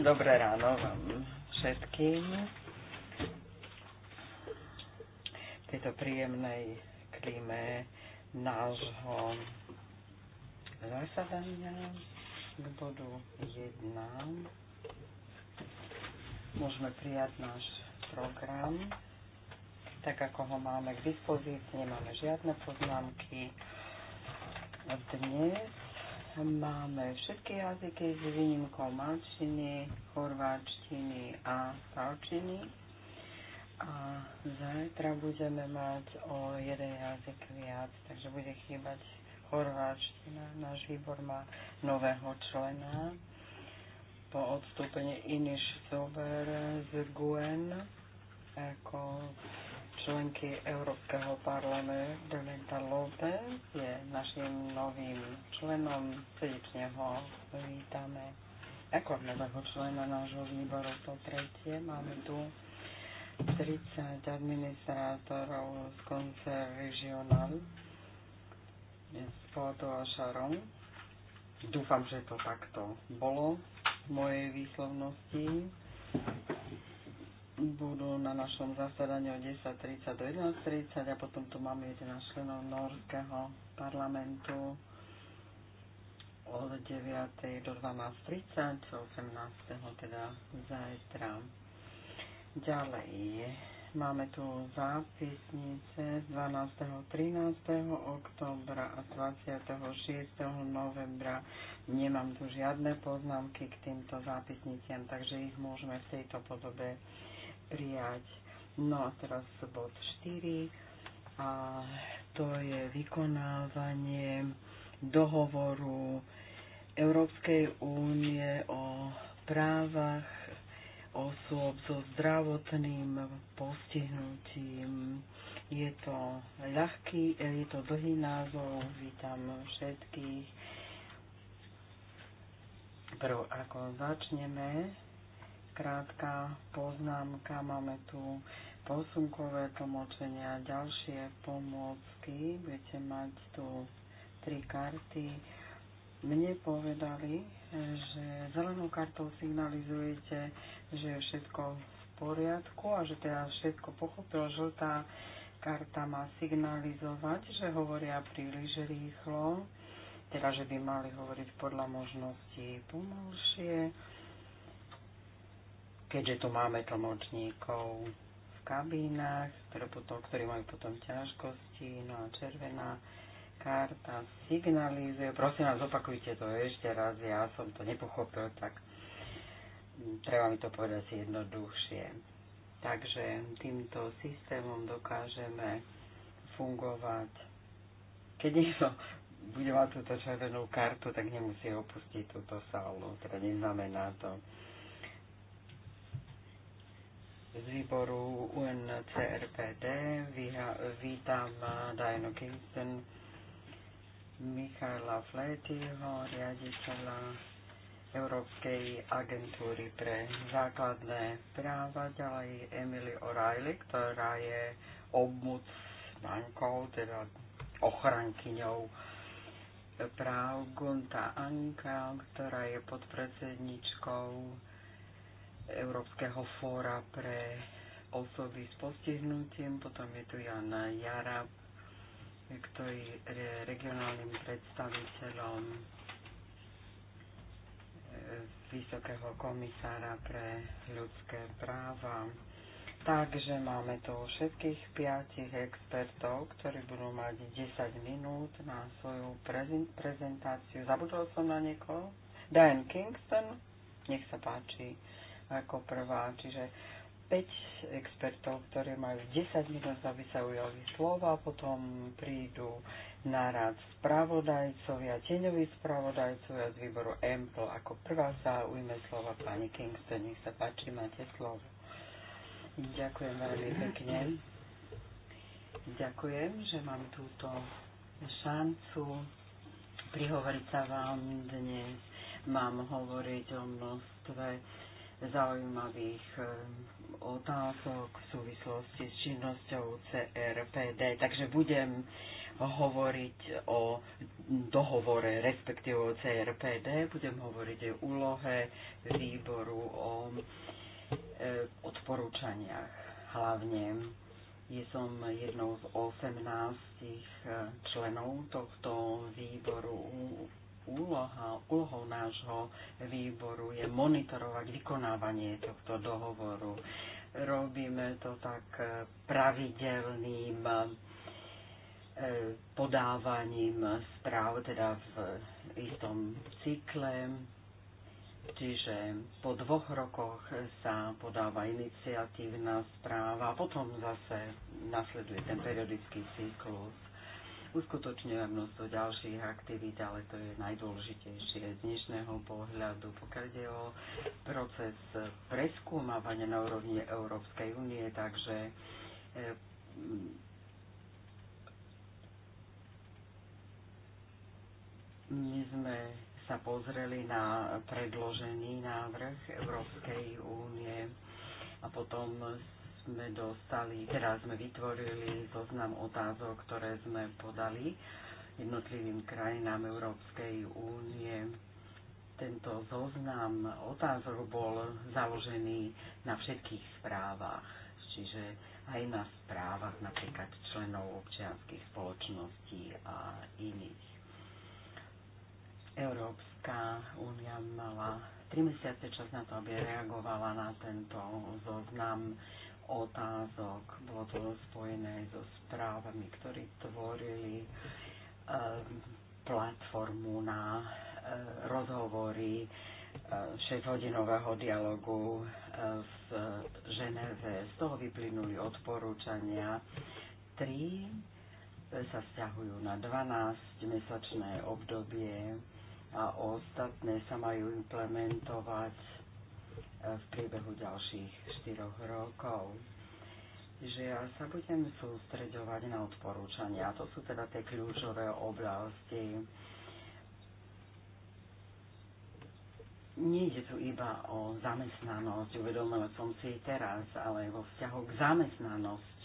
Dobré ráno vám všetkým. V tejto príjemnej klíme nášho zasadania k bodu 1 môžeme prijať náš program, tak ako ho máme k dispozícii, nemáme žiadne poznámky. Dnes máme všetky jazyky s výnimkou malčiny, chorváčtiny a talčiny. A zajtra budeme mať o jeden jazyk viac, takže bude chýbať chorváčtina. Náš výbor má nového člena, po odstúpení Iniš Sober z Guen ako členky Európskeho parlamentu Doneta López je našim novým členom. Srdečne ho vítame ako nového člena nášho výboru po tretie. Máme tu 30 administrátorov z konce regionál z Porto Dúfam, že to takto bolo mojej výslovnosti budú na našom zasadaní o 10.30 do 11.30 a potom tu máme 11 členov norského parlamentu od 9. do 12.30, 18. teda zajtra. Ďalej Máme tu zápisnice z 12. 13. oktobra a 26. novembra. Nemám tu žiadne poznámky k týmto zápisniciam, takže ich môžeme v tejto podobe prijať. No a teraz bod 4 a to je vykonávanie dohovoru Európskej únie o právach osôb so zdravotným postihnutím. Je to ľahký, e, je to dlhý názov, vítam všetkých. Prv, ako začneme, krátka poznámka, máme tu posunkové tlmočenie ďalšie pomôcky. Budete mať tu tri karty mne povedali, že zelenou kartou signalizujete že je všetko v poriadku a že teda všetko pochopil. Žltá karta má signalizovať, že hovoria príliš rýchlo, teda že by mali hovoriť podľa možností pomalšie, keďže tu máme tlmočníkov v kabínach, ktoré potom, ktorí majú potom ťažkosti, no a červená karta signalizuje, prosím vás, opakujte to ešte raz, ja som to nepochopil, tak treba mi to povedať jednoduchšie. Takže týmto systémom dokážeme fungovať. Keď niekto bude mať túto červenú kartu, tak nemusí opustiť túto sálu. Teda neznamená to. Z výboru UNCRPD vítam Dianu Kingston, Michaela Fletyho, riaditeľa Európskej agentúry pre základné práva, ďalej Emily O'Reilly, ktorá je ombudsmankou, teda ochrankyňou práv Gunta Anka, ktorá je podpredsedničkou Európskeho fóra pre osoby s postihnutím, potom je tu Jana Jarab, ktorý je regionálnym predstaviteľom vysokého komisára pre ľudské práva. Takže máme tu všetkých piatich expertov, ktorí budú mať 10 minút na svoju prezentáciu. Zabudol som na niekoho? Diane Kingston, nech sa páči, ako prvá. Čiže 5 expertov, ktorí majú 10 minút, aby sa ujali slova, potom prídu narad spravodajcovia, tieňoví spravodajcovia z výboru EMPL. Ako prvá sa ujme slova pani Kingston. Nech sa páči, máte slovo. Ďakujem veľmi pekne. Ďakujem, že mám túto šancu prihovoriť sa vám dnes. Mám hovoriť o množstve zaujímavých e, otázok v súvislosti s činnosťou CRPD. Takže budem hovoriť o dohovore, respektíve o CRPD, budem hovoriť o úlohe výboru, o e, odporúčaniach hlavne. Je som jednou z 18 e, členov tohto výboru. Úloha, úlohou nášho výboru je monitorovať vykonávanie tohto dohovoru. Robíme to tak e, pravidelným E, podávaním správ teda v istom cykle. Čiže po dvoch rokoch sa podáva iniciatívna správa a potom zase nasleduje ten periodický cyklus. Uskutočňuje množstvo ďalších aktivít, ale to je najdôležitejšie z dnešného pohľadu. Pokiaľ ide o proces preskúmavania na úrovni Európskej únie, takže e, My sme sa pozreli na predložený návrh Európskej únie a potom sme dostali, teda sme vytvorili zoznam otázok, ktoré sme podali jednotlivým krajinám Európskej únie. Tento zoznam otázok bol založený na všetkých správach, čiže aj na správach napríklad členov občianských spoločností a iných. Európska únia mala 3 mesiace čas na to, aby reagovala na tento zoznam otázok. Bolo to spojené so správami, ktorí tvorili eh, platformu na eh, rozhovory eh, hodinového dialogu v Ženeve. Z toho vyplynuli odporúčania. Tri sa vzťahujú na 12-mesačné obdobie a ostatné sa majú implementovať eh, v priebehu ďalších 4 rokov. Že ja sa budem sústreďovať na odporúčania. To sú teda tie kľúčové oblasti. je tu iba o zamestnanosť, uvedomila som si teraz, ale vo vzťahu k zamestnanosť,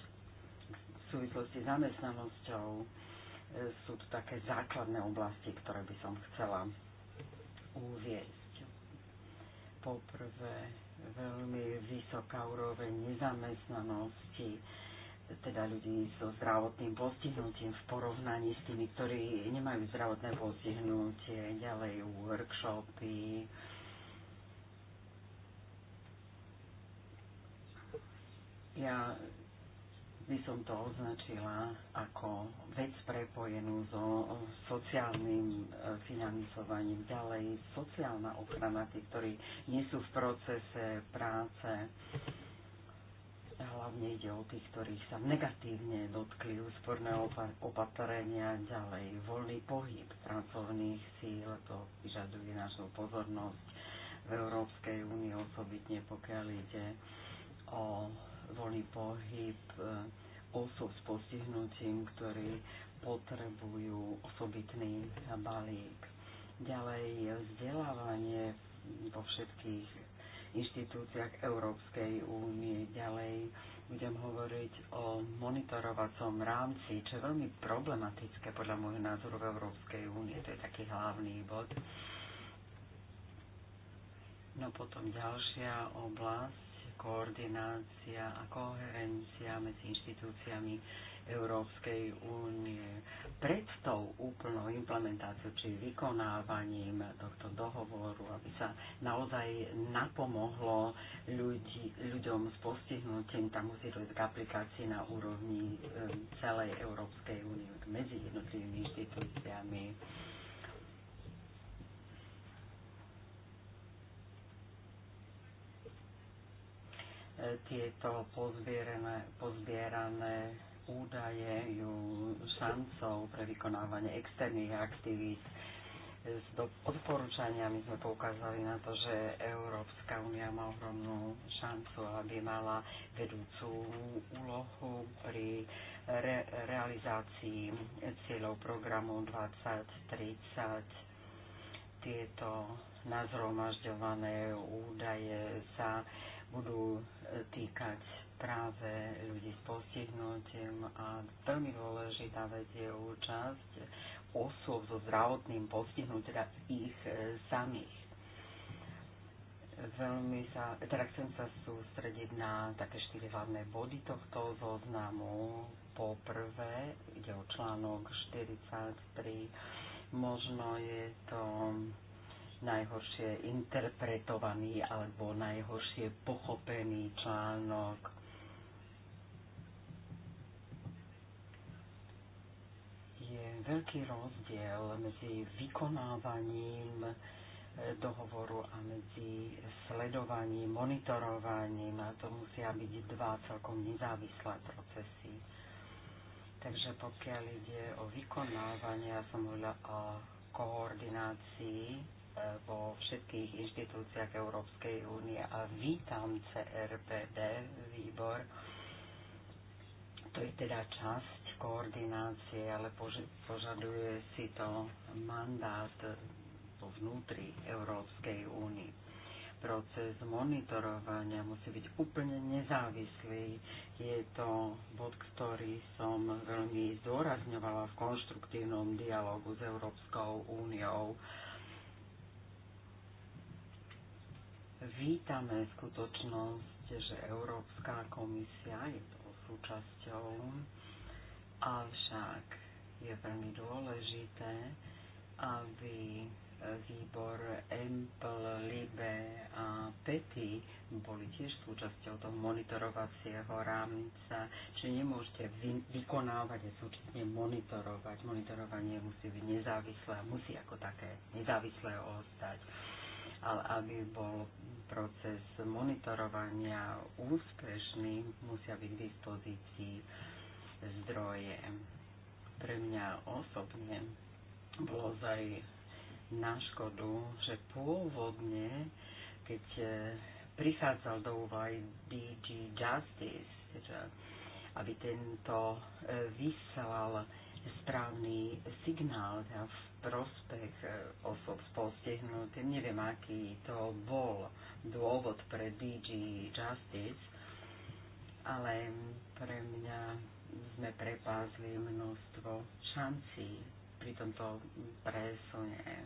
v súvislosti s zamestnanosťou sú to také základné oblasti, ktoré by som chcela uviezť. Poprvé, veľmi vysoká úroveň nezamestnanosti, teda ľudí so zdravotným postihnutím v porovnaní s tými, ktorí nemajú zdravotné postihnutie, ďalej workshopy, ja by som to označila ako vec prepojenú so sociálnym e, financovaním. Ďalej sociálna ochrana tí, ktorí nie sú v procese práce. Hlavne ide o tých, ktorých sa negatívne dotkli úsporné opatrenia, ďalej voľný pohyb pracovných síl, to vyžaduje našu pozornosť v Európskej únii, osobitne pokiaľ ide o voľný pohyb e, osob s postihnutím, ktorí potrebujú osobitný balík. Ďalej vzdelávanie vo všetkých inštitúciách Európskej únie. Ďalej budem hovoriť o monitorovacom rámci, čo je veľmi problematické podľa môjho názoru v Európskej únie. To je taký hlavný bod. No potom ďalšia oblasť koordinácia a koherencia medzi inštitúciami Európskej únie. Pred tou úplnou implementáciou či vykonávaním tohto dohovoru, aby sa naozaj napomohlo ľudí, ľuďom s postihnutím, tam musí dojsť k aplikácii na úrovni e, celej Európskej únie medzi jednotlivými inštitúciami tieto pozbierané údaje šancov pre vykonávanie externých aktivít. S odporúčaniami sme poukázali na to, že Európska únia má ohromnú šancu, aby mala vedúcu úlohu pri re- realizácii cieľov programu 2030. Tieto nazromažďované údaje sa e, budú e, týkať práve ľudí s postihnutím a veľmi dôležitá vec je účasť osôb so zdravotným postihnutím, teda ich e, samých veľmi sa, teda chcem sa sústrediť na také štyri hlavné body tohto zoznamu. Po prvé, ide o článok 43, možno je to najhoršie interpretovaný alebo najhoršie pochopený článok. Je veľký rozdiel medzi vykonávaním e, dohovoru a medzi sledovaním, monitorovaním a to musia byť dva celkom nezávislé procesy. Takže pokiaľ ide o vykonávanie, ja som hovorila o koordinácii vo všetkých inštitúciách Európskej únie a vítam CRPD výbor. To je teda časť koordinácie, ale požaduje si to mandát vo vnútri Európskej únie. Proces monitorovania musí byť úplne nezávislý. Je to bod, ktorý som veľmi zdôrazňovala v konštruktívnom dialogu s Európskou úniou Vítame skutočnosť, že Európska komisia je toho súčasťou, avšak je veľmi dôležité, aby výbor EMPL, LIBE a PETI boli tiež súčasťou toho monitorovacieho rámca, či nemôžete vy, vykonávať a súčasne monitorovať. Monitorovanie musí byť nezávislé, musí ako také nezávislé ostať ale aby bol proces monitorovania úspešný, musia byť k dispozícii zdroje. Pre mňa osobne bolo aj na škodu, že pôvodne, keď e, prichádzal do úvahy DG Justice, že teda, aby tento e, vyslal správny signál teda v prospech e, osob s postihnutým. Neviem, aký to bol dôvod pre DG Justice, ale pre mňa sme prepázli množstvo šancí pri tomto presune.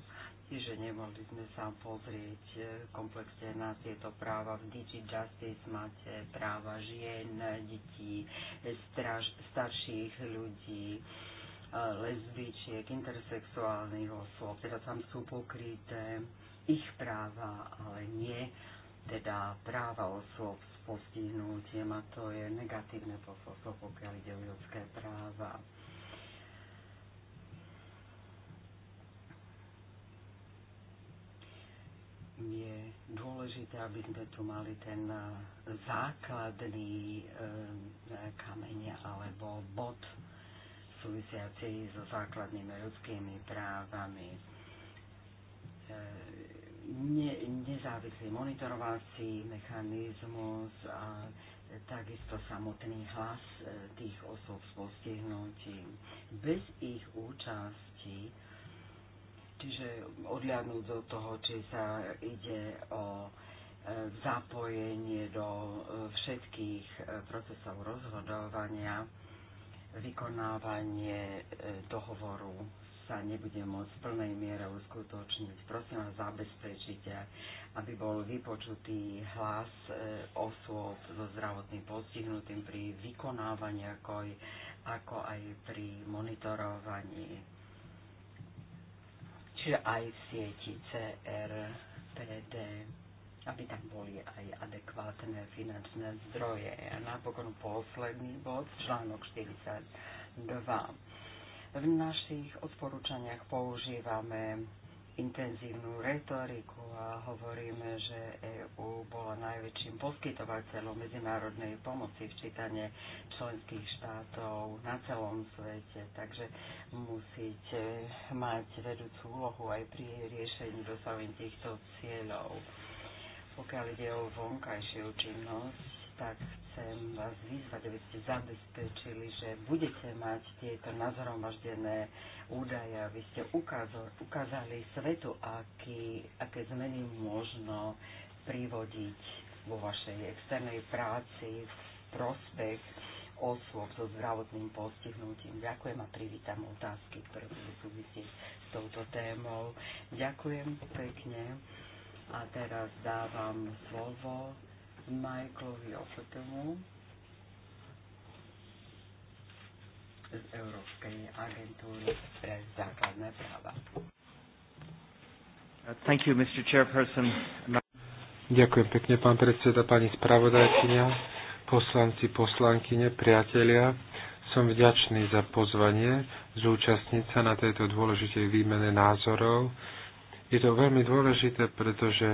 Čiže nemohli sme sa pozrieť e, komplexne na tieto práva. V Digi Justice máte práva žien, detí, starších ľudí, lesbičiek, intersexuálnych osôb, teda tam sú pokryté ich práva, ale nie teda práva osôb s postihnutím a to je negatívne posolstvo, pokiaľ ide o ľudské práva. je dôležité, aby sme tu mali ten základný eh, kameň alebo bod súvisiaci so základnými ľudskými právami. E, ne, nezávislý monitorovací mechanizmus a takisto samotný hlas e, tých osôb s postihnutím. Bez ich účasti, čiže odliadnúť do toho, či sa ide o e, zapojenie do všetkých procesov rozhodovania, vykonávanie e, dohovoru sa nebude môcť v plnej miere uskutočniť. Prosím vás, zabezpečite, aby bol vypočutý hlas e, osôb so zdravotným postihnutým pri vykonávaní, ako aj, ako aj pri monitorovaní. Čiže aj v sieti CRPD aby tam boli aj adekvátne finančné zdroje. A napokon posledný bod, článok 42. V našich odporúčaniach používame intenzívnu retoriku a hovoríme, že EÚ bola najväčším poskytovateľom medzinárodnej pomoci v čítane členských štátov na celom svete. Takže musíte mať vedúcu úlohu aj pri riešení dosavení týchto cieľov. Pokiaľ ide o vonkajšiu činnosť, tak chcem vás vyzvať, aby ste zabezpečili, že budete mať tieto nazhromaždené údaje, aby ste ukázali, ukázali svetu, aký, aké zmeny možno privodiť vo vašej externej práci v prospech osôb so zdravotným postihnutím. Ďakujem a privítam otázky, ktoré budú súvisieť s touto témou. Ďakujem pekne. A teraz dávam slovo Michaelovi Ofetemu z Európskej agentúry pre základné práva. Thank you, Mr. Chairperson. Ďakujem pekne, pán predseda, pani spravodajkyňa, poslanci, poslankyne, priatelia. Som vďačný za pozvanie zúčastniť sa na tejto dôležitej výmene názorov je to veľmi dôležité, pretože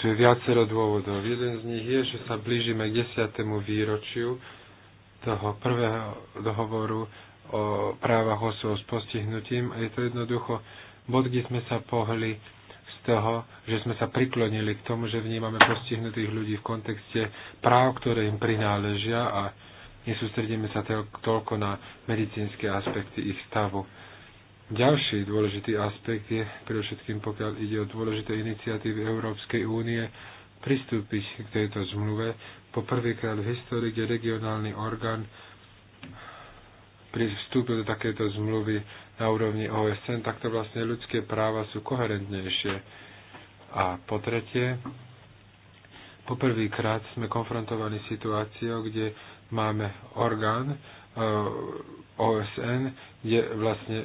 tu je viacero dôvodov. Jeden z nich je, že sa blížime k desiatému výročiu toho prvého dohovoru o právach osôb s postihnutím. A je to jednoducho bod, kde sme sa pohli z toho, že sme sa priklonili k tomu, že vnímame postihnutých ľudí v kontexte práv, ktoré im prináležia a nesústredíme sa toľko na medicínske aspekty ich stavu. Ďalší dôležitý aspekt je, pre všetkým pokiaľ ide o dôležité iniciatívy Európskej únie, pristúpiť k tejto zmluve poprvýkrát v histórii, kde regionálny orgán pristúpil do takéto zmluvy na úrovni OSN, takto vlastne ľudské práva sú koherentnejšie. A po tretie, poprvýkrát sme konfrontovaní situáciou, kde máme orgán, Eh, OSN, kde vlastne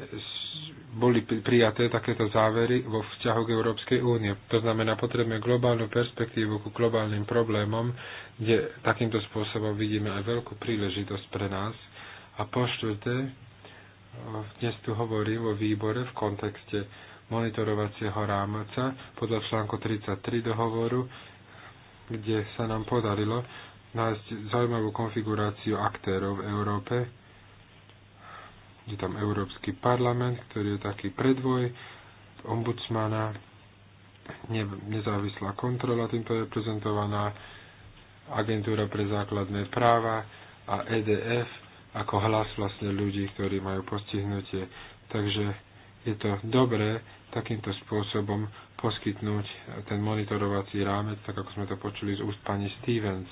boli prijaté takéto závery vo vzťahu k Európskej únie. To znamená, potrebujeme globálnu perspektívu ku globálnym problémom, kde takýmto spôsobom vidíme aj veľkú príležitosť pre nás. A po štvrté, eh, dnes tu hovorím o výbore v kontexte monitorovacieho rámca podľa článku 33 dohovoru, kde sa nám podarilo nájsť zaujímavú konfiguráciu aktérov v Európe. Je tam Európsky parlament, ktorý je taký predvoj ombudsmana, ne, nezávislá kontrola, týmto je prezentovaná agentúra pre základné práva a EDF ako hlas vlastne ľudí, ktorí majú postihnutie. Takže je to dobré takýmto spôsobom poskytnúť ten monitorovací rámec, tak ako sme to počuli z úst pani Stevens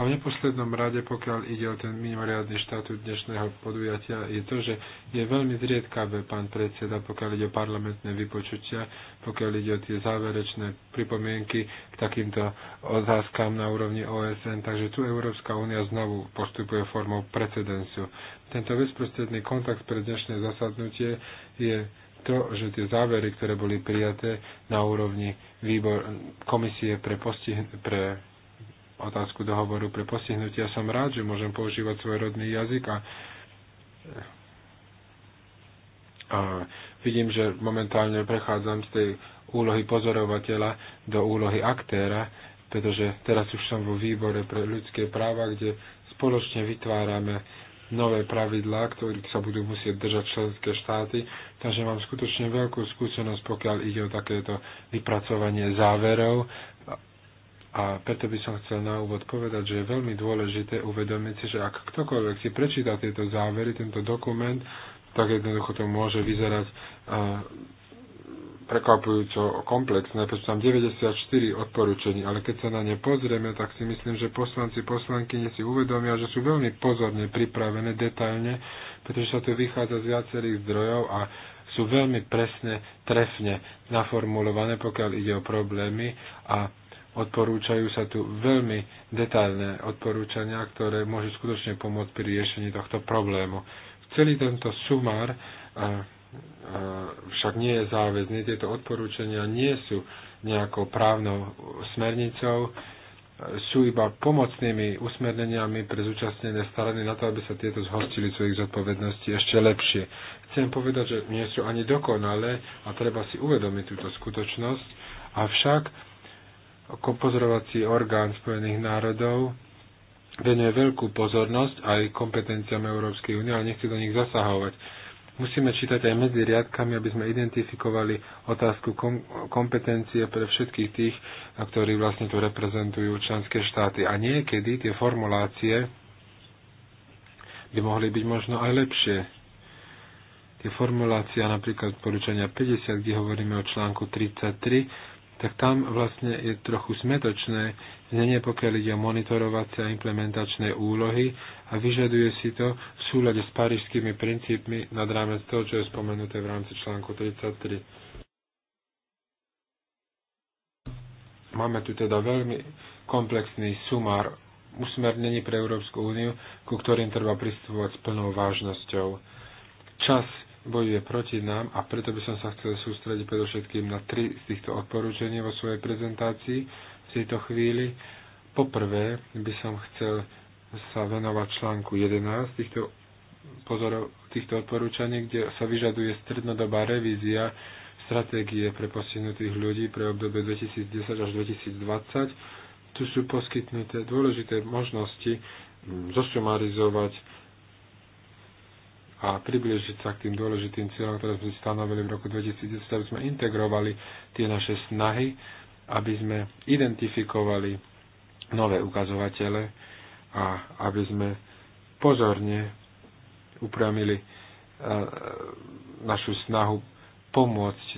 a v neposlednom rade, pokiaľ ide o ten mimoriadný štatút dnešného podujatia, je to, že je veľmi zriedkavé, pán predseda, pokiaľ ide o parlamentné vypočutia, pokiaľ ide o tie záverečné pripomienky k takýmto otázkam na úrovni OSN. Takže tu Európska únia znovu postupuje formou precedenciu. Tento bezprostredný kontakt pre dnešné zasadnutie je to, že tie závery, ktoré boli prijaté na úrovni výbor, komisie pre, postih, pre otázku dohovoru pre postihnutia. Som rád, že môžem používať svoj rodný jazyk a, a vidím, že momentálne prechádzam z tej úlohy pozorovateľa do úlohy aktéra, pretože teraz už som vo výbore pre ľudské práva, kde spoločne vytvárame nové pravidlá, ktorých sa budú musieť držať členské štáty, takže mám skutočne veľkú skúsenosť, pokiaľ ide o takéto vypracovanie záverov a preto by som chcel na úvod povedať, že je veľmi dôležité uvedomiť si, že ak ktokoľvek si prečíta tieto závery, tento dokument, tak jednoducho to môže vyzerať e, prekvapujúco komplexné, pretože tam 94 odporúčení, ale keď sa na ne pozrieme, tak si myslím, že poslanci, poslanky si uvedomia, že sú veľmi pozorne pripravené detailne, pretože sa tu vychádza z viacerých zdrojov a sú veľmi presne, trefne naformulované, pokiaľ ide o problémy a Odporúčajú sa tu veľmi detailné odporúčania, ktoré môžu skutočne pomôcť pri riešení tohto problému. Celý tento sumár však nie je záväzný. Tieto odporúčania nie sú nejakou právnou smernicou, sú iba pomocnými usmerneniami pre zúčastnené strany na to, aby sa tieto zhostili svojich zodpovedností ešte lepšie. Chcem povedať, že nie sú ani dokonalé a treba si uvedomiť túto skutočnosť, avšak ako pozorovací orgán Spojených národov venuje veľkú pozornosť aj kompetenciám Európskej únie, ale nechce do nich zasahovať. Musíme čítať aj medzi riadkami, aby sme identifikovali otázku kom- kompetencie pre všetkých tých, ktorí vlastne tu reprezentujú členské štáty. A niekedy tie formulácie by mohli byť možno aj lepšie. Tie formulácia napríklad poručenia 50, kde hovoríme o článku 33, tak tam vlastne je trochu smetočné znenie, pokiaľ ide o monitorovacie a implementačné úlohy a vyžaduje si to v súlade s parížskými princípmi nad rámec toho, čo je spomenuté v rámci článku 33. Máme tu teda veľmi komplexný sumár usmernení pre Európsku úniu, ku ktorým treba pristupovať s plnou vážnosťou. Čas bojuje proti nám a preto by som sa chcel sústrediť predovšetkým na tri z týchto odporúčení vo svojej prezentácii v tejto chvíli. Poprvé by som chcel sa venovať článku 11 týchto, pozorov, týchto odporúčaní, kde sa vyžaduje strednodobá revízia stratégie pre postihnutých ľudí pre obdobie 2010 až 2020. Tu sú poskytnuté dôležité možnosti zosumarizovať a priblížiť sa k tým dôležitým cieľom, ktoré sme stanovili v roku 2010, aby sme integrovali tie naše snahy, aby sme identifikovali nové ukazovatele a aby sme pozorne upramili e, našu snahu pomôcť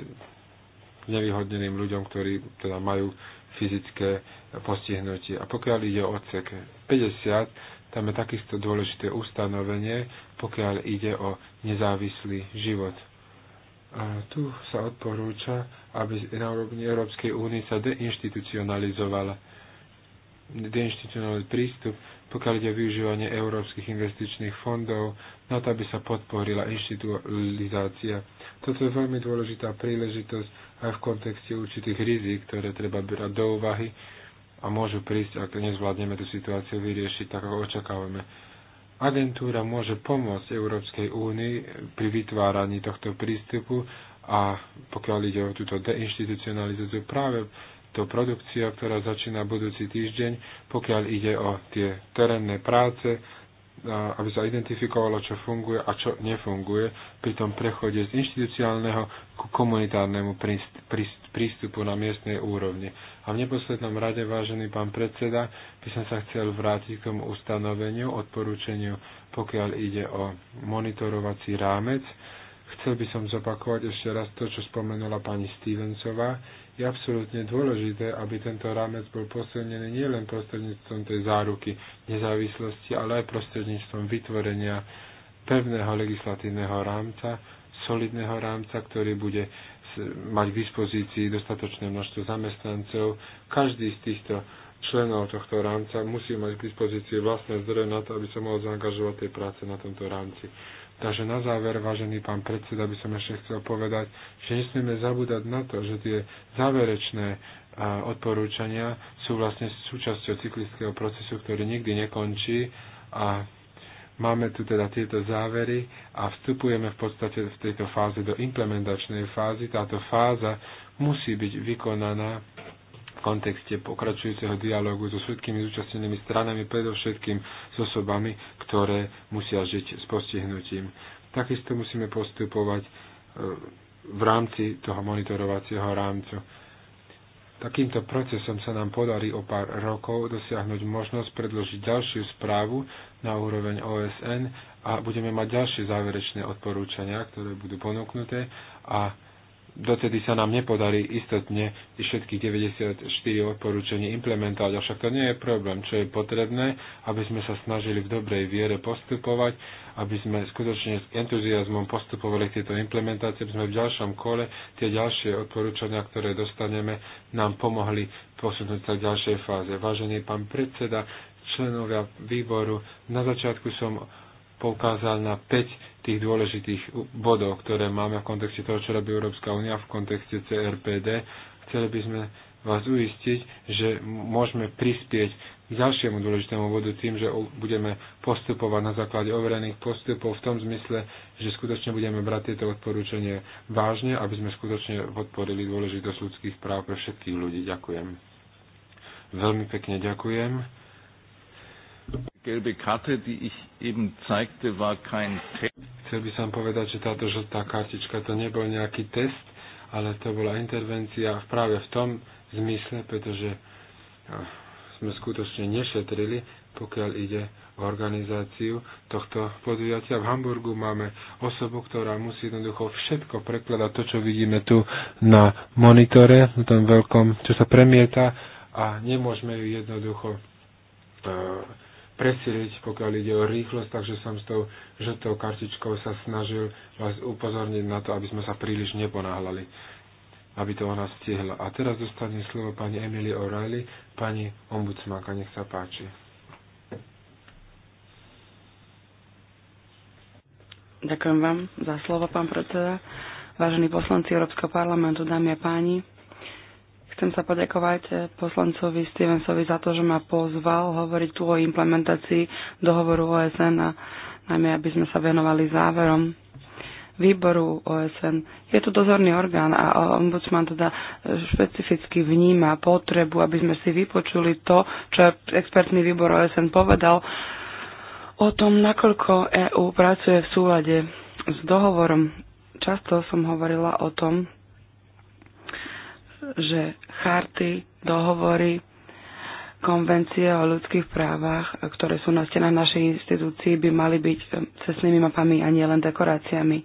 nevyhodneným ľuďom, ktorí teda majú fyzické postihnutie. A pokiaľ ide o odsek 50, tam je takisto dôležité ustanovenie, pokiaľ ide o nezávislý život. A tu sa odporúča, aby na úrovni Európskej únie sa deinstitucionalizoval deinstitucionálny prístup, pokiaľ ide o využívanie európskych investičných fondov, na to, aby sa podporila inštitualizácia. Toto je veľmi dôležitá príležitosť aj v kontexte určitých rizik, ktoré treba brať do úvahy, a môžu prísť, ak nezvládneme tú situáciu vyriešiť tak, ako očakávame. Agentúra môže pomôcť Európskej únii pri vytváraní tohto prístupu a pokiaľ ide o túto deinstitucionalizáciu, práve to produkcia, ktorá začína budúci týždeň, pokiaľ ide o tie terénne práce, aby sa identifikovalo, čo funguje a čo nefunguje pri tom prechode z inštitucionálneho ku komunitárnemu prístupu na miestnej úrovni. A v neposlednom rade, vážený pán predseda, by som sa chcel vrátiť k tomu ustanoveniu, odporúčeniu, pokiaľ ide o monitorovací rámec. Chcel by som zopakovať ešte raz to, čo spomenula pani Stevensová je absolútne dôležité, aby tento rámec bol posilnený nielen prostredníctvom tej záruky nezávislosti, ale aj prostredníctvom vytvorenia pevného legislatívneho rámca, solidného rámca, ktorý bude mať k dispozícii dostatočné množstvo zamestnancov. Každý z týchto členov tohto rámca musí mať k dispozícii vlastné zdroje na to, aby sa mohol zaangažovať tej práce na tomto rámci. Takže na záver, vážený pán predseda, by som ešte chcel povedať, že nesmieme zabúdať na to, že tie záverečné odporúčania sú vlastne súčasťou cyklického procesu, ktorý nikdy nekončí a máme tu teda tieto závery a vstupujeme v podstate v tejto fáze do implementačnej fázy. Táto fáza musí byť vykonaná kontexte pokračujúceho dialogu so všetkými zúčastnenými stranami, predovšetkým s osobami, ktoré musia žiť s postihnutím. Takisto musíme postupovať eh, v rámci toho monitorovacieho rámcu. Takýmto procesom sa nám podarí o pár rokov dosiahnuť možnosť predložiť ďalšiu správu na úroveň OSN a budeme mať ďalšie záverečné odporúčania, ktoré budú ponúknuté a dotedy sa nám nepodarí istotne všetkých 94 odporúčení implementovať. Avšak to nie je problém, čo je potrebné, aby sme sa snažili v dobrej viere postupovať, aby sme skutočne s entuziasmom postupovali tieto implementácie, aby sme v ďalšom kole tie ďalšie odporúčania, ktoré dostaneme, nám pomohli posunúť sa v ďalšej fáze. Vážený pán predseda, členovia výboru, na začiatku som poukázal na 5 tých dôležitých bodov, ktoré máme v kontexte toho, čo robí Európska únia, v kontexte CRPD. Chceli by sme vás uistiť, že môžeme prispieť k ďalšiemu dôležitému bodu tým, že budeme postupovať na základe overených postupov v tom zmysle, že skutočne budeme brať tieto odporúčanie vážne, aby sme skutočne podporili dôležitosť ľudských práv pre všetkých ľudí. Ďakujem. Veľmi pekne ďakujem gelbe Karte, die ich eben zeigte, war kein Test. Chcel by som povedať, že táto žltá kartička to nebol nejaký test, ale to bola intervencia práve v tom zmysle, pretože eh, sme skutočne nešetrili, pokiaľ ide o organizáciu tohto podujatia. V Hamburgu máme osobu, ktorá musí jednoducho všetko prekladať to, čo vidíme tu na monitore, na tom veľkom, čo sa premieta a nemôžeme ju jednoducho uh, presiliť, pokiaľ ide o rýchlosť, takže som s tou žltou kartičkou sa snažil vás upozorniť na to, aby sme sa príliš neponáhľali, aby to ona stihla. A teraz dostane slovo pani Emily O'Reilly, pani ombudsmanka, nech sa páči. Ďakujem vám za slovo, pán predseda. Vážení poslanci Európskeho parlamentu, dámy a páni, Chcem sa poďakovať eh, poslancovi Stevensovi za to, že ma pozval hovoriť tu o implementácii dohovoru OSN a najmä, aby sme sa venovali záverom výboru OSN. Je to dozorný orgán a ombudsman teda eh, špecificky vníma potrebu, aby sme si vypočuli to, čo expertný výbor OSN povedal o tom, nakoľko EÚ pracuje v súlade s dohovorom. Často som hovorila o tom, že charty, dohovory, konvencie o ľudských právach, ktoré sú na stenách našej inštitúcii, by mali byť um, cestnými mapami a nielen dekoráciami.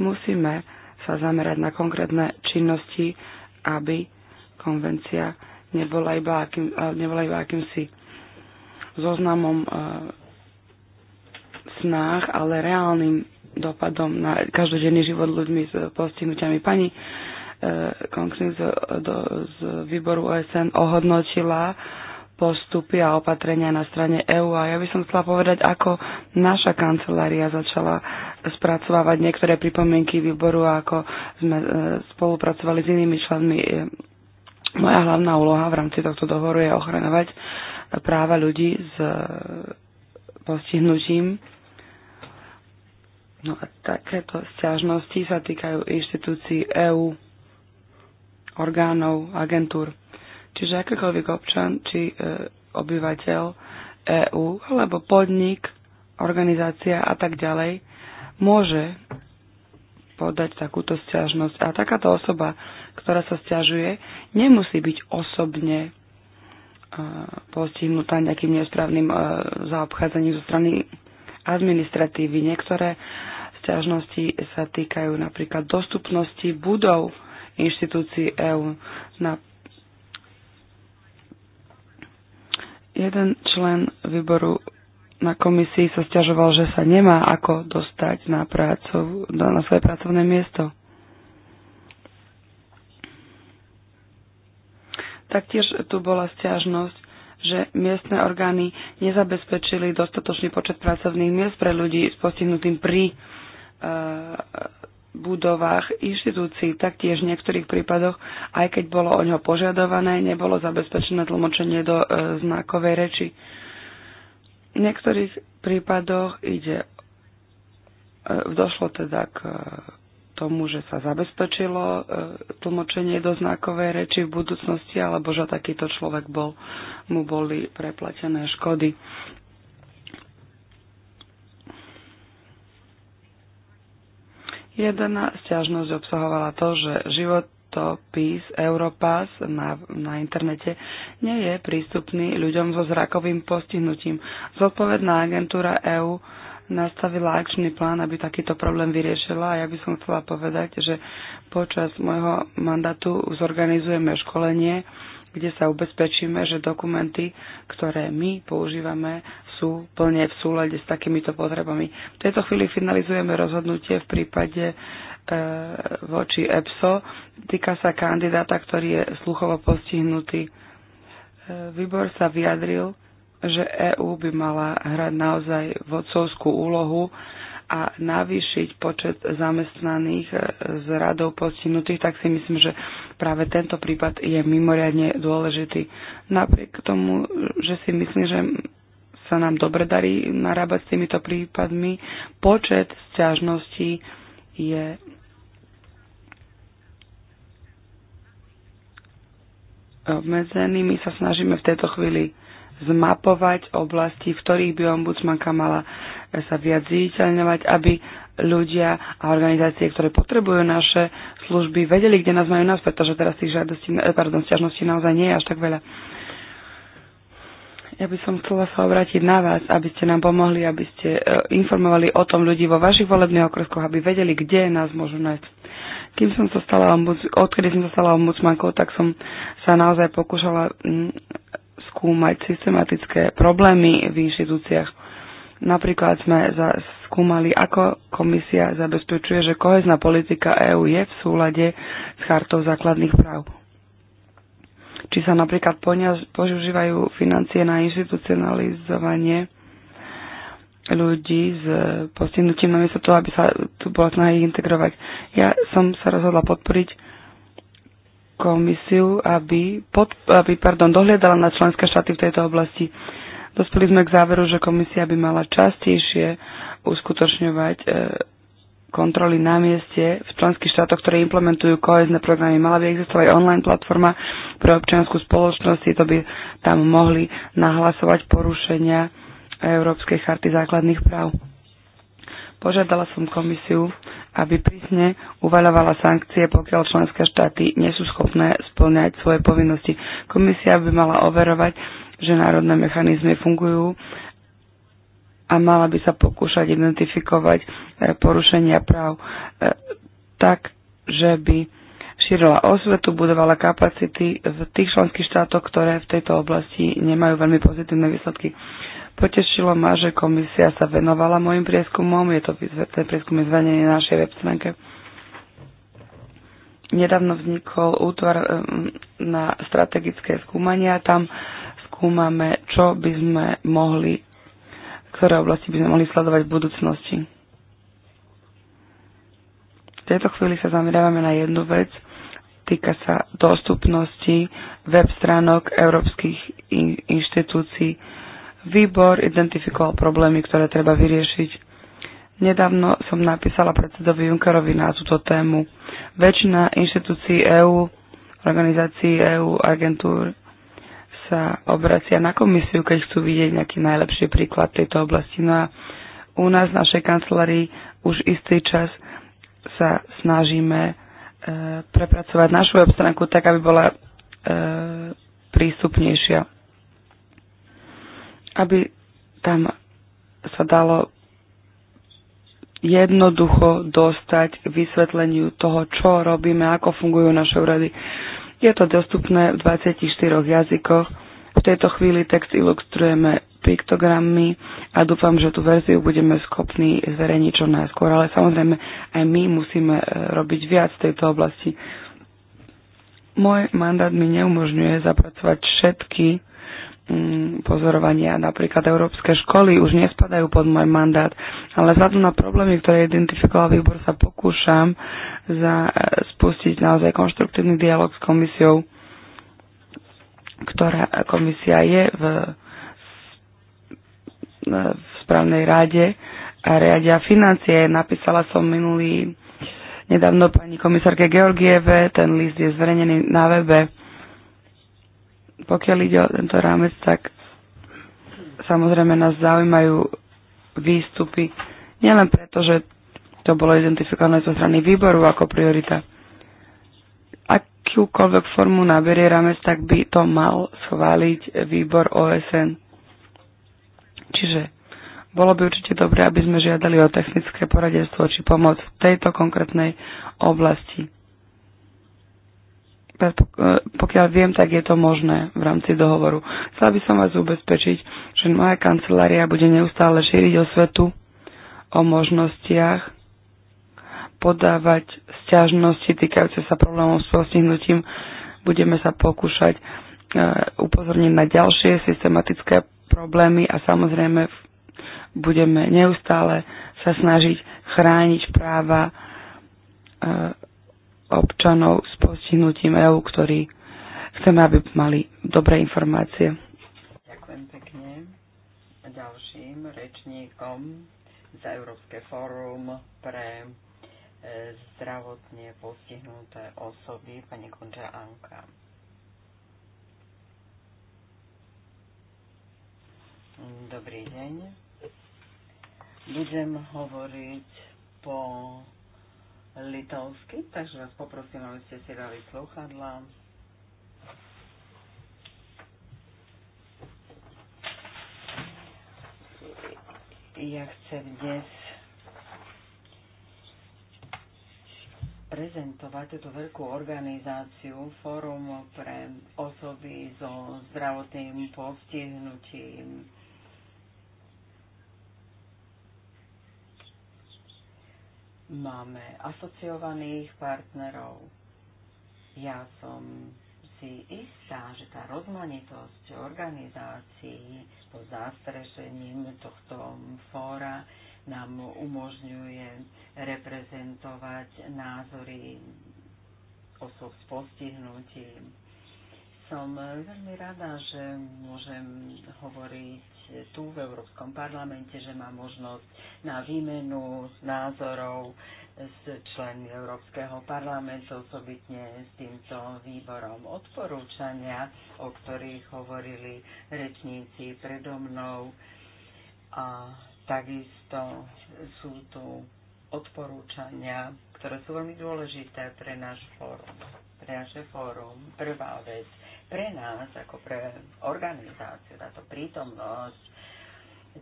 Musíme sa zamerať na konkrétne činnosti, aby konvencia nebola iba, akým, eh, nebola iba akýmsi zoznamom e, snách, ale reálnym dopadom na každodenný život ľuďmi s postihnutiami. Pani E, konkrétne z, do, z výboru OSN ohodnotila postupy a opatrenia na strane EÚ a ja by som chcela povedať, ako naša kancelária začala spracovávať niektoré pripomienky výboru a ako sme e, spolupracovali s inými členmi. E, moja hlavná úloha v rámci tohto dohovoru je ochranovať práva ľudí s postihnutím. No a takéto stiažnosti sa týkajú inštitúcií EÚ orgánov, agentúr. Čiže akýkoľvek občan či e, obyvateľ EÚ alebo podnik, organizácia a tak ďalej môže podať takúto stiažnosť. A takáto osoba, ktorá sa stiažuje, nemusí byť osobne e, postihnutá nejakým nesprávnym e, zaobchádzaním zo strany administratívy. Niektoré stiažnosti sa týkajú napríklad dostupnosti budov inštitúcií EÚ. Na jeden člen výboru na komisii sa stiažoval, že sa nemá ako dostať na, prácu, na svoje pracovné miesto. Taktiež tu bola stiažnosť, že miestne orgány nezabezpečili dostatočný počet pracovných miest pre ľudí s postihnutým pri e, budovách inštitúcií, taktiež v niektorých prípadoch, aj keď bolo o ňo požiadované, nebolo zabezpečené tlmočenie do e, znakovej reči. V niektorých prípadoch ide, e, došlo teda k e, tomu, že sa zabezpečilo e, tlmočenie do znakovej reči v budúcnosti, alebo že takýto človek bol, mu boli preplatené škody. Jedna stiažnosť obsahovala to, že životopis Europass na, na internete nie je prístupný ľuďom so zrakovým postihnutím. Zodpovedná agentúra EÚ nastavila akčný plán, aby takýto problém vyriešila a ja by som chcela povedať, že počas môjho mandátu zorganizujeme školenie, kde sa ubezpečíme, že dokumenty, ktoré my používame sú plne v súlade s takýmito potrebami. V tejto chvíli finalizujeme rozhodnutie v prípade e, voči EPSO. Týka sa kandidáta, ktorý je sluchovo postihnutý. E, výbor sa vyjadril, že EÚ by mala hrať naozaj vodcovskú úlohu a navýšiť počet zamestnaných e, z radov postihnutých, tak si myslím, že práve tento prípad je mimoriadne dôležitý. Napriek tomu, že si myslím, že sa nám dobre darí narábať s týmito prípadmi. Počet sťažností je obmedzený. My sa snažíme v tejto chvíli zmapovať oblasti, v ktorých by ombudsmanka mala sa viac zviditeľňovať, aby ľudia a organizácie, ktoré potrebujú naše služby, vedeli, kde nás majú nás, pretože teraz tých žiadostí, pardon, sťažností naozaj nie je až tak veľa. Ja by som chcela sa obrátiť na vás, aby ste nám pomohli, aby ste e, informovali o tom ľudí vo vašich volebných okreskoch, aby vedeli, kde nás môžu nájsť. Kým som sa stala ombuds- odkedy som sa stala ombudsmankou, tak som sa naozaj pokúšala mm, skúmať systematické problémy v inštitúciách. Napríklad sme za, skúmali, ako komisia zabezpečuje, že kohezná politika EÚ je v súlade s chartou základných práv či sa napríklad požívajú financie na institucionalizovanie ľudí s postihnutím namiesto toho, aby sa tu bola snaha ich integrovať. Ja som sa rozhodla podporiť komisiu, aby, pod, aby pardon, dohliadala na členské štáty v tejto oblasti. Dospeli sme k záveru, že komisia by mala častejšie uskutočňovať e, kontroly na mieste v členských štátoch, ktoré implementujú kohezné programy. Mala by existovať online platforma pre občianskú spoločnosť, to by tam mohli nahlasovať porušenia Európskej charty základných práv. Požiadala som komisiu, aby prísne uvaľovala sankcie, pokiaľ členské štáty nie sú schopné splňať svoje povinnosti. Komisia by mala overovať, že národné mechanizmy fungujú a mala by sa pokúšať identifikovať e, porušenia práv e, tak, že by šírila osvetu, budovala kapacity v tých členských štátoch, ktoré v tejto oblasti nemajú veľmi pozitívne výsledky. Potešilo ma, že komisia sa venovala môjim prieskumom, je to ten prieskum je zverejnený na našej web stránke. Nedávno vznikol útvar e, na strategické skúmania, tam skúmame, čo by sme mohli ktoré oblasti by sme mohli sledovať v budúcnosti. V tejto chvíli sa zameriavame na jednu vec, týka sa dostupnosti web stránok európskych inštitúcií. Výbor identifikoval problémy, ktoré treba vyriešiť. Nedávno som napísala predsedovi Junkerovi na túto tému. Väčšina inštitúcií EÚ, organizácií EÚ, agentúr sa obracia na komisiu, keď chcú vidieť nejaký najlepší príklad tejto oblasti. No a u nás v našej kancelárii už istý čas sa snažíme e, prepracovať našu web stránku tak, aby bola e, prístupnejšia. Aby tam sa dalo jednoducho dostať k vysvetleniu toho, čo robíme, ako fungujú naše úrady. E, je to dostupné v 24 jazykoch. V tejto chvíli text ilustrujeme piktogrammi a dúfam, že tú verziu budeme schopní zverejniť čo najskôr, ale samozrejme aj my musíme e, robiť viac v tejto oblasti. Môj mandát mi neumožňuje zapracovať všetky Mm, pozorovania. Napríklad európske školy už nespadajú pod môj mandát, ale vzhľadom na problémy, ktoré identifikoval výbor, sa pokúšam za, e, spustiť naozaj konštruktívny dialog s komisiou, ktorá komisia je v, e, v správnej rade a riadia financie. Napísala som minulý nedávno pani komisárke Georgieve, ten list je zverejnený na webe pokiaľ ide o tento rámec, tak samozrejme nás zaujímajú výstupy nielen preto, že to bolo identifikované zo strany výboru ako priorita. Akúkoľvek formu naberie rámec, tak by to mal schváliť výbor OSN. Čiže bolo by určite dobré, aby sme žiadali o technické poradenstvo či pomoc v tejto konkrétnej oblasti. E, pokiaľ viem, tak je to možné v rámci dohovoru. Chcela by som vás ubezpečiť, že moja kancelária bude neustále šíriť o svetu, o možnostiach, podávať sťažnosti týkajúce sa problémov s postihnutím. Budeme sa pokúšať e, upozorniť na ďalšie systematické problémy a samozrejme budeme neustále sa snažiť chrániť práva e, občanov s postihnutím EU, ktorí chceme, aby mali dobré informácie. Ďakujem pekne. Ďalším rečníkom za Európske fórum pre e, zdravotne postihnuté osoby, pani Konča Anka. Dobrý deň. Budem hovoriť po litovsky, takže vás poprosím, aby ste si dali sluchadla. Ja chcem dnes prezentovať túto veľkú organizáciu, fórum pre osoby so zdravotným postihnutím Máme asociovaných partnerov. Ja som si istá, že tá rozmanitosť organizácií po zastrešením tohto fóra nám umožňuje reprezentovať názory osob s postihnutím. Som veľmi rada, že môžem hovoriť tu v Európskom parlamente, že má možnosť na výmenu názorov s členmi Európskeho parlamentu, osobitne s týmto výborom odporúčania, o ktorých hovorili rečníci predo mnou. A takisto sú tu odporúčania, ktoré sú veľmi dôležité pre náš fórum, pre naše fórum. Prvá vec – pre nás, ako pre organizáciu, táto prítomnosť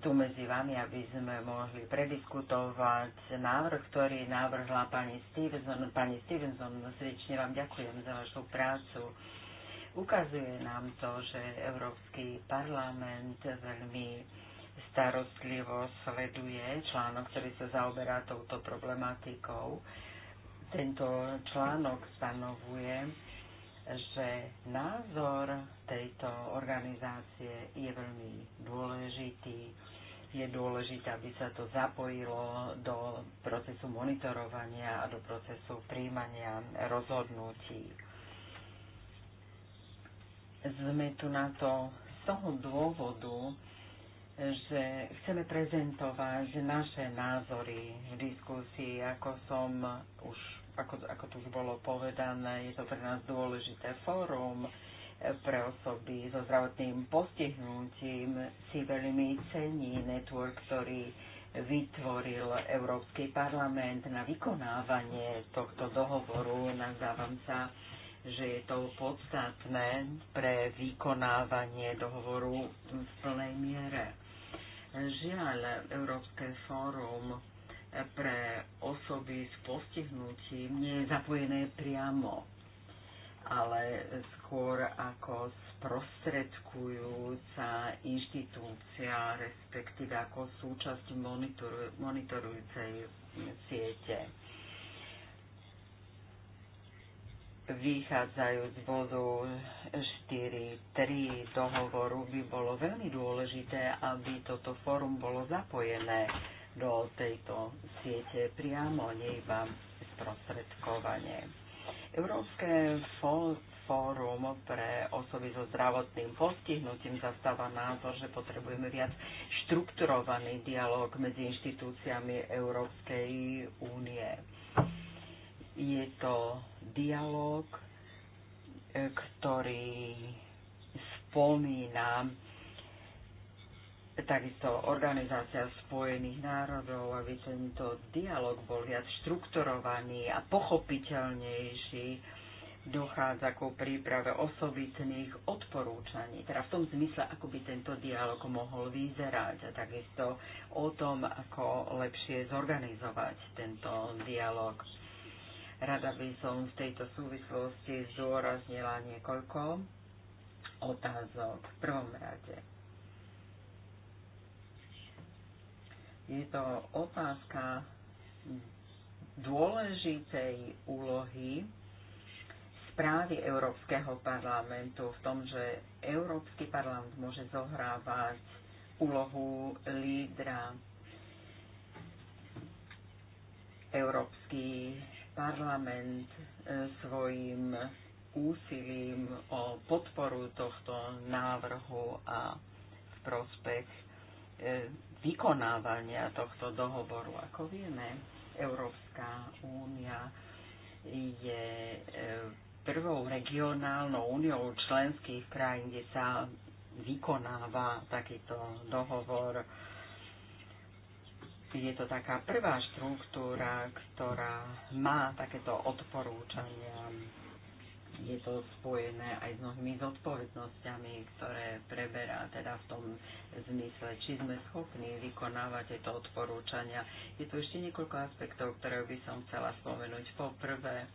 tu medzi vami, aby sme mohli prediskutovať návrh, ktorý navrhla pani Stevenson. Pani Stevenson, srdečne vám ďakujem za vašu prácu. Ukazuje nám to, že Európsky parlament veľmi starostlivo sleduje článok, ktorý sa zaoberá touto problematikou. Tento článok stanovuje že názor tejto organizácie je veľmi dôležitý. Je dôležité, aby sa to zapojilo do procesu monitorovania a do procesu príjmania rozhodnutí. Sme tu na to z toho dôvodu, že chceme prezentovať naše názory v diskusii, ako som už ako, ako tu už bolo povedané, je to pre nás dôležité fórum pre osoby so zdravotným postihnutím. Si veľmi cení network, ktorý vytvoril Európsky parlament na vykonávanie tohto dohovoru. Nazdávam sa, že je to podstatné pre vykonávanie dohovoru v plnej miere. Žiaľ, Európske fórum pre osoby s postihnutím nie je zapojené priamo, ale skôr ako sprostredkujúca inštitúcia, respektíve ako súčasť monitoru, monitorujúcej siete. Vychádzajúc z bodu 4.3 dohovoru by bolo veľmi dôležité, aby toto fórum bolo zapojené do tejto siete priamo, nie iba sprostredkovanie. Európske fórum pre osoby so zdravotným postihnutím zastáva názor, že potrebujeme viac štrukturovaný dialog medzi inštitúciami Európskej únie. Je to dialog, e, ktorý spomína takisto Organizácia spojených národov, aby tento dialog bol viac štrukturovaný a pochopiteľnejší dochádza ku príprave osobitných odporúčaní, teda v tom zmysle, ako by tento dialog mohol vyzerať a takisto o tom, ako lepšie zorganizovať tento dialog. Rada by som v tejto súvislosti zdôraznila niekoľko otázok v prvom rade je to otázka dôležitej úlohy správy Európskeho parlamentu v tom, že Európsky parlament môže zohrávať úlohu lídra. Európsky parlament e, svojim úsilím o podporu tohto návrhu a v prospech e, vykonávania tohto dohovoru. Ako vieme, Európska únia je e, prvou regionálnou úniou členských krajín, kde sa vykonáva takýto dohovor. Je to taká prvá štruktúra, ktorá má takéto odporúčania je to spojené aj s mnohými zodpovednosťami, ktoré preberá teda v tom zmysle, či sme schopní vykonávať tieto odporúčania. Je tu ešte niekoľko aspektov, ktoré by som chcela spomenúť. Po prvé,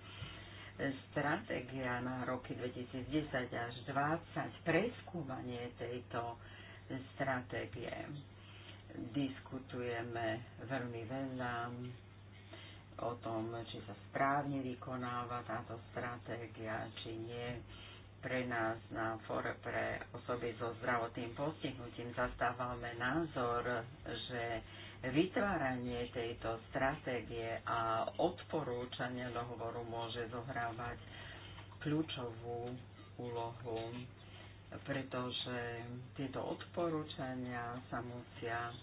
stratégia na roky 2010 až 2020, preskúmanie tejto stratégie. Diskutujeme veľmi veľa, o tom, či sa správne vykonáva táto stratégia, či nie. Pre nás na fore pre osoby so zdravotným postihnutím zastávame názor, že vytváranie tejto stratégie a odporúčanie dohovoru môže zohrávať kľúčovú úlohu pretože tieto odporúčania sa musia e,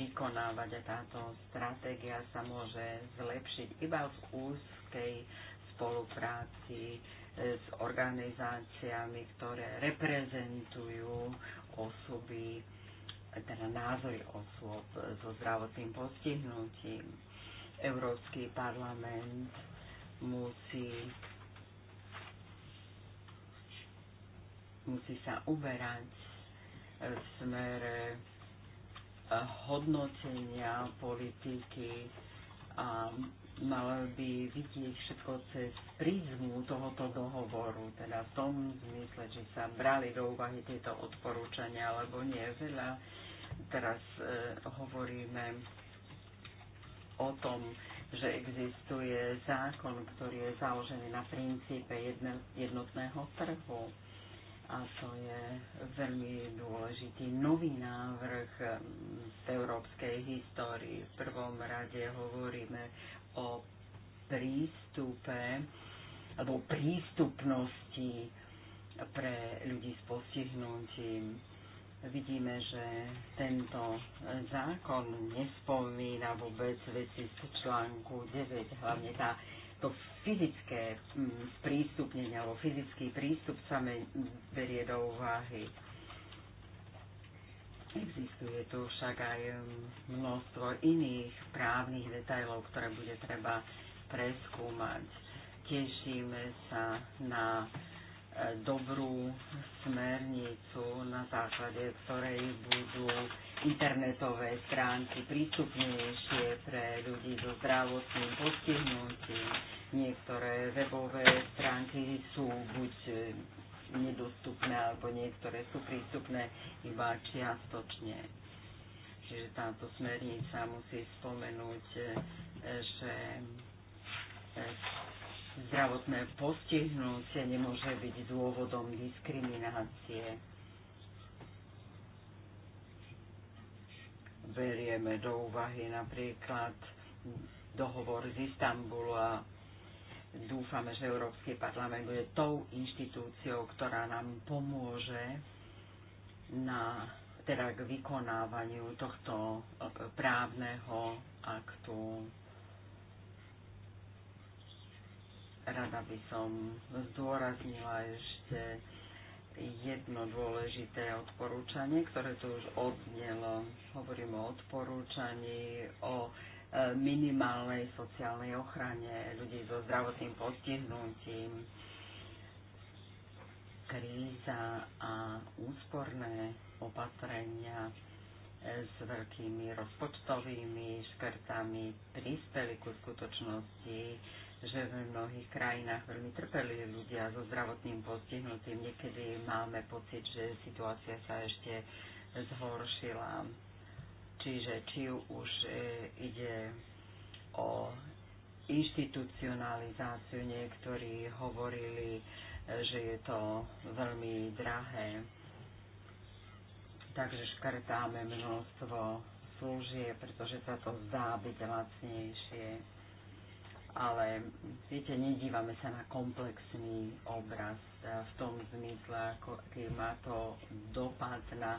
vykonávať a táto stratégia sa môže zlepšiť iba v úzkej spolupráci e, s organizáciami, ktoré reprezentujú osoby, teda názory osôb so zdravotným postihnutím. Európsky parlament musí musí sa uberať e, v smere e, hodnotenia politiky a mal by vidieť všetko cez prízmu tohoto dohovoru, teda v tom zmysle, že sa brali do úvahy tieto odporúčania alebo nie. Veľa teraz e, hovoríme o tom, že existuje zákon, ktorý je založený na princípe jedne, jednotného trhu a to je veľmi dôležitý nový návrh v európskej histórii. V prvom rade hovoríme o prístupe alebo prístupnosti pre ľudí s postihnutím. Vidíme, že tento zákon nespomína vôbec veci z článku 9, hlavne tá to fyzické sprístupnenie mm, alebo fyzický prístup sa berie do úvahy. Existuje tu však aj mm, množstvo iných právnych detajlov, ktoré bude treba preskúmať. Tešíme sa na dobrú smernicu, na základe ktorej budú internetové stránky prístupnejšie pre ľudí so zdravotným postihnutím. Niektoré webové stránky sú buď e, nedostupné, alebo niektoré sú prístupné iba čiastočne. Čiže táto smernica musí spomenúť, e, že e, zdravotné postihnutie nemôže byť dôvodom diskriminácie. Berieme do úvahy napríklad dohovor z Istanbulu a dúfame, že Európsky parlament bude tou inštitúciou, ktorá nám pomôže na, teda k vykonávaniu tohto e, právneho aktu. Rada by som zdôraznila ešte jedno dôležité odporúčanie, ktoré tu už odznelo. Hovorím o odporúčaní o e, minimálnej sociálnej ochrane ľudí so zdravotným postihnutím. Kríza a úsporné opatrenia s veľkými rozpočtovými škrtami prispeli ku skutočnosti, že v mnohých krajinách veľmi trpeli ľudia so zdravotným postihnutím. Niekedy máme pocit, že situácia sa ešte zhoršila. Čiže či už e, ide o inštitucionalizáciu, niektorí hovorili, e, že je to veľmi drahé. Takže škrtáme množstvo služie, pretože sa to zdá byť lacnejšie ale viete, nedívame sa na komplexný obraz e, v tom zmysle, ako, má to dopad na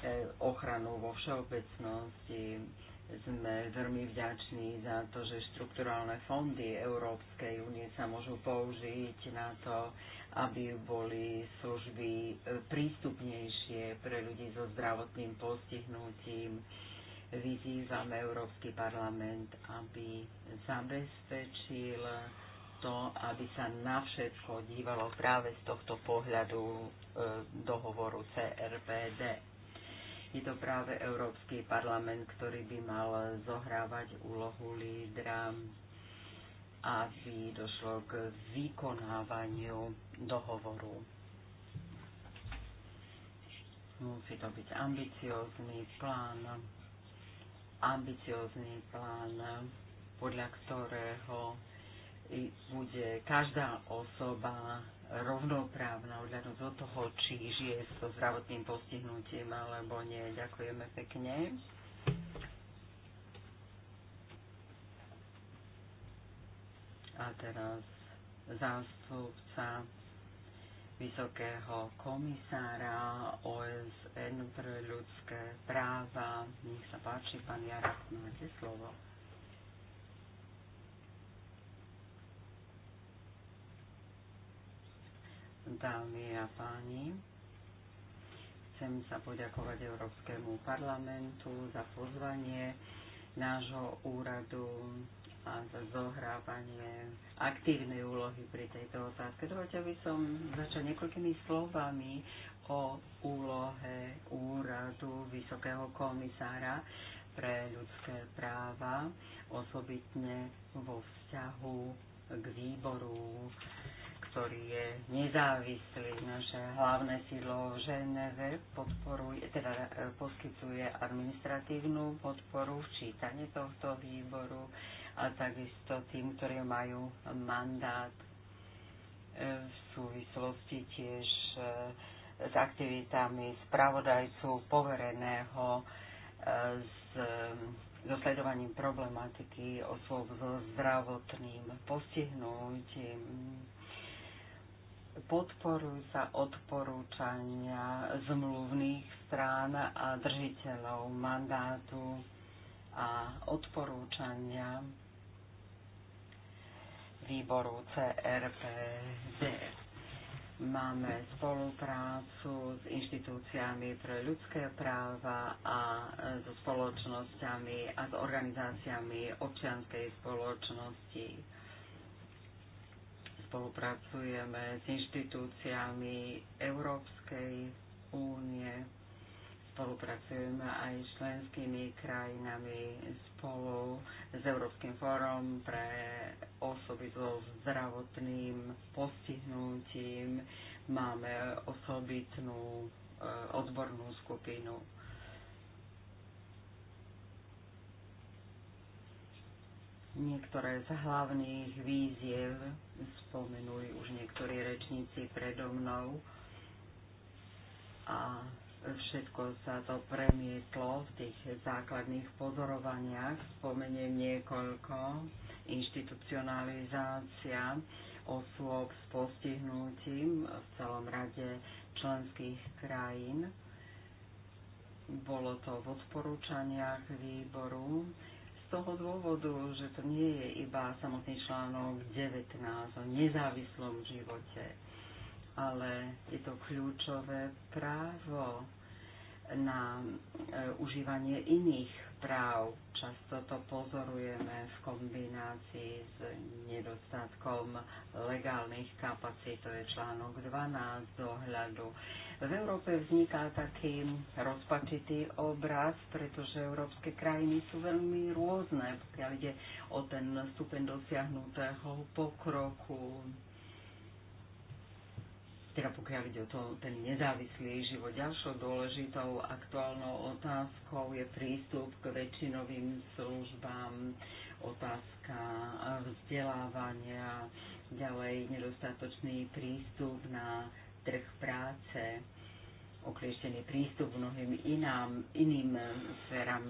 e, ochranu vo všeobecnosti. Sme veľmi vďační za to, že štrukturálne fondy Európskej únie sa môžu použiť na to, aby boli služby e, prístupnejšie pre ľudí so zdravotným postihnutím vyzývam Európsky parlament, aby zabezpečil to, aby sa na všetko dívalo práve z tohto pohľadu e, dohovoru CRPD. Je to práve Európsky parlament, ktorý by mal zohrávať úlohu lídra, aby došlo k vykonávaniu dohovoru. Musí to byť ambiciózny plán ambiciózny plán, podľa ktorého bude každá osoba rovnoprávna odľadnúť od toho, či žije so zdravotným postihnutím alebo nie. Ďakujeme pekne. A teraz zástupca vysokého komisára OSN pre ľudské práva. Nech sa páči, pán Jarak, máte slovo. Dámy a páni, chcem sa poďakovať Európskemu parlamentu za pozvanie nášho úradu a za zohrávanie aktívnej úlohy pri tejto otázke. Dovolte, aby som začal niekoľkými slovami o úlohe úradu Vysokého komisára pre ľudské práva, osobitne vo vzťahu k výboru, ktorý je nezávislý. Naše hlavné sídlo v Ženeve podporuje, teda e, poskytuje administratívnu podporu, včítanie tohto výboru, a takisto tým, ktorí majú mandát e, v súvislosti tiež e, s aktivitami spravodajcu povereného e, s dosledovaním problematiky osôb so zdravotným postihnutím. Podporujú sa odporúčania zmluvných strán a držiteľov mandátu a odporúčania výboru CRPD. Máme spoluprácu s inštitúciami pre ľudské práva a so spoločnosťami a s organizáciami občianskej spoločnosti. Spolupracujeme s inštitúciami Európskej únie, spolupracujeme aj s členskými krajinami spolu s Európskym fórom pre osoby so zdravotným postihnutím. Máme osobitnú e, odbornú skupinu. Niektoré z hlavných víziev spomenuli už niektorí rečníci predo mnou a Všetko sa to premietlo v tých základných pozorovaniach. Spomeniem niekoľko. Inštitucionalizácia osôb s postihnutím v celom rade členských krajín. Bolo to v odporúčaniach výboru z toho dôvodu, že to nie je iba samotný článok 19 o nezávislom živote ale je to kľúčové právo na e, užívanie iných práv. Často to pozorujeme v kombinácii s nedostatkom legálnych kapacít, to je článok 12 dohľadu. V Európe vzniká taký rozpačitý obraz, pretože európske krajiny sú veľmi rôzne, pokiaľ ide o ten stupeň dosiahnutého pokroku, teda pokiaľ ide o to, ten nezávislý život. Ďalšou dôležitou aktuálnou otázkou je prístup k väčšinovým službám, otázka vzdelávania, ďalej nedostatočný prístup na trh práce okleštený prístup mnohým inám, iným sferám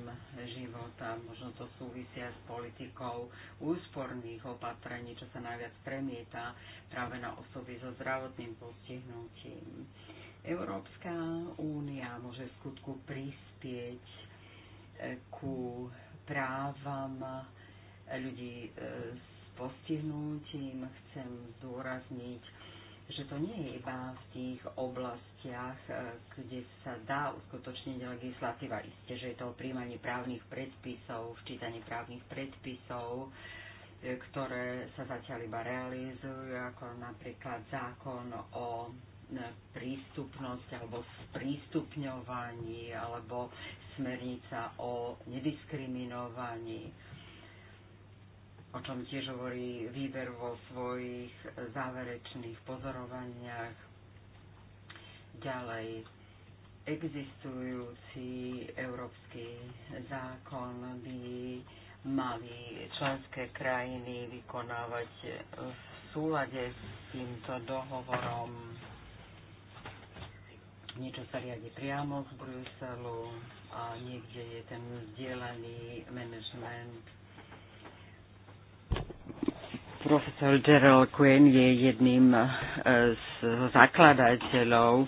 života. Možno to súvisia s politikou úsporných opatrení, čo sa najviac premieta práve na osoby so zdravotným postihnutím. Európska únia môže v skutku prispieť eh, ku právam ľudí eh, s postihnutím. Chcem zdôrazniť, že to nie je iba v tých oblastiach, oblastiach, e, kde sa dá uskutočniť legislatíva. Isté, že je to o príjmaní právnych predpisov, včítanie právnych predpisov, e, ktoré sa zatiaľ iba realizujú, ako napríklad zákon o e, prístupnosť alebo sprístupňovaní alebo smernica o nediskriminovaní, o čom tiež hovorí výber vo svojich záverečných pozorovaniach Ďalej, existujúci európsky zákon by mali členské krajiny vykonávať v súlade s týmto dohovorom. Niečo sa riadi priamo z Bruselu a niekde je ten vzdielaný management. Profesor Gerald Quinn je jedným eh, z zakladateľov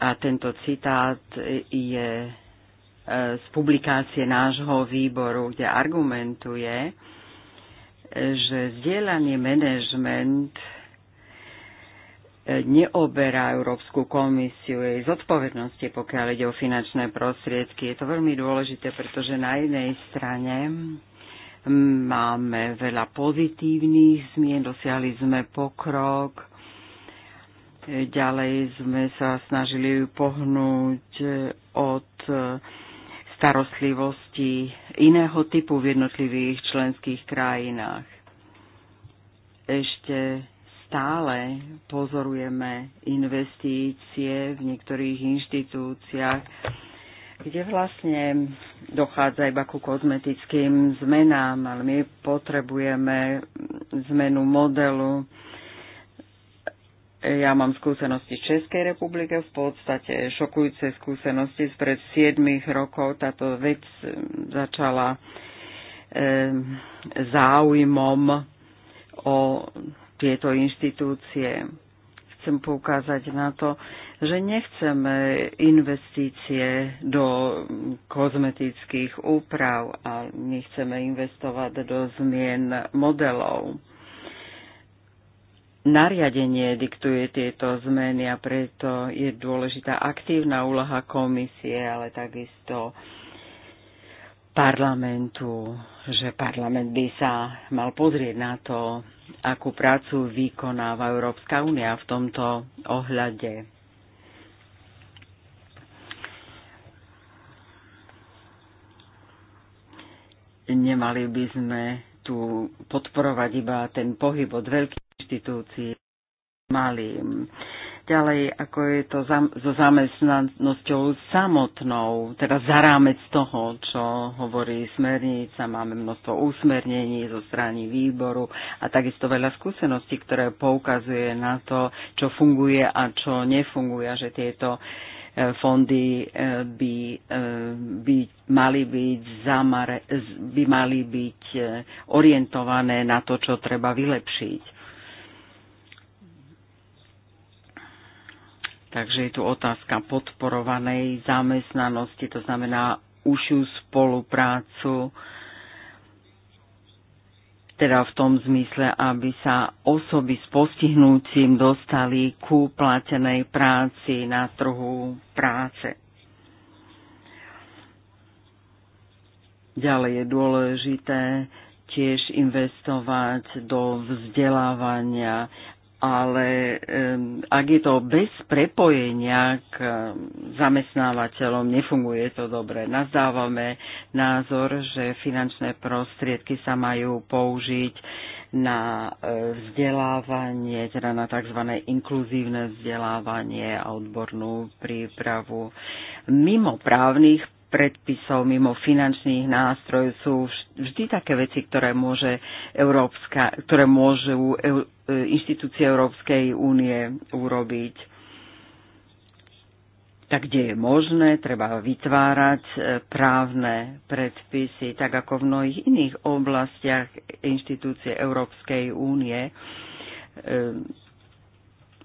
a tento citát je e, z publikácie nášho výboru, kde argumentuje, e, že zdieľanie manažment e, neoberá Európsku komisiu jej zodpovednosti, pokiaľ ide o finančné prostriedky. Je to veľmi dôležité, pretože na jednej strane máme veľa pozitívnych zmien, dosiahli sme pokrok, Ďalej sme sa snažili pohnúť e, od e, starostlivosti iného typu v jednotlivých členských krajinách. Ešte stále pozorujeme investície v niektorých inštitúciách, kde vlastne dochádza iba ku kozmetickým zmenám, ale my potrebujeme zmenu modelu, ja mám skúsenosti v Českej republike, v podstate šokujúce skúsenosti. Spred 7 rokov táto vec začala záujmom o tieto inštitúcie. Chcem poukázať na to, že nechceme investície do kozmetických úprav a nechceme investovať do zmien modelov nariadenie diktuje tieto zmeny a preto je dôležitá aktívna úloha komisie, ale takisto parlamentu, že parlament by sa mal pozrieť na to, akú prácu vykonáva Európska únia v tomto ohľade. Nemali by sme tu podporovať iba ten pohyb od veľkých inštitúcií malým. Ďalej, ako je to so zamestnanosťou samotnou, teda za rámec toho, čo hovorí smernica, máme množstvo úsmernení zo strany výboru a takisto veľa skúseností, ktoré poukazuje na to, čo funguje a čo nefunguje že tieto uh, fondy e, by, e, by, mali byť zamare, by mali byť e, orientované na to, čo treba vylepšiť. Takže je tu otázka podporovanej zamestnanosti, to znamená ušiu spoluprácu teda v tom zmysle, aby sa osoby s postihnúcim dostali ku platenej práci na trhu práce. Ďalej je dôležité tiež investovať do vzdelávania ale ak je to bez prepojenia k zamestnávateľom, nefunguje to dobre. Nazdávame názor, že finančné prostriedky sa majú použiť na e, vzdelávanie, teda na tzv. inkluzívne vzdelávanie a odbornú prípravu mimo právnych predpisov, mimo finančných nástrojov sú vždy také veci, ktoré, môže Európska, ktoré môžu e, inštitúcie Európskej únie urobiť. Tak kde je možné, treba vytvárať e, právne predpisy, tak ako v mnohých iných oblastiach inštitúcie Európskej únie e,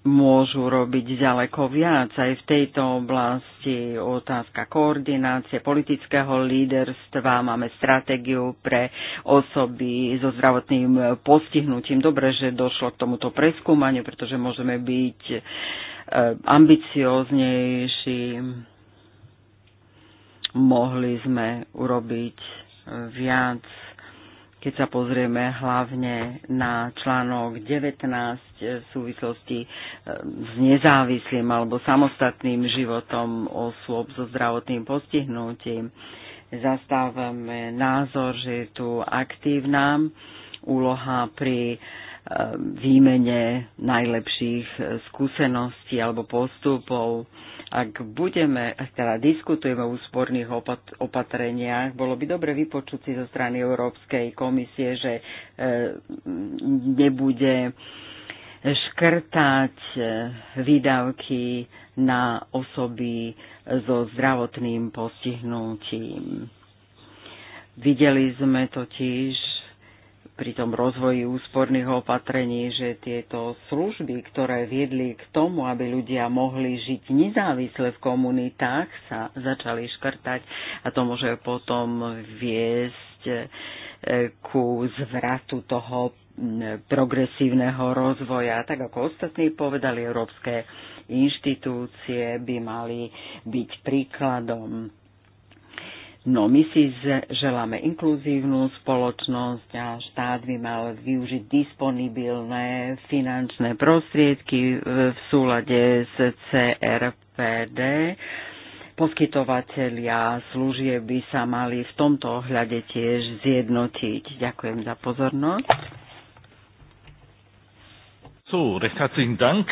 môžu robiť ďaleko viac aj v tejto oblasti. Otázka koordinácie politického líderstva, máme stratégiu pre osoby so zdravotným postihnutím. Dobre, že došlo k tomuto preskúmaniu, pretože môžeme byť e, ambicioznejší. Mohli sme urobiť e, viac keď sa pozrieme hlavne na článok 19 v súvislosti e, s nezávislým alebo samostatným životom osôb so zdravotným postihnutím. Zastávame názor, že je tu aktívna úloha pri e, výmene najlepších e, skúseností alebo postupov ak budeme, teda diskutujeme o úsporných opat- opatreniach, bolo by dobre vypočuť si zo strany Európskej komisie, že e, nebude škrtať e, výdavky na osoby so zdravotným postihnutím. Videli sme totiž, pri tom rozvoji úsporných opatrení, že tieto služby, ktoré viedli k tomu, aby ľudia mohli žiť nezávisle v komunitách, sa začali škrtať a to môže potom viesť e, ku zvratu toho progresívneho rozvoja. Tak ako ostatní povedali, európske inštitúcie by mali byť príkladom No my si želáme inkluzívnu spoločnosť a štát by mal využiť disponibilné finančné prostriedky e, v súlade s CRPD. Poskytovateľia služieb by sa mali v tomto ohľade tiež zjednotiť. Ďakujem za pozornosť. So, recht herzlichen Dank.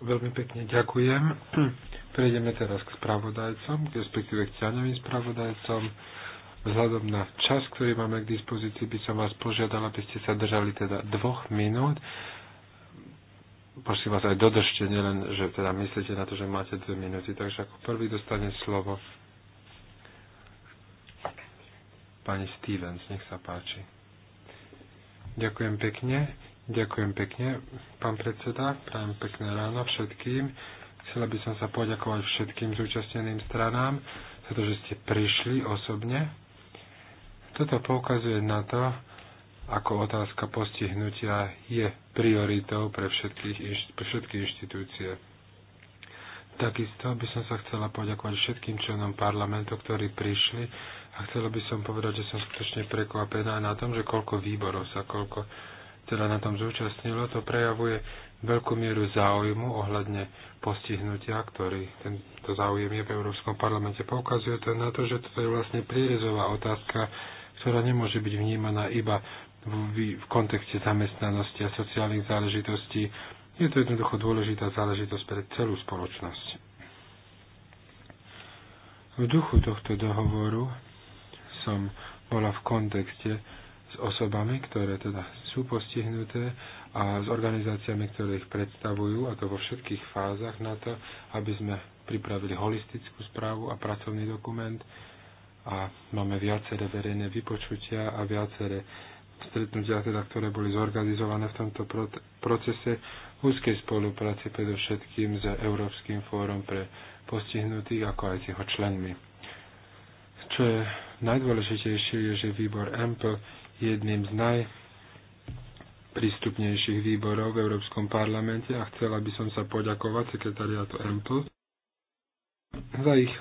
Veľmi pekne ďakujem. Prejdeme teraz k spravodajcom, respektíve k ťaňovým spravodajcom. Vzhľadom na čas, ktorý máme k dispozícii, by som vás požiadal, aby ste sa držali teda dvoch minút. Prosím vás, aj dodržte, nielen, že teda myslíte na to, že máte dve minúty. Takže ako prvý dostane slovo pani Stevens, nech sa páči. Ďakujem pekne, ďakujem pekne, pán predseda, prajem pekné ráno všetkým. Chcela by som sa poďakovať všetkým zúčastneným stranám za to, že ste prišli osobne. Toto poukazuje na to, ako otázka postihnutia je prioritou pre, všetkých, pre všetky inštitúcie. Takisto by som sa chcela poďakovať všetkým členom parlamentu, ktorí prišli a chcela by som povedať, že som skutočne prekvapená na tom, že koľko výborov sa, koľko ktorá teda na tom zúčastnila, to prejavuje veľkú mieru záujmu ohľadne postihnutia, ktorý tento záujem je v Európskom parlamente. Poukazuje to na to, že toto je vlastne prierezová otázka, ktorá nemôže byť vnímaná iba v, v kontexte zamestnanosti a sociálnych záležitostí. Je to jednoducho dôležitá záležitosť pre celú spoločnosť. V duchu tohto dohovoru som bola v kontexte s osobami, ktoré teda sú postihnuté a s organizáciami, ktoré ich predstavujú, a to vo všetkých fázach na to, aby sme pripravili holistickú správu a pracovný dokument. A máme viaceré verejné vypočutia a viaceré stretnutia, teda, ktoré boli zorganizované v tomto procese v úzkej spolupráci predovšetkým s Európskym fórom pre postihnutých, ako aj s jeho členmi. Čo je najdôležitejšie, je, že výbor EMPL jedným z najprístupnejších výborov v Európskom parlamente a chcela by som sa poďakovať sekretariátu EMPL za ich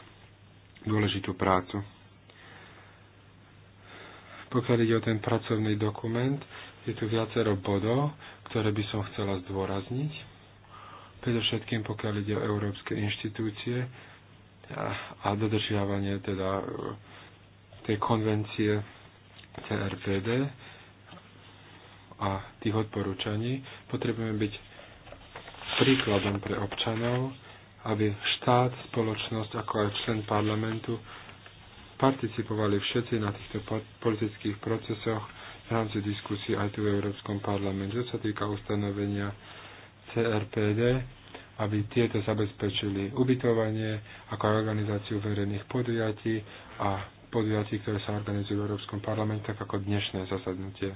dôležitú prácu. Pokiaľ ide o ten pracovný dokument, je tu viacero bodov, ktoré by som chcela zdôrazniť. Predovšetkým pokiaľ ide o európske inštitúcie a, a dodržiavanie teda e, tej konvencie CRPD a tých odporúčaní. Potrebujeme byť príkladom pre občanov, aby štát, spoločnosť, ako aj člen parlamentu participovali všetci na týchto politických procesoch v rámci diskusie aj tu v Európskom parlamente. Čo sa týka ustanovenia CRPD, aby tieto zabezpečili ubytovanie, ako aj organizáciu verejných podujatí a podujatí, ktoré sa organizujú v Európskom parlamente, tak ako dnešné zasadnutie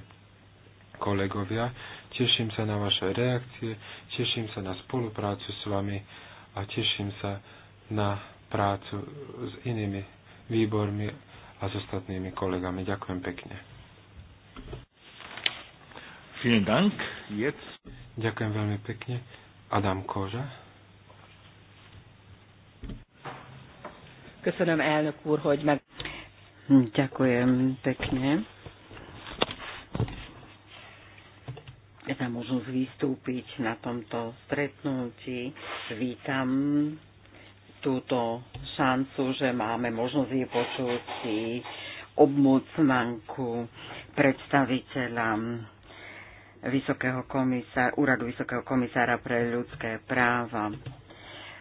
kolegovia. Teším sa na vaše reakcie, teším sa na spoluprácu s vami a teším sa na prácu s inými výbormi a s ostatnými kolegami. Ďakujem pekne. Vielen Dank. Jetzt. Ďakujem veľmi pekne. Adam Koža. Köszönöm, elnök úr, hogy meg... Hm, ďakujem pekne za možnosť vystúpiť na tomto stretnutí. Vítam túto šancu, že máme možnosť vypočuť si obmocnanku predstaviteľa Vysokého komisára, úradu Vysokého komisára pre ľudské práva.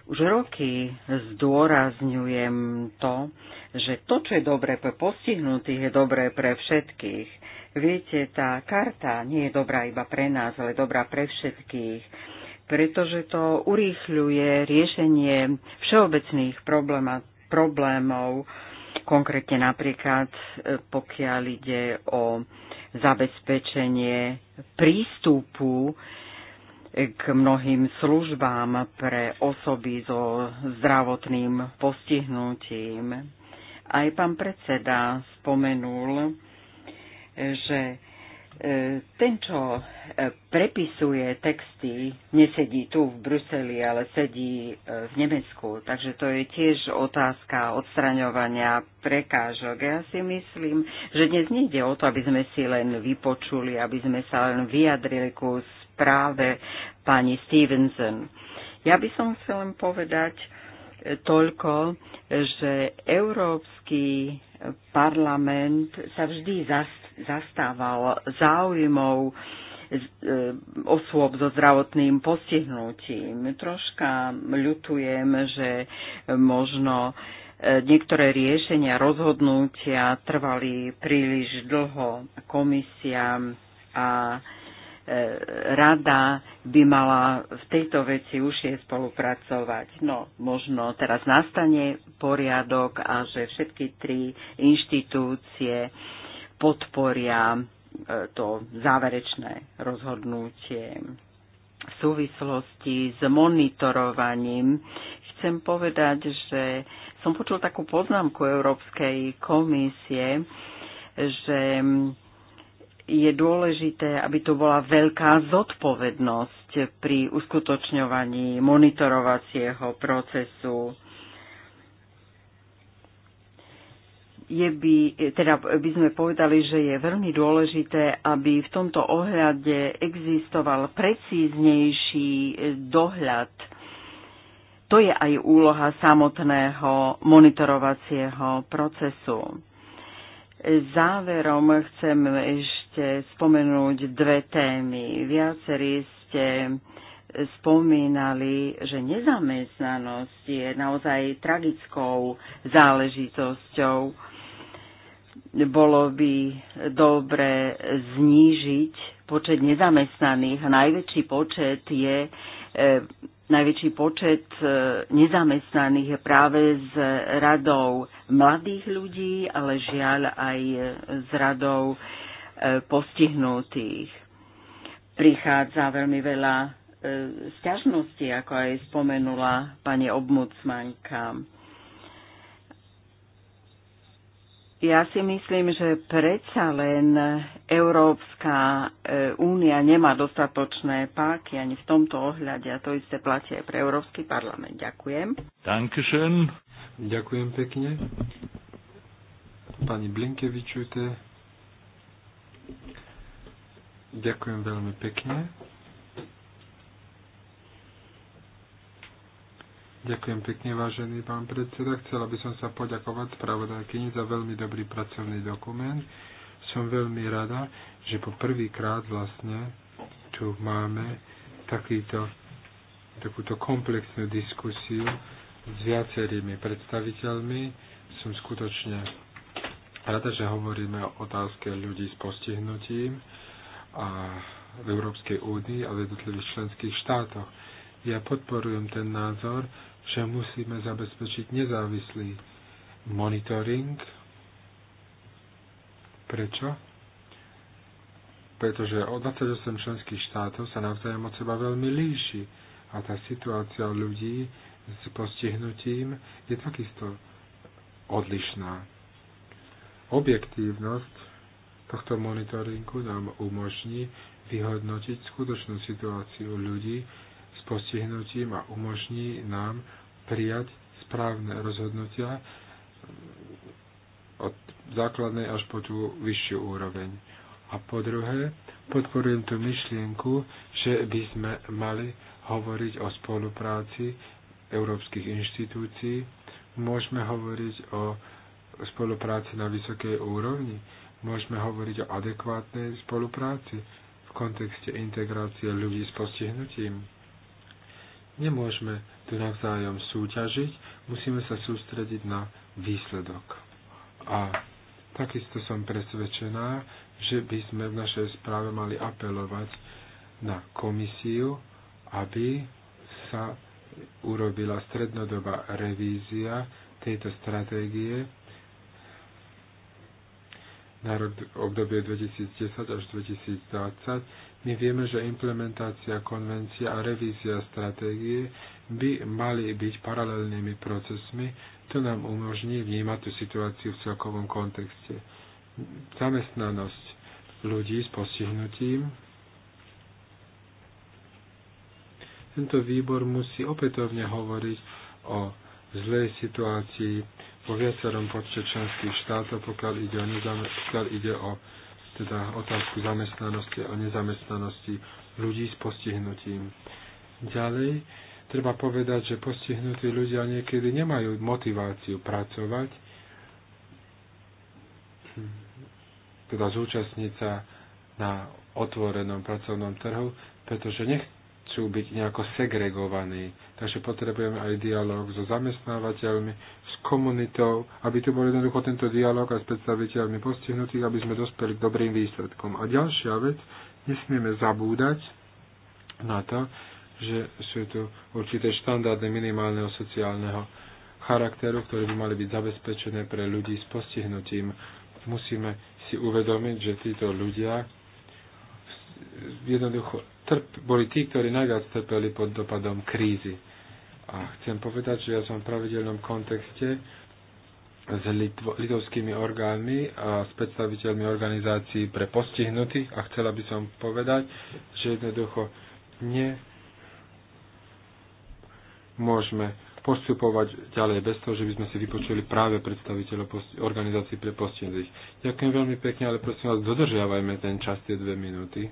Už roky zdôrazňujem to, že to, čo je dobré pre postihnutých, je dobré pre všetkých. Viete, tá karta nie je dobrá iba pre nás, ale dobrá pre všetkých, pretože to urýchľuje riešenie všeobecných problémov, konkrétne napríklad e, pokiaľ ide o zabezpečenie prístupu k mnohým službám pre osoby so zdravotným postihnutím. Aj pán predseda spomenul, že e, ten, čo e, prepisuje texty, nesedí tu v Bruseli, ale sedí e, v Nemecku. Takže to je tiež otázka odstraňovania prekážok. Ja si myslím, že dnes nejde o to, aby sme si len vypočuli, aby sme sa len vyjadrili ku práve pani Stevenson. Ja by som chcel len povedať eh, toľko, že Európsky parlament sa vždy zastával záujmov eh, osôb so zdravotným postihnutím. Troška ľutujem, že možno eh, niektoré riešenia, rozhodnutia trvali príliš dlho. Komisia a rada by mala v tejto veci už je spolupracovať. No, možno teraz nastane poriadok a že všetky tri inštitúcie podporia e, to záverečné rozhodnutie. V súvislosti s monitorovaním chcem povedať, že som počul takú poznámku Európskej komisie, že je dôležité, aby tu bola veľká zodpovednosť pri uskutočňovaní monitorovacieho procesu. Je by, teda by sme povedali, že je veľmi dôležité, aby v tomto ohľade existoval precíznejší dohľad. To je aj úloha samotného monitorovacieho procesu. Záverom chcem ešte ešte spomenúť dve témy. Viacerí ste spomínali, že nezamestnanosť je naozaj tragickou záležitosťou. Bolo by dobre znížiť počet nezamestnaných. Najväčší počet je e, Najväčší počet e, nezamestnaných je práve z radou mladých ľudí, ale žiaľ aj z radou postihnutých. Prichádza veľmi veľa e, sťažností, ako aj spomenula pani obmucmanka. Ja si myslím, že predsa len Európska e, únia nemá dostatočné páky ani v tomto ohľade a to isté platí aj pre Európsky parlament. Ďakujem. Dankeschön. Ďakujem pekne. Pani Blinkevičujte. Ďakujem veľmi pekne. Ďakujem pekne, vážený pán predseda. Chcela by som sa poďakovať spravodajkyni za veľmi dobrý pracovný dokument. Som veľmi rada, že po prvýkrát vlastne tu máme takýto, takúto komplexnú diskusiu s viacerými predstaviteľmi. Som skutočne rada, že hovoríme o otázke ľudí s postihnutím a v Európskej únii a v jednotlivých členských štátoch. Ja podporujem ten názor, že musíme zabezpečiť nezávislý monitoring. Prečo? Pretože od 28 členských štátov sa navzájom od seba veľmi líši a tá situácia ľudí s postihnutím je takisto odlišná. Objektívnosť tohto monitoringu nám umožní vyhodnotiť skutočnú situáciu ľudí s postihnutím a umožní nám prijať správne rozhodnutia od základnej až po tú vyššiu úroveň. A po druhé, podporujem tú myšlienku, že by sme mali hovoriť o spolupráci európskych inštitúcií, môžeme hovoriť o spolupráci na vysokej úrovni, Môžeme hovoriť o adekvátnej spolupráci v kontexte integrácie ľudí s postihnutím. Nemôžeme tu navzájom súťažiť, musíme sa sústrediť na výsledok. A takisto som presvedčená, že by sme v našej správe mali apelovať na komisiu, aby sa urobila strednodobá revízia tejto stratégie na rok obdobie 2010 až 2020, my vieme, že implementácia konvencie a revízia stratégie by mali byť paralelnými procesmi, to nám umožní vnímať tú situáciu v celkovom kontexte. Zamestnanosť ľudí s postihnutím. Tento výbor musí opätovne hovoriť o zlej situácii vo viacerom počte členských štátov, pokiaľ ide o, nezame- pokiaľ ide o teda otázku zamestnanosti a nezamestnanosti ľudí s postihnutím. Ďalej, treba povedať, že postihnutí ľudia niekedy nemajú motiváciu pracovať, teda zúčastniť sa na otvorenom pracovnom trhu, pretože nech, chcú byť nejako segregovaní. Takže potrebujeme aj dialog so zamestnávateľmi, s komunitou, aby tu bol jednoducho tento dialog aj s predstaviteľmi postihnutých, aby sme dospeli k dobrým výsledkom. A ďalšia vec, nesmieme zabúdať na to, že sú tu určité štandardy minimálneho sociálneho charakteru, ktoré by mali byť zabezpečené pre ľudí s postihnutím. Musíme si uvedomiť, že títo ľudia jednoducho trp, boli tí, ktorí najviac trpeli pod dopadom krízy. A chcem povedať, že ja som v pravidelnom kontexte s Litvo, litovskými orgánmi a s predstaviteľmi organizácií pre postihnutých a chcela by som povedať, že jednoducho nie môžeme postupovať ďalej bez toho, že by sme si vypočuli práve predstaviteľov organizácií pre postihnutých. Ďakujem veľmi pekne, ale prosím vás, dodržiavajme ten čas, tie dve minúty.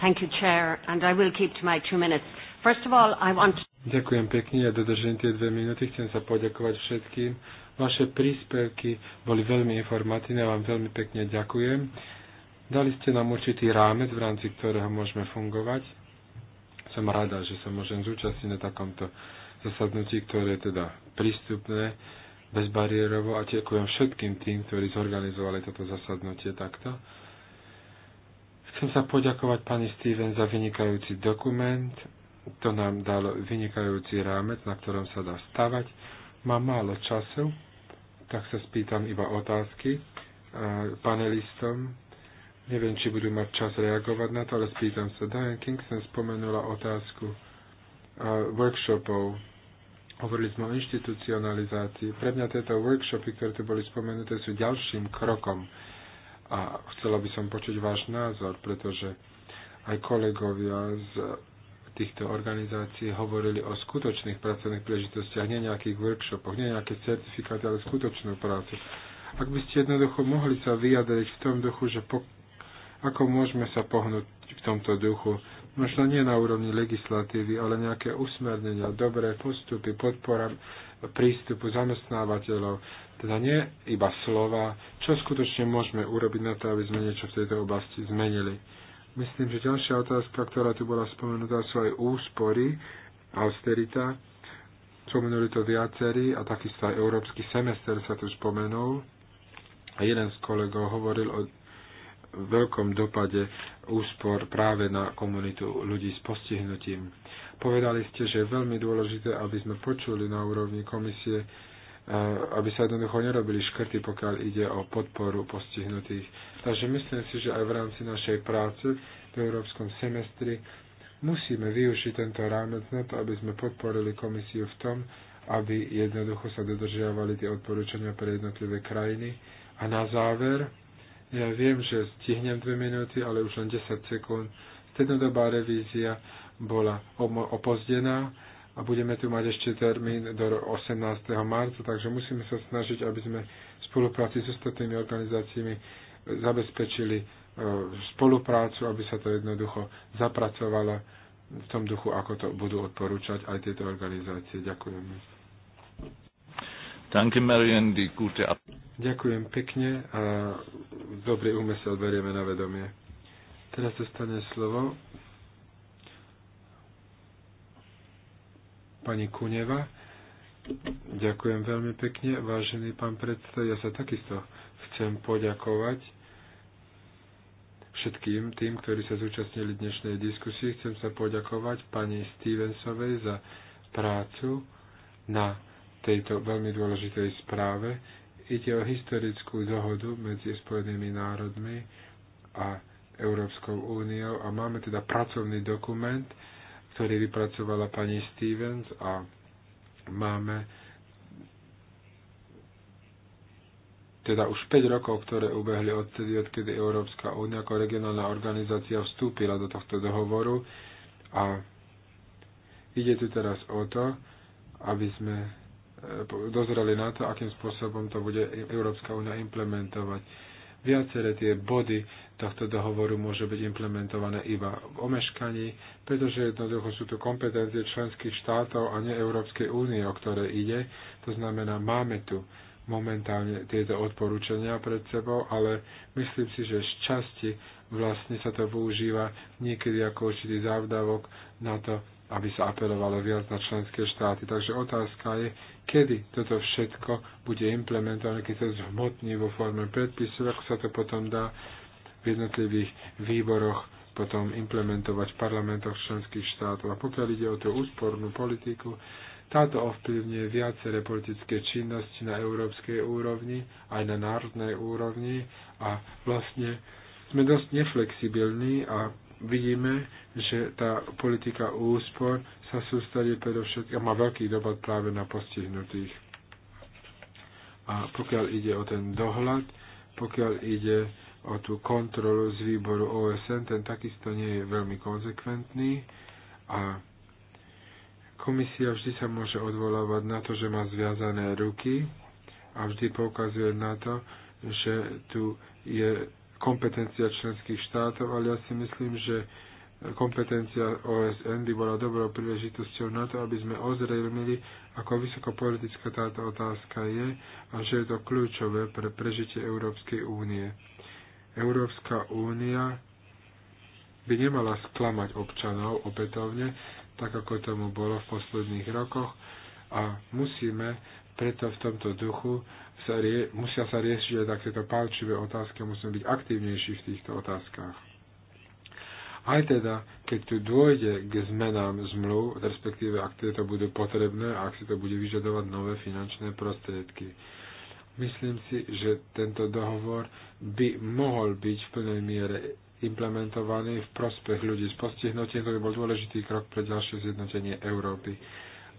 Thank you, Chair, and I will keep to my two minutes. First of all, I want... Ďakujem pekne, ja dodržím tie dve minúty. Chcem sa poďakovať všetkým. Vaše príspevky boli veľmi informatívne a vám veľmi pekne ďakujem. Dali ste nám určitý rámec, v rámci ktorého môžeme fungovať. Som rada, že sa môžem zúčastniť na takomto zasadnutí, ktoré je teda prístupné bezbariérovo a ďakujem všetkým tým, ktorí zorganizovali toto zasadnutie takto. Chcem sa poďakovať pani Steven za vynikajúci dokument. To nám dalo vynikajúci rámec, na ktorom sa dá stavať. Mám málo času, tak sa spýtam iba otázky e, panelistom. Neviem, či budú mať čas reagovať na to, ale spýtam sa. Diane Kingston spomenula otázku e, workshopov. Hovorili sme o inštitucionalizácii. Pre mňa tieto workshopy, ktoré tu boli spomenuté, sú ďalším krokom a chcela by som počuť váš názor, pretože aj kolegovia z týchto organizácií hovorili o skutočných pracovných príležitostiach, nie nejakých workshopoch, nie nejaké certifikáty, ale skutočnú prácu. Ak by ste jednoducho mohli sa vyjadriť v tom duchu, že po, ako môžeme sa pohnúť v tomto duchu, možno nie na úrovni legislatívy, ale nejaké usmernenia, dobré postupy, podpora prístupu zamestnávateľov. Teda nie iba slova, čo skutočne môžeme urobiť na to, aby sme niečo v tejto oblasti zmenili. Myslím, že ďalšia otázka, ktorá tu bola spomenutá, sú aj úspory, austerita. Spomenuli to viacerí a takisto aj európsky semester sa tu spomenul. A jeden z kolegov hovoril o veľkom dopade úspor práve na komunitu ľudí s postihnutím. Povedali ste, že je veľmi dôležité, aby sme počuli na úrovni komisie, e, aby sa jednoducho nerobili škrty, pokiaľ ide o podporu postihnutých. Takže myslím si, že aj v rámci našej práce v európskom semestri musíme využiť tento rámec na to, aby sme podporili komisiu v tom, aby jednoducho sa dodržiavali tie odporúčania pre jednotlivé krajiny. A na záver, ja viem, že stihnem dve minúty, ale už len 10 sekúnd. Strednodobá revízia bola opozdená a budeme tu mať ešte termín do 18. marca, takže musíme sa snažiť, aby sme v spolupráci s ostatnými organizáciami zabezpečili e, spoluprácu, aby sa to jednoducho zapracovalo v tom duchu, ako to budú odporúčať aj tieto organizácie. Ďakujem. Danke, Marian, die gute Ab Ďakujem pekne a dobrý úmysel berieme na vedomie. Teraz dostane slovo pani Kuneva. Ďakujem veľmi pekne, vážený pán predseda. Ja sa takisto chcem poďakovať všetkým tým, ktorí sa zúčastnili dnešnej diskusie. Chcem sa poďakovať pani Stevensovej za prácu na tejto veľmi dôležitej správe. Ide o historickú dohodu medzi Spojenými národmi a Európskou úniou a máme teda pracovný dokument, ktorý vypracovala pani Stevens a máme teda už 5 rokov, ktoré ubehli odtedy, odkedy Európska únia ako regionálna organizácia vstúpila do tohto dohovoru a ide tu teraz o to, aby sme E, dozreli na to, akým spôsobom to bude Európska únia implementovať. Viaceré tie body tohto dohovoru môže byť implementované iba v omeškaní, pretože jednoducho sú to kompetencie členských štátov a nie Európskej únie, o ktoré ide. To znamená, máme tu momentálne tieto odporúčania pred sebou, ale myslím si, že z časti vlastne sa to využíva niekedy ako určitý závdavok na to, aby sa apelovalo viac na členské štáty. Takže otázka je, kedy toto všetko bude implementované, keď sa zhmotní vo forme predpisov, ako sa to potom dá v jednotlivých výboroch potom implementovať v parlamentoch členských štátov. A pokiaľ ide o tú úspornú politiku, táto ovplyvňuje viaceré politické činnosti na európskej úrovni, aj na národnej úrovni a vlastne sme dosť neflexibilní a vidíme, že tá politika úspor sa sústredí predovšetkým a má veľký dopad práve na postihnutých. A pokiaľ ide o ten dohľad, pokiaľ ide o tú kontrolu z výboru OSN, ten takisto nie je veľmi konzekventný a komisia vždy sa môže odvolávať na to, že má zviazané ruky a vždy poukazuje na to, že tu je kompetencia členských štátov, ale ja si myslím, že kompetencia OSN by bola dobrou príležitosťou na to, aby sme ozrejmili, ako vysokopolitická táto otázka je a že je to kľúčové pre prežitie Európskej únie. Európska únia by nemala sklamať občanov opätovne, tak ako tomu bolo v posledných rokoch a musíme preto v tomto duchu sa rie, musia sa riešiť aj takéto palčivé otázky, musíme byť aktívnejší v týchto otázkach. Aj teda, keď tu dôjde k zmenám zmluv, respektíve ak tieto budú potrebné a ak si to bude vyžadovať nové finančné prostriedky. Myslím si, že tento dohovor by mohol byť v plnej miere implementovaný v prospech ľudí s postihnutím, to by bol dôležitý krok pre ďalšie zjednotenie Európy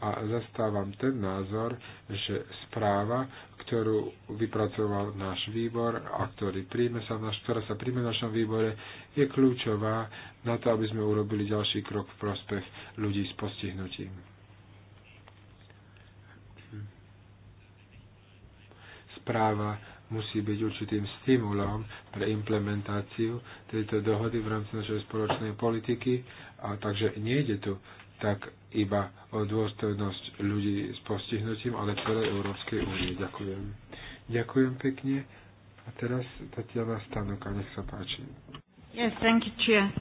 a zastávam ten názor, že správa, ktorú vypracoval náš výbor a ktorý príjme sa naš, ktorá sa príjme v našom výbore, je kľúčová na to, aby sme urobili ďalší krok v prospech ľudí s postihnutím. Správa musí byť určitým stimulom pre implementáciu tejto dohody v rámci našej spoločnej politiky. A takže nejde tu tak iba o dôstojnosť ľudí s postihnutím, ale celej Európskej únie. Ďakujem. Ďakujem pekne. A teraz Tatiana Stanuka, nech sa páči. Yes, thank you, Chia.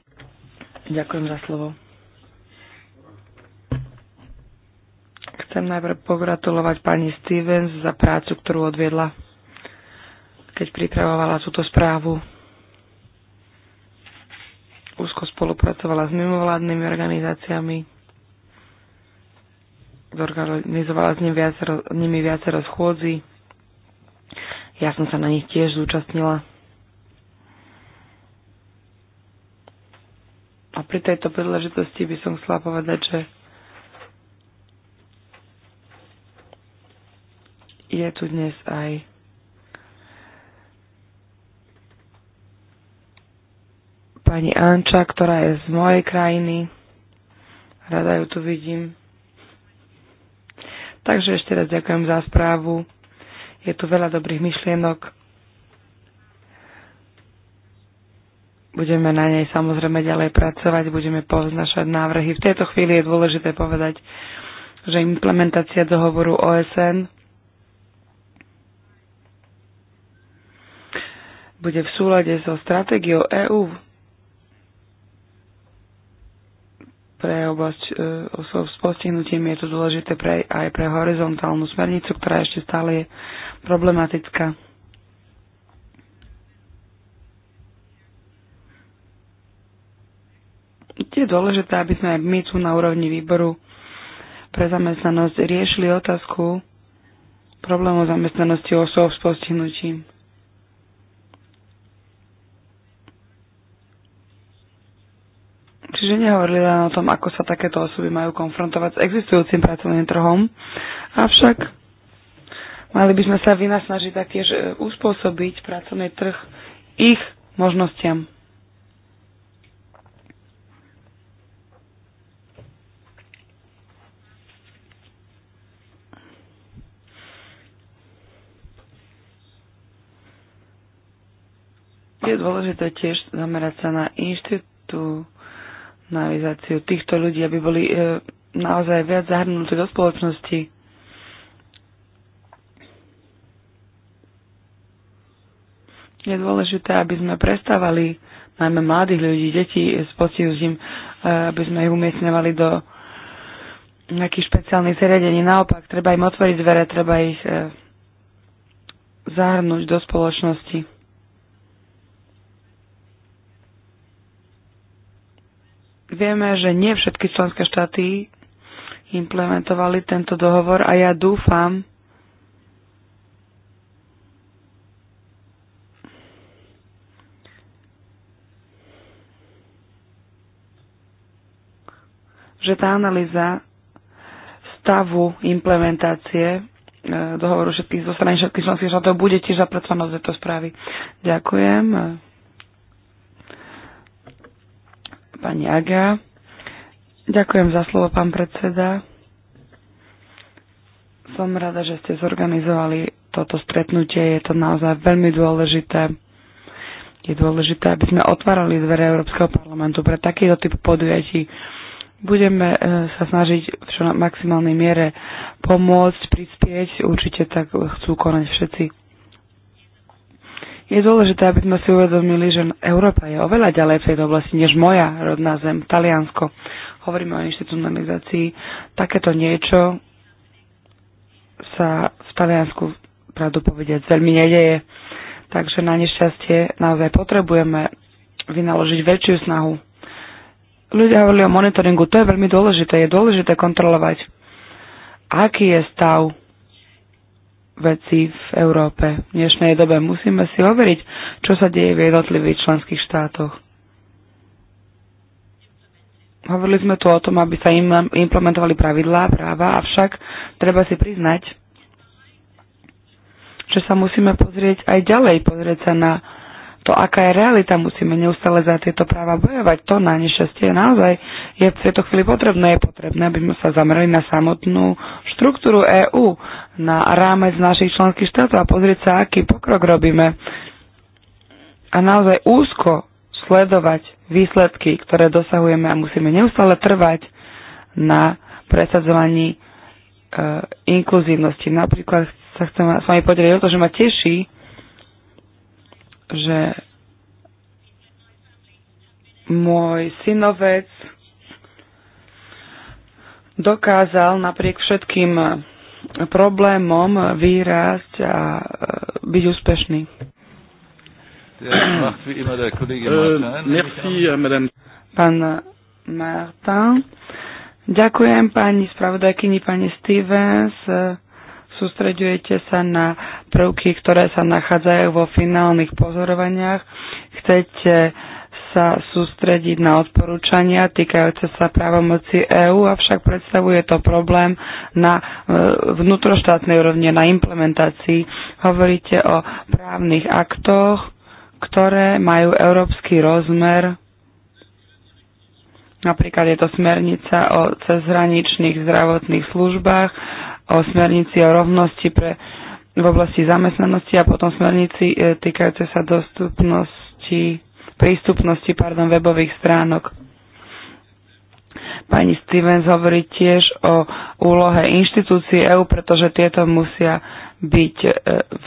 Ďakujem za slovo. Chcem najprv pogratulovať pani Stevens za prácu, ktorú odviedla, keď pripravovala túto správu úzko spolupracovala s mimovládnymi organizáciami, zorganizovala s ním viacero, nimi viacero schôdzi. Ja som sa na nich tiež zúčastnila. A pri tejto príležitosti by som chcela povedať, že je tu dnes aj pani Anča, ktorá je z mojej krajiny. Rada ju tu vidím. Takže ešte raz ďakujem za správu. Je tu veľa dobrých myšlienok. Budeme na nej samozrejme ďalej pracovať, budeme poznašať návrhy. V tejto chvíli je dôležité povedať, že implementácia dohovoru OSN bude v súlade so stratégiou EÚ pre oblasť e, s postihnutím je to dôležité pre, aj pre horizontálnu smernicu, ktorá ešte stále je problematická. Je dôležité, aby sme aj my tu na úrovni výboru pre zamestnanosť riešili otázku problémov zamestnanosti osôb s postihnutím. Čiže nehovorili len o tom, ako sa takéto osoby majú konfrontovať s existujúcim pracovným trhom, avšak mali by sme sa vynasnažiť taktiež e, uspôsobiť pracovný trh ich možnostiam. Je dôležité tiež zamerať sa na inštitú na realizáciu týchto ľudí, aby boli e, naozaj viac zahrnutí do spoločnosti. Je dôležité, aby sme prestávali najmä mladých ľudí, deti s postihnutím, e, aby sme ich umiestňovali do nejakých špeciálnych zariadení. Naopak, treba im otvoriť dvere, treba ich e, zahrnúť do spoločnosti. Vieme, že nie všetky členské štáty implementovali tento dohovor a ja dúfam, že tá analýza stavu implementácie e, dohovoru všetkých zo strany všetkých členských štátov bude tiež zapracovaná do tejto správy. Ďakujem. Pani Aga. Ďakujem za slovo, pán predseda. Som rada, že ste zorganizovali toto stretnutie. Je to naozaj veľmi dôležité. Je dôležité, aby sme otvárali dvere Európskeho parlamentu pre takýto typ podujatí. Budeme e, sa snažiť v čo maximálnej miere pomôcť, prispieť. Určite tak chcú konať všetci je dôležité, aby sme si uvedomili, že Európa je oveľa ďalej v tejto oblasti než moja rodná zem, Taliansko. Hovoríme o inštitucionalizácii. Takéto niečo sa v Taliansku, pravdu povedať, veľmi nedeje. Takže na nešťastie naozaj potrebujeme vynaložiť väčšiu snahu. Ľudia hovorili o monitoringu, to je veľmi dôležité. Je dôležité kontrolovať, aký je stav veci v Európe v dnešnej dobe. Musíme si overiť, čo sa deje v jednotlivých členských štátoch. Hovorili sme tu o tom, aby sa im implementovali pravidlá, práva, avšak treba si priznať, že sa musíme pozrieť aj ďalej, pozrieť sa na to, aká je realita, musíme neustále za tieto práva bojovať. To na nešťastie naozaj je v tejto chvíli potrebné. Je potrebné, aby sme sa zamerali na samotnú štruktúru EÚ, na rámec našich členských štátov a pozrieť sa, aký pokrok robíme. A naozaj úzko sledovať výsledky, ktoré dosahujeme a musíme neustále trvať na presadzovaní e, inkluzívnosti. Napríklad sa chcem s vami podeliť o to, že ma teší, že môj synovec dokázal napriek všetkým problémom vyrásť a e, byť úspešný. Euh, Pán Martin, ďakujem pani spravodajkyni, pani Stevens Sústreďujete sa na prvky, ktoré sa nachádzajú vo finálnych pozorovaniach. Chcete sa sústrediť na odporúčania týkajúce sa právomoci EÚ, avšak predstavuje to problém na e, vnútroštátnej úrovne, na implementácii. Hovoríte o právnych aktoch, ktoré majú európsky rozmer. Napríklad je to smernica o cezhraničných zdravotných službách o smernici o rovnosti pre, v oblasti zamestnanosti a potom smernici e, týkajúce sa dostupnosti, prístupnosti pardon, webových stránok. Pani Stevens hovorí tiež o úlohe inštitúcií EÚ, pretože tieto musia byť e,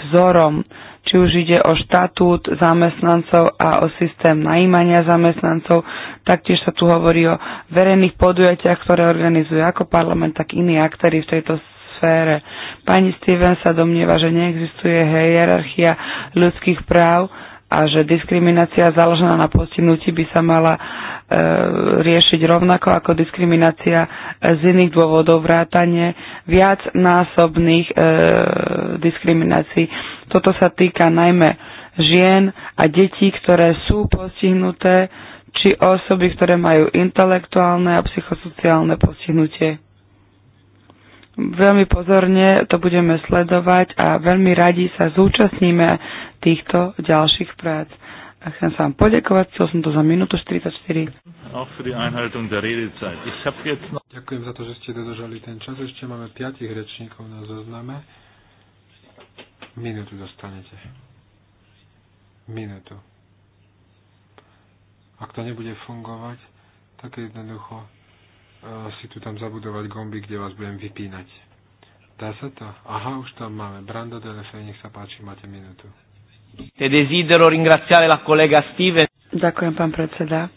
vzorom, či už ide o štatút zamestnancov a o systém najímania zamestnancov. Taktiež sa tu hovorí o verejných podujatiach, ktoré organizujú ako parlament, tak iní aktéry v tejto sfére. Pani Steven sa domnieva, že neexistuje hierarchia ľudských práv a že diskriminácia založená na postihnutí by sa mala e, riešiť rovnako ako diskriminácia e, z iných dôvodov vrátane viacnásobných e, diskriminácií. Toto sa týka najmä žien a detí, ktoré sú postihnuté, či osoby, ktoré majú intelektuálne a psychosociálne postihnutie. Veľmi pozorne to budeme sledovať a veľmi radi sa zúčastníme týchto ďalších prác. A chcem sa vám podiekovať, chcel som to za minútu 44. Ďakujem za to, že ste dodržali ten čas. Ešte máme piatich rečníkov na zozname. Minútu dostanete. Minútu. Ak to nebude fungovať, tak jednoducho si tu tam zabudovať gomby, kde vás budem vypínať. Dá sa to? Aha, už tam máme. Brando Delefej, nech sa páči, máte minútu. Te desidero ringraziare la collega Steven. Ďakujem, pán predseda.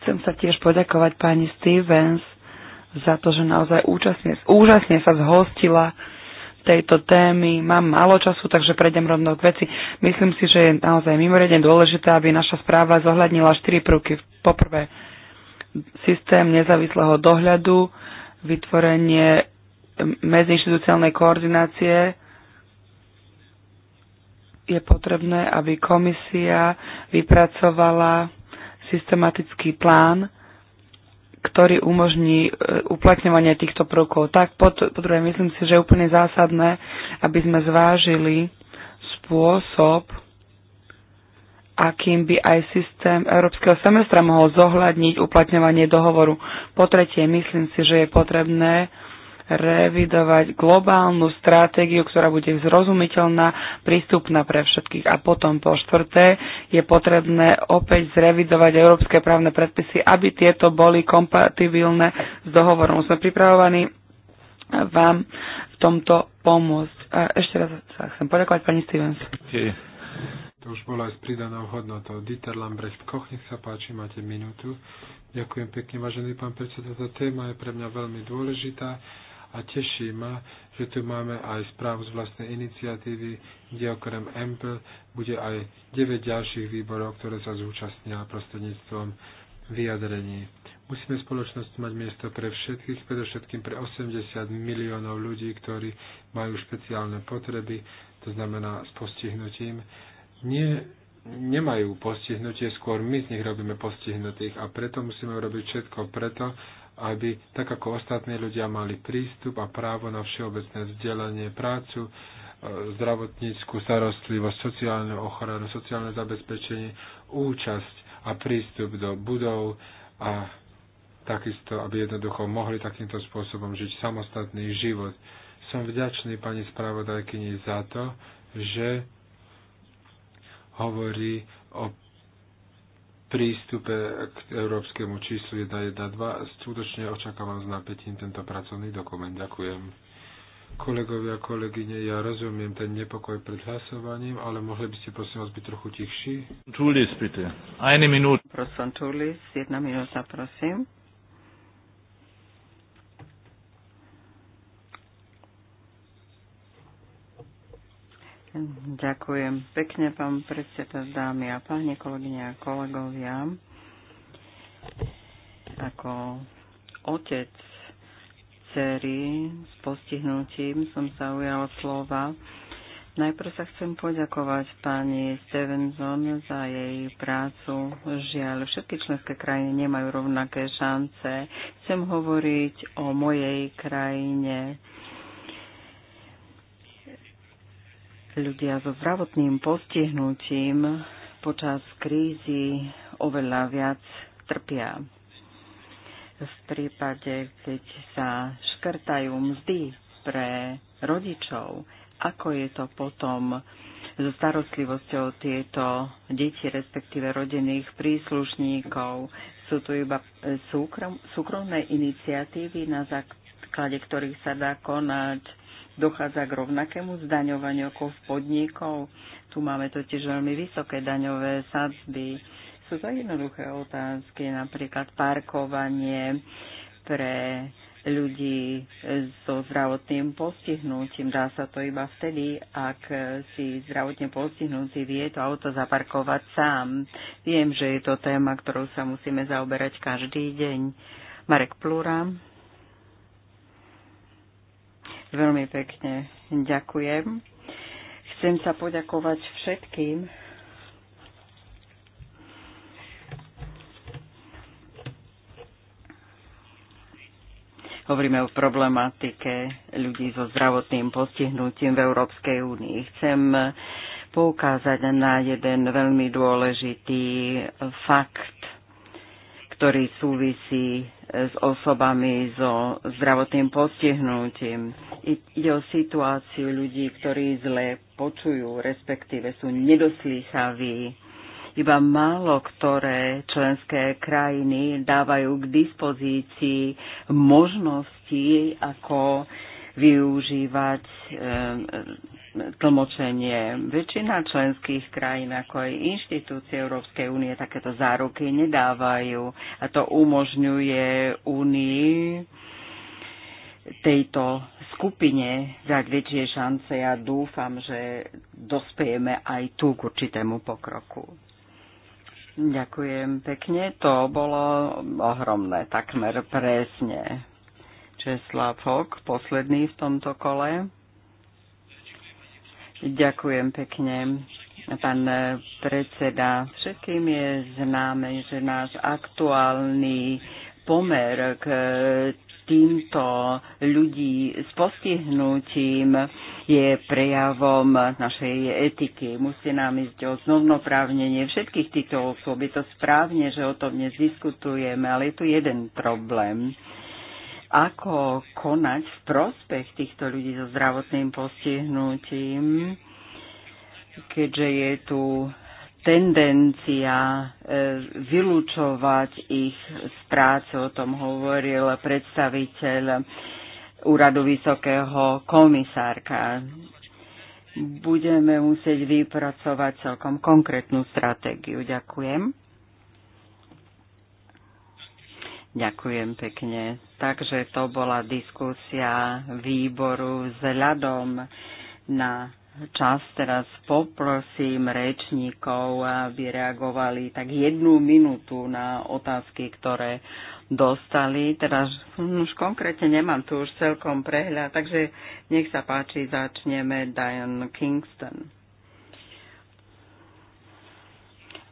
Chcem sa tiež poďakovať pani Stevens za to, že naozaj účasne, úžasne sa zhostila tejto témy. Mám málo času, takže prejdem rovno k veci. Myslím si, že je naozaj mimoriadne dôležité, aby naša správa zohľadnila štyri prvky. Poprvé, systém nezávislého dohľadu, vytvorenie medziinstitucionálnej koordinácie je potrebné, aby komisia vypracovala systematický plán, ktorý umožní e, uplatňovanie týchto prvkov. Tak, podruhé, myslím si, že je úplne zásadné, aby sme zvážili spôsob, akým by aj systém európskeho semestra mohol zohľadniť uplatňovanie dohovoru. Po tretie, myslím si, že je potrebné revidovať globálnu stratégiu, ktorá bude zrozumiteľná, prístupná pre všetkých. A potom po štvrté je potrebné opäť zrevidovať európske právne predpisy, aby tieto boli kompatibilné s dohovorom. Sme pripravovaní vám v tomto pomôcť. A ešte raz sa chcem poďakovať pani Stevens to už bolo aj s pridanou hodnotou. Dieter Lambrecht Koch, nech sa páči, máte minútu. Ďakujem pekne, vážený pán predseda. Tá téma je pre mňa veľmi dôležitá a teší ma, že tu máme aj správu z vlastnej iniciatívy, kde okrem EMPL bude aj 9 ďalších výborov, ktoré sa zúčastnia prostredníctvom vyjadrení. Musíme spoločnosť mať miesto pre všetkých, predovšetkým pre 80 miliónov ľudí, ktorí majú špeciálne potreby, to znamená s postihnutím nie, nemajú postihnutie, skôr my z nich robíme postihnutých a preto musíme robiť všetko preto, aby tak ako ostatní ľudia mali prístup a právo na všeobecné vzdelanie, prácu, e, zdravotníckú starostlivosť, sociálnu ochranu, sociálne zabezpečenie, účasť a prístup do budov a takisto, aby jednoducho mohli takýmto spôsobom žiť samostatný život. Som vďačný pani spravodajkyni za to, že hovorí o prístupe k európskemu číslu 112. Skutočne očakávam s napätím tento pracovný dokument. Ďakujem. Kolegovia, kolegyne, ja rozumiem ten nepokoj pred hlasovaním, ale mohli by ste prosím vás byť trochu tichší? Tulis, bitte. Eine minúta. Prosím, Tulis, jedna minúta, prosím. Ďakujem pekne, pán predseda, dámy a páni, kolegyne a kolegovia. Ako otec cery s postihnutím som sa ujal slova. Najprv sa chcem poďakovať pani Stevenson za jej prácu. Žiaľ, všetky členské krajiny nemajú rovnaké šance. Chcem hovoriť o mojej krajine ľudia so zdravotným postihnutím počas krízy oveľa viac trpia. V prípade, keď sa škrtajú mzdy pre rodičov, ako je to potom so starostlivosťou tieto deti, respektíve rodinných príslušníkov. Sú tu iba eh, súkrom, súkromné iniciatívy, na základe ktorých sa dá konať dochádza k rovnakému zdaňovaniu ako v podnikov. Tu máme totiž veľmi vysoké daňové sadzby. Sú to jednoduché otázky, napríklad parkovanie pre ľudí so zdravotným postihnutím. Dá sa to iba vtedy, ak si zdravotne postihnutý vie to auto zaparkovať sám. Viem, že je to téma, ktorou sa musíme zaoberať každý deň. Marek Plura. Veľmi pekne ďakujem. Chcem sa poďakovať všetkým, hovoríme o problematike ľudí so zdravotným postihnutím v Európskej únii. Chcem poukázať na jeden veľmi dôležitý fakt ktorý súvisí e, s osobami so zdravotným postihnutím. Ide o situáciu ľudí, ktorí zle počujú, respektíve sú nedoslýchaví. Iba málo ktoré členské krajiny dávajú k dispozícii možnosti, ako využívať e, tlmočenie. Väčšina členských krajín, ako aj inštitúcie Európskej únie, takéto záruky nedávajú a to umožňuje únii tejto skupine dať väčšie šance. Ja dúfam, že dospejeme aj tu k určitému pokroku. Ďakujem pekne. To bolo ohromné, takmer presne. Česlav Fok, posledný v tomto kole. Ďakujem pekne. Pán predseda, všetkým je známe, že náš aktuálny pomer k týmto ľudí s postihnutím je prejavom našej etiky. Musí nám ísť o znovnoprávnenie všetkých týchto osôb. Je to správne, že o tom dnes diskutujeme, ale je tu jeden problém ako konať v prospech týchto ľudí so zdravotným postihnutím, keďže je tu tendencia e, vylúčovať ich z práce, o tom hovoril predstaviteľ úradu vysokého komisárka. Budeme musieť vypracovať celkom konkrétnu stratégiu. Ďakujem. Ďakujem pekne. Takže to bola diskusia výboru vzhľadom na čas. Teraz poprosím rečníkov, aby reagovali tak jednu minútu na otázky, ktoré dostali. Teraz už konkrétne nemám tu už celkom prehľad, takže nech sa páči, začneme Diane Kingston.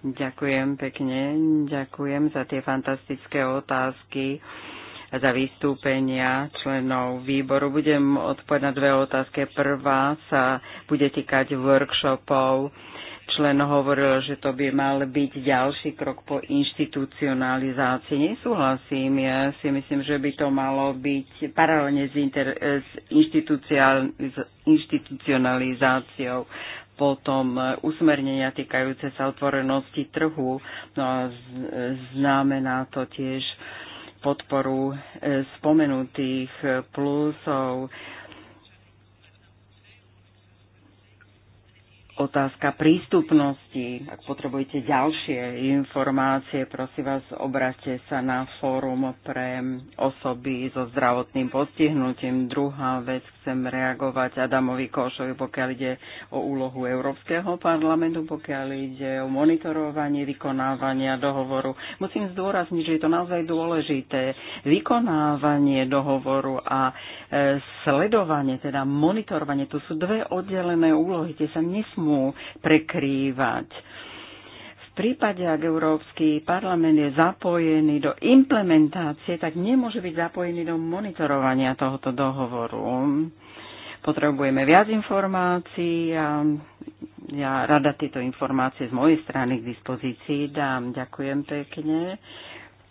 Ďakujem pekne, ďakujem za tie fantastické otázky za vystúpenia členov výboru. Budem odpovedať na dve otázky. Prvá sa bude týkať workshopov. Člen hovoril, že to by mal byť ďalší krok po inštitucionalizácii. Nesúhlasím, ja si myslím, že by to malo byť paralelne s, inter, s inštitucionalizáciou potom e, usmernenia týkajúce sa otvorenosti trhu. No a znamená to tiež podporu e, spomenutých e, plusov otázka prístupnosti. Ak potrebujete ďalšie informácie, prosím vás, obráťte sa na fórum pre osoby so zdravotným postihnutím. Druhá vec, chcem reagovať Adamovi Košovi, pokiaľ ide o úlohu Európskeho parlamentu, pokiaľ ide o monitorovanie vykonávania dohovoru. Musím zdôrazniť, že je to naozaj dôležité. Vykonávanie dohovoru a e, sledovanie, teda monitorovanie, to sú dve oddelené úlohy, tie sa nesmú tomu prekrývať. V prípade, ak Európsky parlament je zapojený do implementácie, tak nemôže byť zapojený do monitorovania tohoto dohovoru. Potrebujeme viac informácií a ja rada tieto informácie z mojej strany k dispozícii dám. Ďakujem pekne.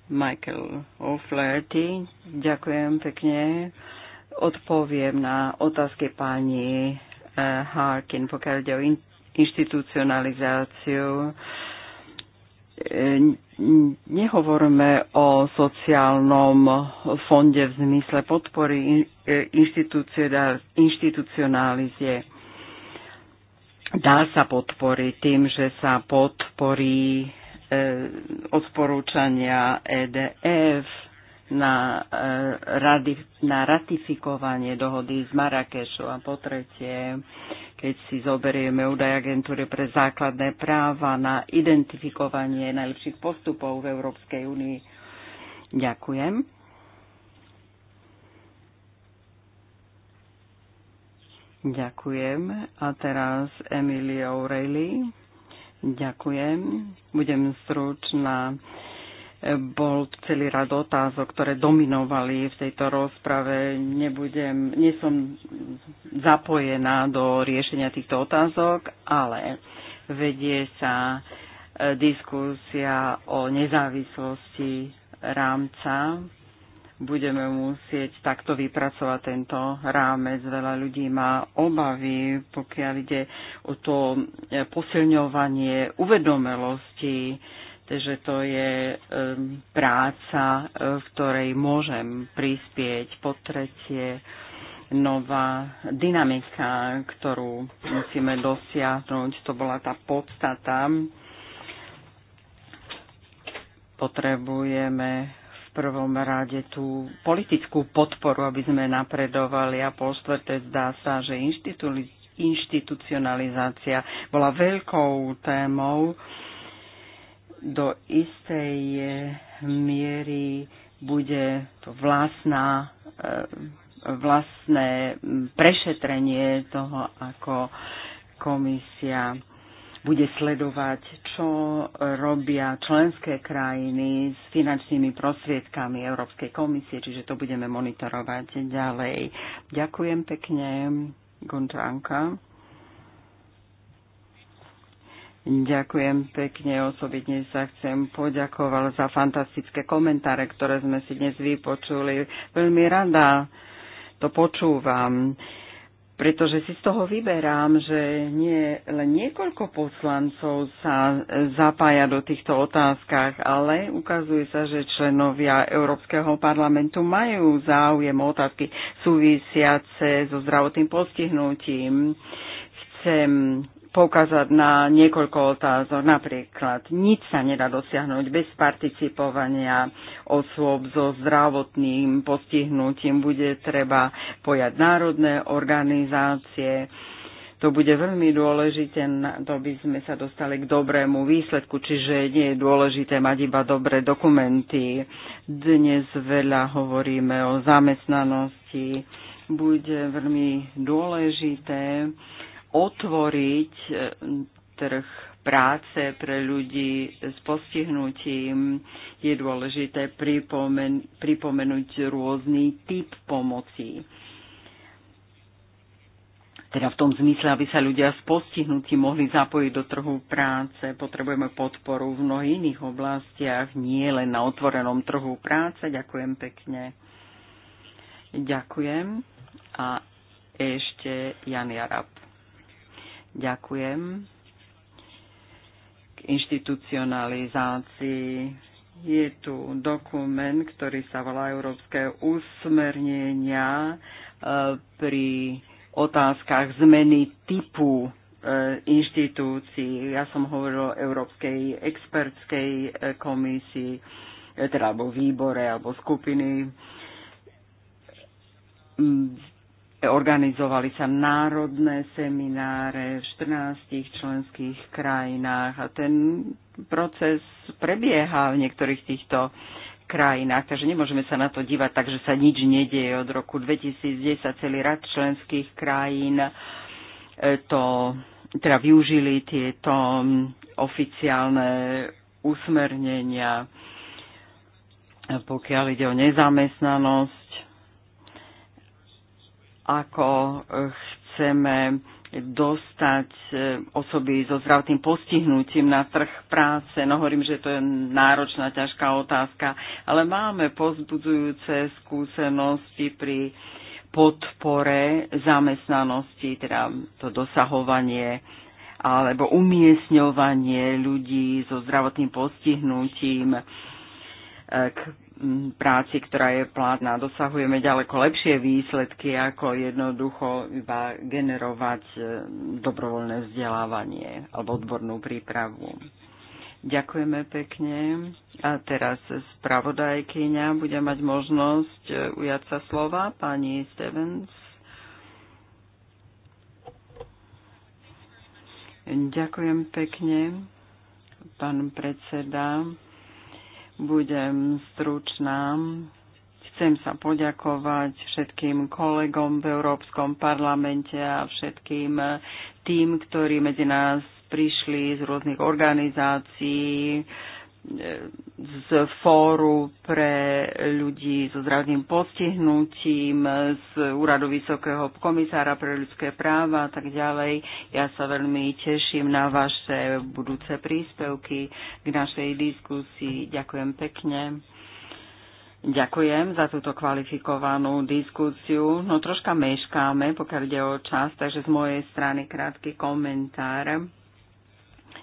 Michael O'Flaherty, ďakujem pekne odpoviem na otázky pani eh, Harkin, pokiaľ ide o inštitucionalizáciou. E, nehovorme o sociálnom fonde v zmysle podpory inštitucionalizie. E, Dá sa podporiť tým, že sa podporí e, odporúčania EDF, na, e, rady, na ratifikovanie dohody z Marrakešu. A po tretie, keď si zoberieme údaj agentúry pre základné práva na identifikovanie najlepších postupov v Európskej únii. Ďakujem. Ďakujem. A teraz Emilio O'Reilly. Ďakujem. Budem stručná bol celý rad otázok, ktoré dominovali v tejto rozprave. Nebudem, nie som zapojená do riešenia týchto otázok, ale vedie sa e, diskusia o nezávislosti rámca. Budeme musieť takto vypracovať tento rámec. Veľa ľudí má obavy, pokiaľ ide o to e, posilňovanie uvedomelosti že to je práca, e, v ktorej môžem prispieť. Po tretie, nová dynamika, ktorú musíme dosiahnuť. To bola tá podstata. Potrebujeme v prvom rade tú politickú podporu, aby sme napredovali a po štvrté zdá sa, že inštitucionalizácia bola veľkou témou do istej eh, miery bude to vlastná, eh, vlastné hm, prešetrenie toho, ako komisia bude sledovať, čo robia členské krajiny s finančnými prostriedkami Európskej komisie, čiže to budeme monitorovať ďalej. Ďakujem pekne, Gondranka. Ďakujem pekne, osobitne sa chcem poďakovať za fantastické komentáre, ktoré sme si dnes vypočuli. Veľmi rada to počúvam, pretože si z toho vyberám, že nie len niekoľko poslancov sa zapája do týchto otázkach, ale ukazuje sa, že členovia Európskeho parlamentu majú záujem o otázky súvisiace so zdravotným postihnutím. Chcem poukázať na niekoľko otázok. Napríklad, nič sa nedá dosiahnuť bez participovania osôb so zdravotným postihnutím. Bude treba pojať národné organizácie. To bude veľmi dôležité, to by sme sa dostali k dobrému výsledku, čiže nie je dôležité mať iba dobré dokumenty. Dnes veľa hovoríme o zamestnanosti. Bude veľmi dôležité otvoriť e, trh práce pre ľudí s postihnutím. Je dôležité pripomen- pripomenúť rôzny typ pomoci. Teda v tom zmysle, aby sa ľudia s postihnutím mohli zapojiť do trhu práce, potrebujeme podporu v mnohých iných oblastiach, nie len na otvorenom trhu práce. Ďakujem pekne. Ďakujem. A ešte Jan Jarab. Ďakujem. K inštitucionalizácii je tu dokument, ktorý sa volá Európske usmernenia e, pri otázkach zmeny typu e, inštitúcií. Ja som hovoril o Európskej expertskej e, komisii, teda alebo výbore, alebo skupiny Organizovali sa národné semináre v 14 členských krajinách a ten proces prebieha v niektorých týchto krajinách, takže nemôžeme sa na to dívať tak, že sa nič nedieje od roku 2010. Celý rad členských krajín e, to teda využili tieto oficiálne usmernenia. Pokiaľ ide o nezamestnanosť, ako e, chceme dostať e, osoby so zdravotným postihnutím na trh práce. No hovorím, že to je náročná, ťažká otázka, ale máme pozbudzujúce skúsenosti pri podpore zamestnanosti, teda to dosahovanie alebo umiestňovanie ľudí so zdravotným postihnutím e, k práci, ktorá je plátna. Dosahujeme ďaleko lepšie výsledky, ako jednoducho iba generovať e, dobrovoľné vzdelávanie alebo odbornú prípravu. Ďakujeme pekne. A teraz spravodajkyňa bude mať možnosť e, ujať sa slova. Pani Stevens. Ďakujem pekne, pán predseda. Budem stručná. Chcem sa poďakovať všetkým kolegom v Európskom parlamente a všetkým tým, ktorí medzi nás prišli z rôznych organizácií, z fóru pre ľudí so zdravným postihnutím, z úradu Vysokého komisára pre ľudské práva a tak ďalej. Ja sa veľmi teším na vaše budúce príspevky k našej diskusii. Ďakujem pekne. Ďakujem za túto kvalifikovanú diskusiu. No troška meškáme, pokiaľ ide o čas, takže z mojej strany krátky komentár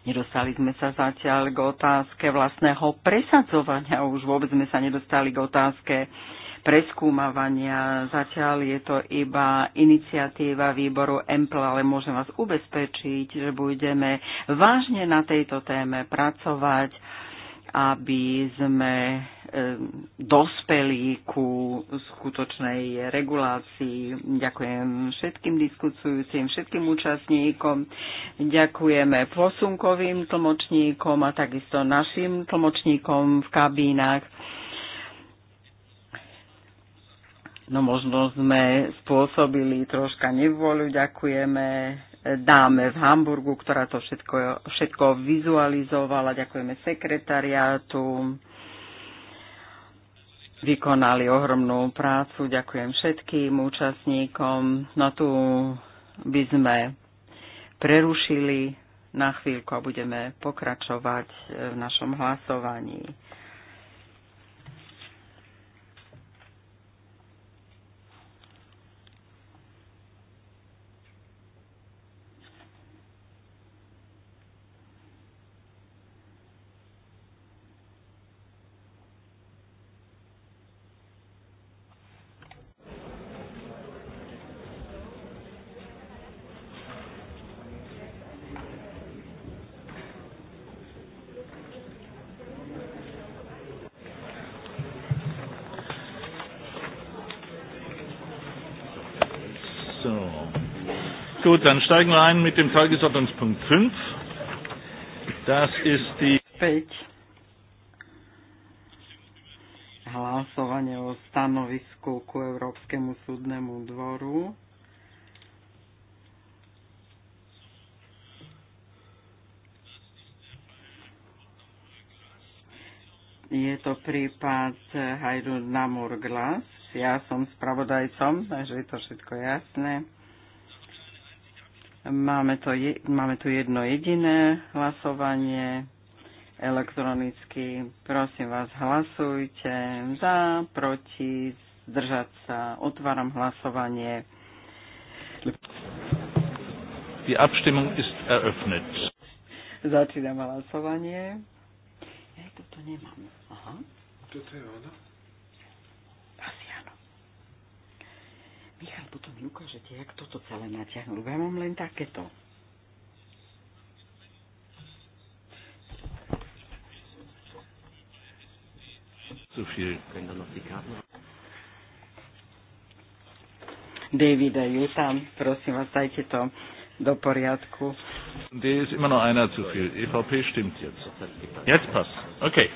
Nedostali sme sa zatiaľ k otázke vlastného presadzovania, už vôbec sme sa nedostali k otázke preskúmavania. Zatiaľ je to iba iniciatíva výboru EMPL, ale môžem vás ubezpečiť, že budeme vážne na tejto téme pracovať aby sme e, dospeli ku skutočnej regulácii. Ďakujem všetkým diskutujúcim, všetkým účastníkom. Ďakujeme posunkovým tlmočníkom a takisto našim tlmočníkom v kabínach. No možno sme spôsobili troška nevôľu. Ďakujeme dáme v Hamburgu, ktorá to všetko, všetko vizualizovala. Ďakujeme sekretariátu. Vykonali ohromnú prácu. Ďakujem všetkým účastníkom. No tu by sme prerušili na chvíľku a budeme pokračovať v našom hlasovaní. Gut, dann steigen wir ein mit dem Tagesordnungspunkt 5. Das ist die Späť. Hlasovanie o stanovisku ku Európskemu súdnemu dvoru. Je to prípad Hajdu Namur Glass. Ja som spravodajcom, takže je to všetko jasné. Máme, to, je, máme tu jedno jediné hlasovanie elektronicky. Prosím vás, hlasujte za, proti, zdržať sa. Otváram hlasovanie. Die Abstimmung ist eröffnet. Začínam hlasovanie. Ja toto nemám. Aha. Toto je ono. Michal, potom mi ukážete, jak toto celé natiahnu. Ja mám len takéto. So viel. Können prosím vás, dajte to do poriadku. D ist immer noch einer zu viel. EVP stimmt jetzt. Jetzt passt. Okay.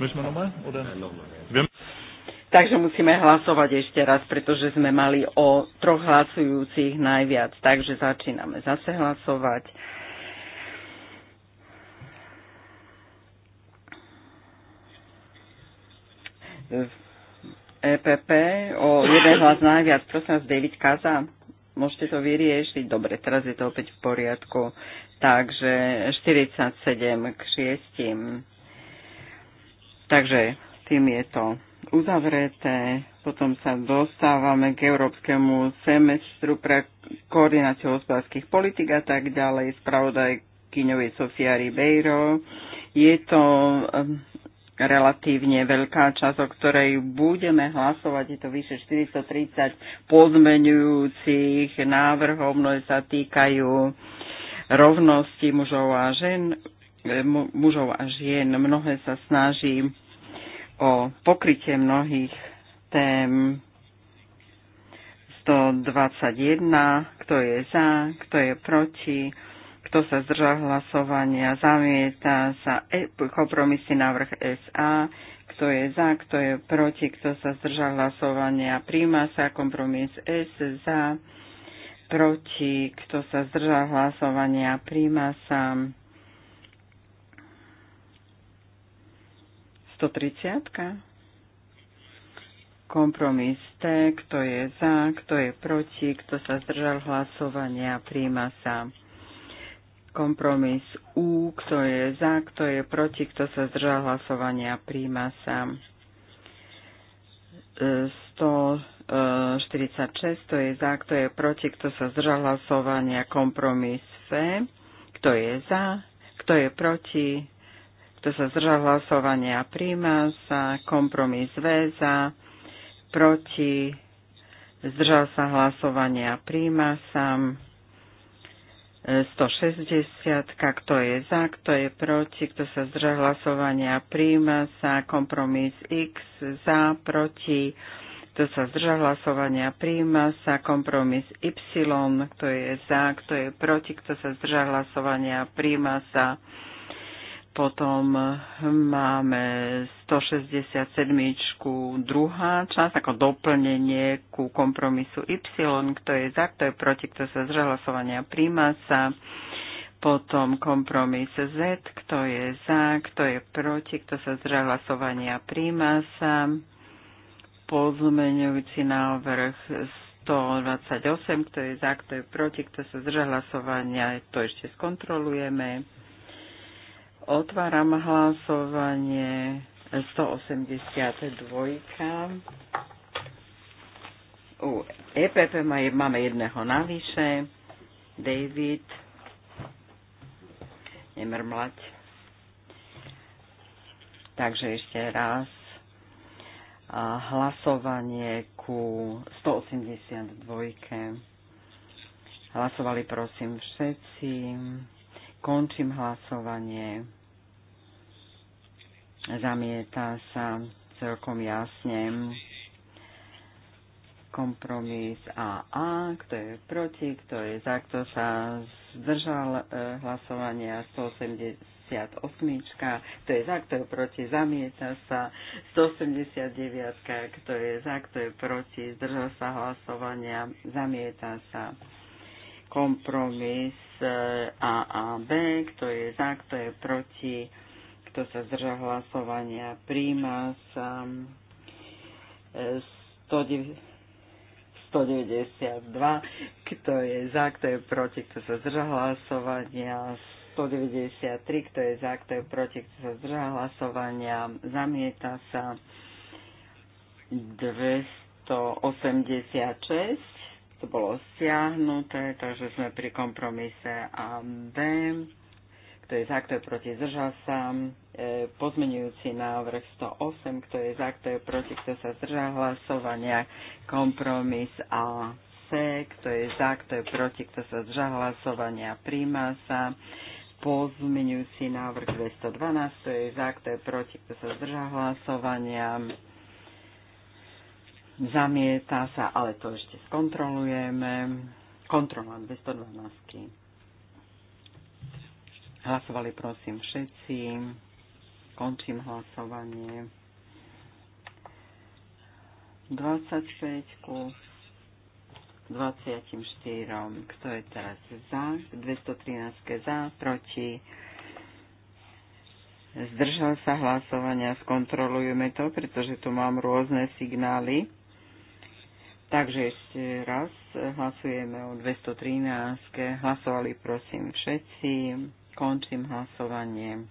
Müssen wir nochmal? Oder? Äh, Nein, Takže musíme hlasovať ešte raz, pretože sme mali o troch hlasujúcich najviac. Takže začíname zase hlasovať. EPP o jeden hlas najviac. Prosím vás, David Kaza, môžete to vyriešiť. Dobre, teraz je to opäť v poriadku. Takže 47 k 6. Takže tým je to uzavreté. Potom sa dostávame k európskemu semestru pre koordináciu hospodárskych politik a tak ďalej. spravodaj je Sofia Ribeiro. Je to ehm, relatívne veľká časť, o ktorej budeme hlasovať. Je to vyše 430 pozmenujúcich návrhov. Mnohé sa týkajú rovnosti mužov a žien eh, mužov a žien. Mnohé sa snaží o pokrytie mnohých tém 121, kto je za, kto je proti, kto sa zdržal hlasovania, zamieta sa e, kompromisný návrh SA, kto je za, kto je proti, kto sa zdržal hlasovania, príjma sa kompromis S za, proti, kto sa zdržal hlasovania, príjma sa 130. Kompromis T, kto je za, kto je proti, kto sa zdržal hlasovania, príjma sa. Kompromis U, kto je za, kto je proti, kto sa zdržal hlasovania, príjma sa. 146, kto je za, kto je proti, kto sa zdržal hlasovania, kompromis F. kto je za, kto je proti, kto sa zdržal hlasovania, príjma sa, kompromis V za, proti, zdržal sa hlasovania, príjma sa, 160, kto je za, kto je proti, kto sa zdržal hlasovania, príjma sa, kompromis X za, proti, kto sa zdržal hlasovania, príjma sa, kompromis Y, kto je za, kto je proti, kto sa zdržal hlasovania, príjma sa, potom máme 167. druhá časť ako doplnenie ku kompromisu Y, kto je za, kto je proti, kto sa zdržal hlasovania, príjma sa. Potom kompromis Z, kto je za, kto je proti, kto sa zdržal hlasovania, príjma sa. Pozmeňujúci návrh 128, kto je za, kto je proti, kto sa zdržal hlasovania, to ešte skontrolujeme. Otváram hlasovanie 182. U EPP máme jedného navyše. David. Nemrmlať. Takže ešte raz. A hlasovanie ku 182. Hlasovali prosím všetci. Končím hlasovanie zamieta sa celkom jasne kompromis AA, kto je proti, kto je za, kto sa zdržal e, hlasovania 188, kto je za, kto je proti, zamieta sa 189, kto je za, kto je proti, zdržal sa hlasovania, zamieta sa kompromis e, AAB, kto je za, kto je proti, kto sa zdržal hlasovania, príjma sa 192, e, kto je za, kto je proti, kto sa zdržal hlasovania, 193, kto je za, kto je proti, kto sa zdržal hlasovania, zamieta sa 286, to bolo stiahnuté, takže sme pri kompromise a B kto je za, kto je proti, zdržal sa. E, Pozmenujúci návrh 108, kto je za, kto je proti, kto sa zdržal hlasovania. Kompromis A, C, kto je za, kto je proti, kto sa zdržal hlasovania. Príjma sa. Pozmenujúci návrh 212, kto je za, kto je proti, kto sa zdržal hlasovania. Zamieta sa, ale to ešte skontrolujeme. Kontrola 212. Hlasovali prosím všetci. Končím hlasovanie. 25 ku 24. Kto je teraz za? 213 za, proti. Zdržal sa hlasovania, skontrolujeme to, pretože tu mám rôzne signály. Takže ešte raz hlasujeme o 213. Hlasovali prosím všetci. Končím hlasovanie.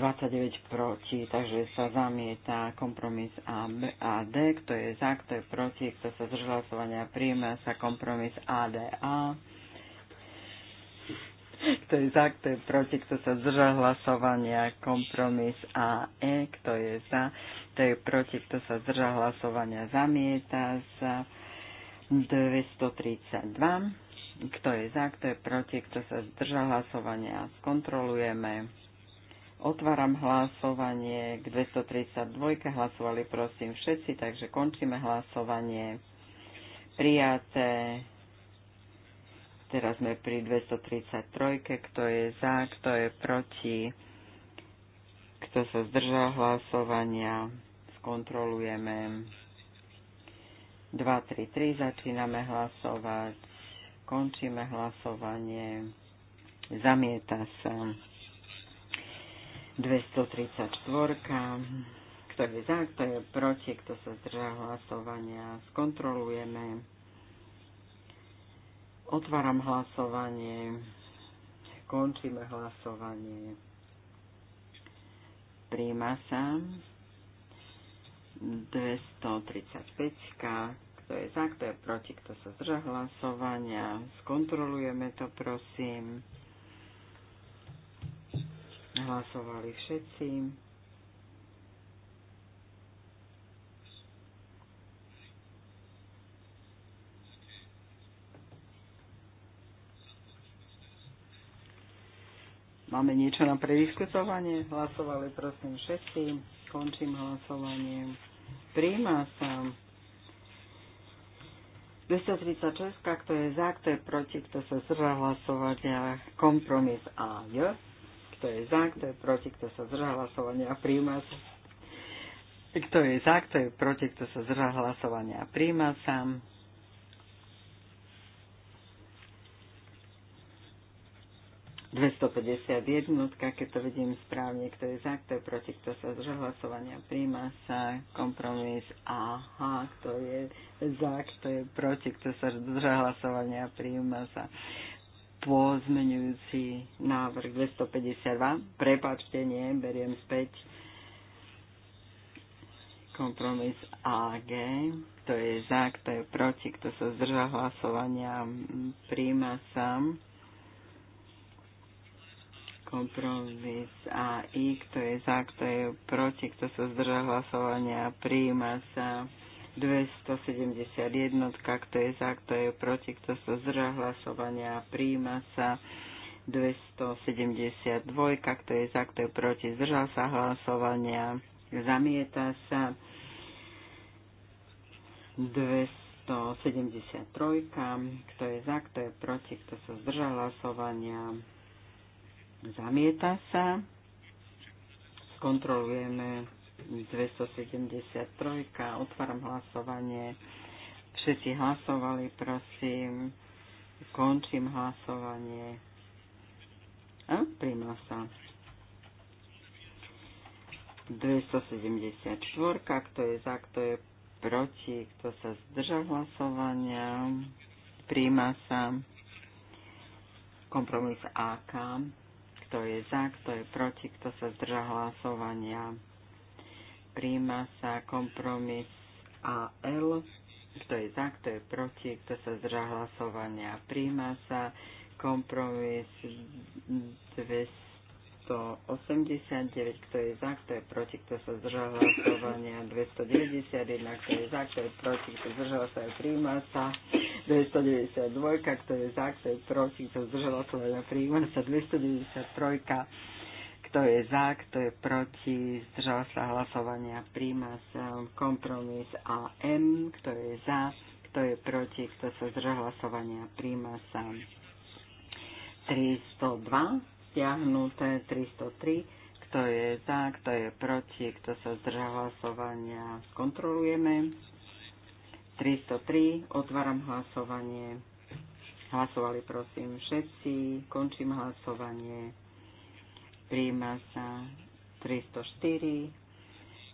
29 proti, takže sa zamieta kompromis A, B, A, D, kto je za, kto je proti, kto sa zdržal hlasovania, príjme sa kompromis A, D, A. Kto je za, kto je proti, kto sa zdržal hlasovania, kompromis A, E, kto je za, kto je proti, kto sa zdržal hlasovania, zamieta sa 232. Kto je za, kto je proti, kto sa zdržal hlasovania, skontrolujeme. Otváram hlasovanie k 232. Hlasovali prosím všetci, takže končíme hlasovanie. Prijaté. Teraz sme pri 233. Kto je za, kto je proti, kto sa zdržal hlasovania. Skontrolujeme. 233 začíname hlasovať. Končíme hlasovanie. Zamieta sa 234. Kto je za, kto je proti, kto sa zdržal hlasovania, skontrolujeme. Otváram hlasovanie. Končíme hlasovanie. Príjma sa 235 kto je za, kto je proti, kto sa zdrža, hlasovania. Skontrolujeme to, prosím. Hlasovali všetci. Máme niečo na prediskutovanie? Hlasovali prosím všetci. Končím hlasovanie. Príjma sa. 236, kto je za, kto je proti, kto sa zdržal hlasovania, kompromis A, J. Kto je za, kto je proti, kto sa zdržal hlasovania, príjma sa. Kto je za, kto je proti, kto sa zdržal hlasovania, príjma sa. 251, keď to vidím správne, kto je za, kto je proti, kto sa zdržal hlasovania, príjma sa kompromis AH, kto je za, kto je proti, kto sa zdržal hlasovania, príjma sa pozmenujúci návrh 252. Prepačte, nie, beriem späť kompromis AG. Kto je za, kto je proti, kto sa zdržal hlasovania, príjma sa Kompromis AI, kto je za, kto je proti, kto sa zdržal hlasovania, prijíma sa. 271, kto je za, kto je proti, kto sa zdržal hlasovania, prijíma sa. 272, kto je za, kto je proti, zdržal sa hlasovania, zamieta sa. 273, kto je za, kto je proti, kto sa zdržal hlasovania, Zamieta sa. Skontrolujeme 273. Otváram hlasovanie. Všetci hlasovali, prosím. Končím hlasovanie. A príjma sa. 274. Kto je za, kto je proti, kto sa zdržal hlasovania. Príjma sa kompromis AK kto je za, kto je proti, kto sa zdrža hlasovania. Príjma sa kompromis AL, kto je za, kto je proti, kto sa zdrža hlasovania. Príjma sa kompromis 200 289, kto je za, kto je proti, kto sa zdržal hlasovania, 291, kto je za, kto je proti, kto zdržal sa, príjma sa, 292, kto je za, kto je proti, kto zdržal hlasovania, príjma sa, 293, kto je za, kto je proti, zdržal sa hlasovania, príjma sa kompromis AM, kto je za, kto je proti, kto sa zdržal hlasovania, príjma sa 302, stiahnuté 303. Kto je za, kto je proti, kto sa zdržal hlasovania, skontrolujeme. 303. Otváram hlasovanie. Hlasovali prosím všetci. Končím hlasovanie. Príjma sa 304.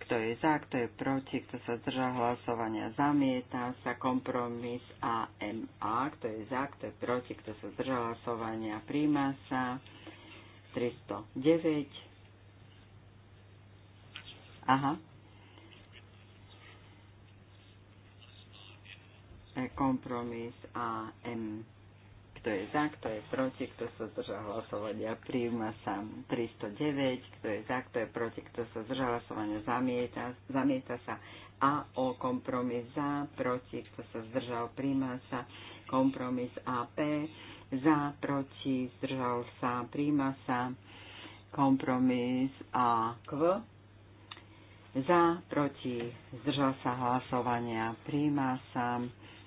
Kto je za, kto je proti, kto sa zdržal hlasovania, zamieta sa kompromis AMA. Kto je za, kto je proti, kto sa zdržal hlasovania, príjma sa. 309. Aha. E, kompromis AM. Kto je za, kto je proti, kto sa zdržal hlasovania, príjma sa 309. Kto je za, kto je proti, kto sa zdržal hlasovania, zamieta, zamieta sa a o kompromis za, proti, kto sa zdržal, príjma sa kompromis AP za, proti, zdržal sa, príjma sa, kompromis A kv. za, proti, zdržal sa hlasovania, príjma sa,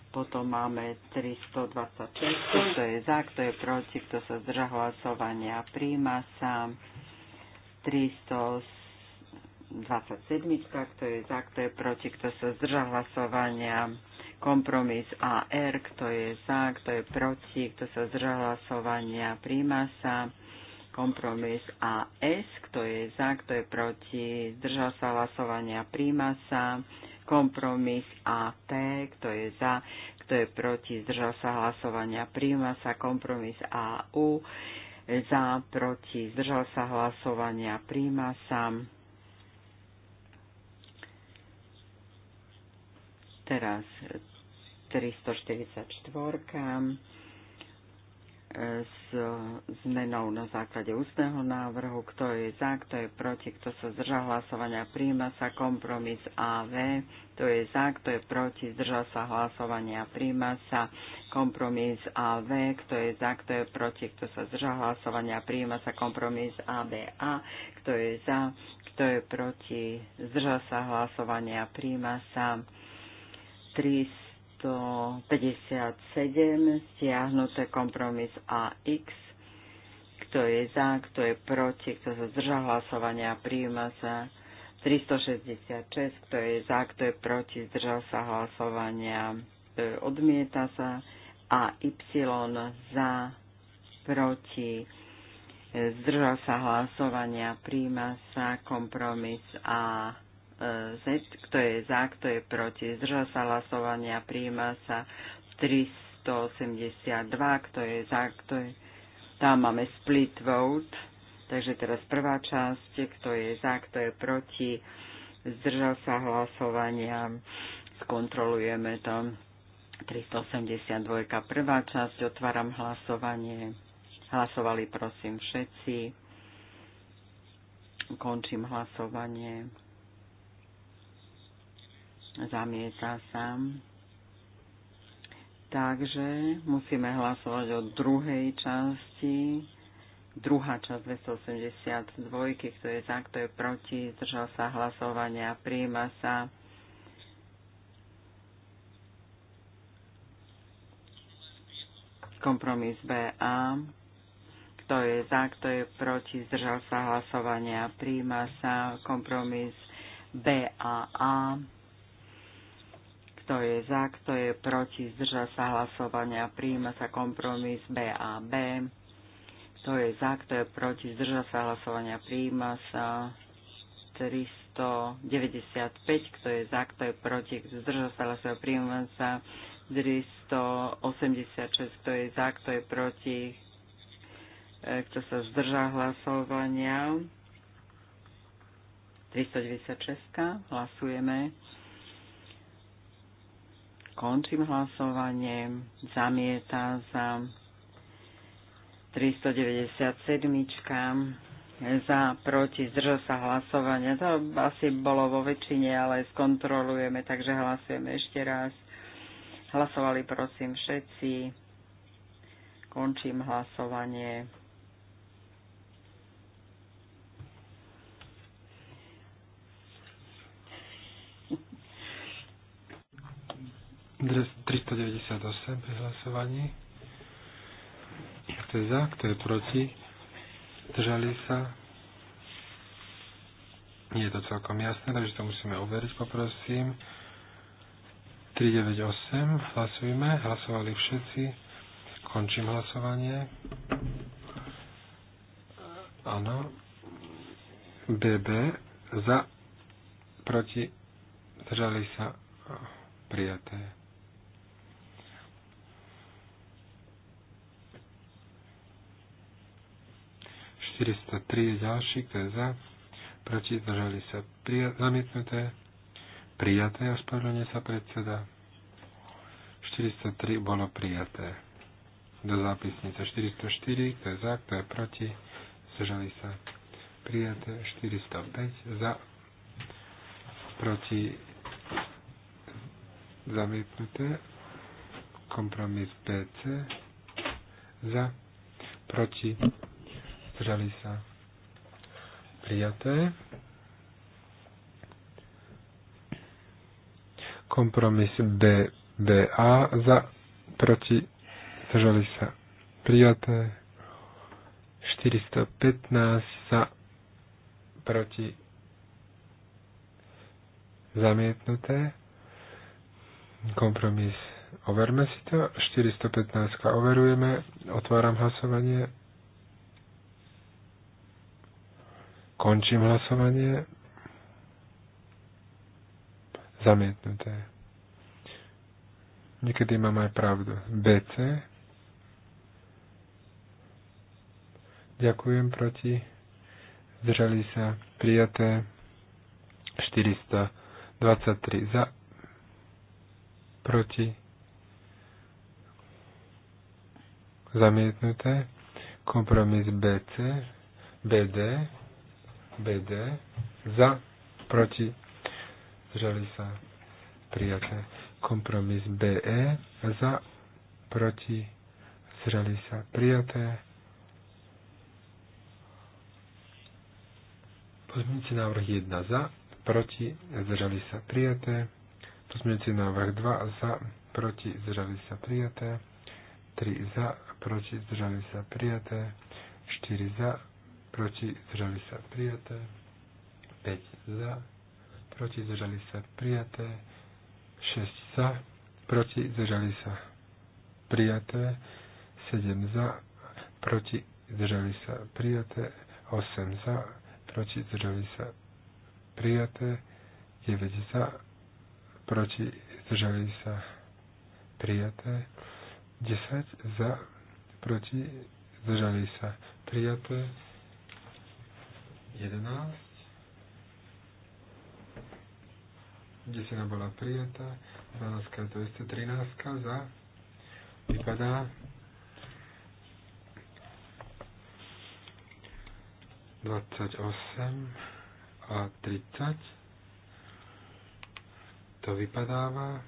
potom máme 326, kto je za, kto je proti, kto sa zdržal hlasovania, príjma sa, 300 27, kto je za, kto je proti, kto sa zdržal hlasovania, Kompromis AR, kto je za, kto je proti, kto sa zdržal hlasovania, príjma sa. Kompromis AS, kto je za, kto je proti, zdržal sa hlasovania, príjma sa. Kompromis AT, kto je za, kto je proti, zdržal sa hlasovania, príjma sa. Kompromis AU, za, proti, zdržal sa hlasovania, príjma sa. Teraz 344 e, s zmenou na základe ústneho návrhu, kto je za, kto je proti, kto sa zdržal hlasovania, príjma sa kompromis AV, kto je za, kto je proti, zdržal sa hlasovania, príjma sa kompromis AV, kto je za, kto je proti, kto sa zdržal hlasovania, príjma sa kompromis ABA, kto je za, kto je proti, zdržal sa hlasovania, príjma sa 3. 157, stiahnuté kompromis AX, kto je za, kto je proti, kto sa zdržal hlasovania, prijíma sa 366, kto je za, kto je proti, zdržal sa hlasovania, e, odmieta sa a Y za, proti, e, zdržal sa hlasovania, prijíma sa kompromis a z, kto je za, kto je proti, zdržal sa hlasovania, príjma sa 382, kto je za, kto je... Tam máme split vote, takže teraz prvá časť, kto je za, kto je proti, zdržal sa hlasovania, skontrolujeme to. 382, prvá časť, otváram hlasovanie. Hlasovali prosím všetci. Končím hlasovanie zamieta sa. Takže musíme hlasovať o druhej časti. Druhá časť 282, kto je za, kto je proti, zdržal sa hlasovania, príjma sa. Kompromis BA. Kto je za, kto je proti, zdržal sa hlasovania, príjma sa. Kompromis BAA kto je za, kto je proti, zdrža sa hlasovania, príjma sa kompromis BAB, kto je za, kto je proti, zdrža sa hlasovania, príjma sa 395, kto je za, kto je proti, zdrža sa hlasovania, príjma sa 386, kto je za, kto je proti, kto sa zdrža hlasovania. 396, hlasujeme. Končím hlasovanie. Zamieta sa 397. Za, proti, zdržal sa hlasovanie. To asi bolo vo väčšine, ale skontrolujeme, takže hlasujeme ešte raz. Hlasovali prosím všetci. Končím hlasovanie. 398 pri hlasovaní. Kto je za, kto je proti? Držali sa? Nie je to celkom jasné, takže to musíme overiť, poprosím. 398, hlasujme, hlasovali všetci. Končím hlasovanie. Áno. BB za, proti, držali sa prijaté. 403 je ďalší, kto je za, proti, zdržali sa prija- zamietnuté, prijaté, ospravedlňuje sa predseda. 403 bolo prijaté. Do zápisnice 404, kto je za, kto je proti, zdržali sa prijaté, 405 za, proti, zamietnuté, kompromis BC, za, proti, zdržali sa prijaté. Kompromis D, za, proti, zdržali sa prijaté. 415 za, proti, zamietnuté. Kompromis overme si to. 415 overujeme. Otváram hlasovanie. Končím hlasovanie. Zamietnuté. Niekedy mám aj pravdu. BC. Ďakujem proti. Zdržali sa prijaté 423 za proti zamietnuté kompromis BC BD BD za, proti, zdržali sa prijaté. Kompromis BE za, proti, zdržali sa prijaté. Pozmienujúci návrh 1 za, proti, zdržali sa prijaté. Pozmeňujúci návrh 2 za, proti, zdržali sa prijaté. 3 za, proti, zdržali sa prijaté. 4 za, proti zdržali sa prijaté, 5 za, proti zdržali sa prijaté, 6 za, proti zdržali sa prijaté, 7 za, proti zdržali sa prijaté, 8 za, proti zdržali sa prijaté, 9 za, proti zdržali sa prijaté, 10 za, proti zdržali sa prijaté, 11. kde si nám bola prijatá. 12 je to za. Vypadá. 28 a 30. To vypadáva.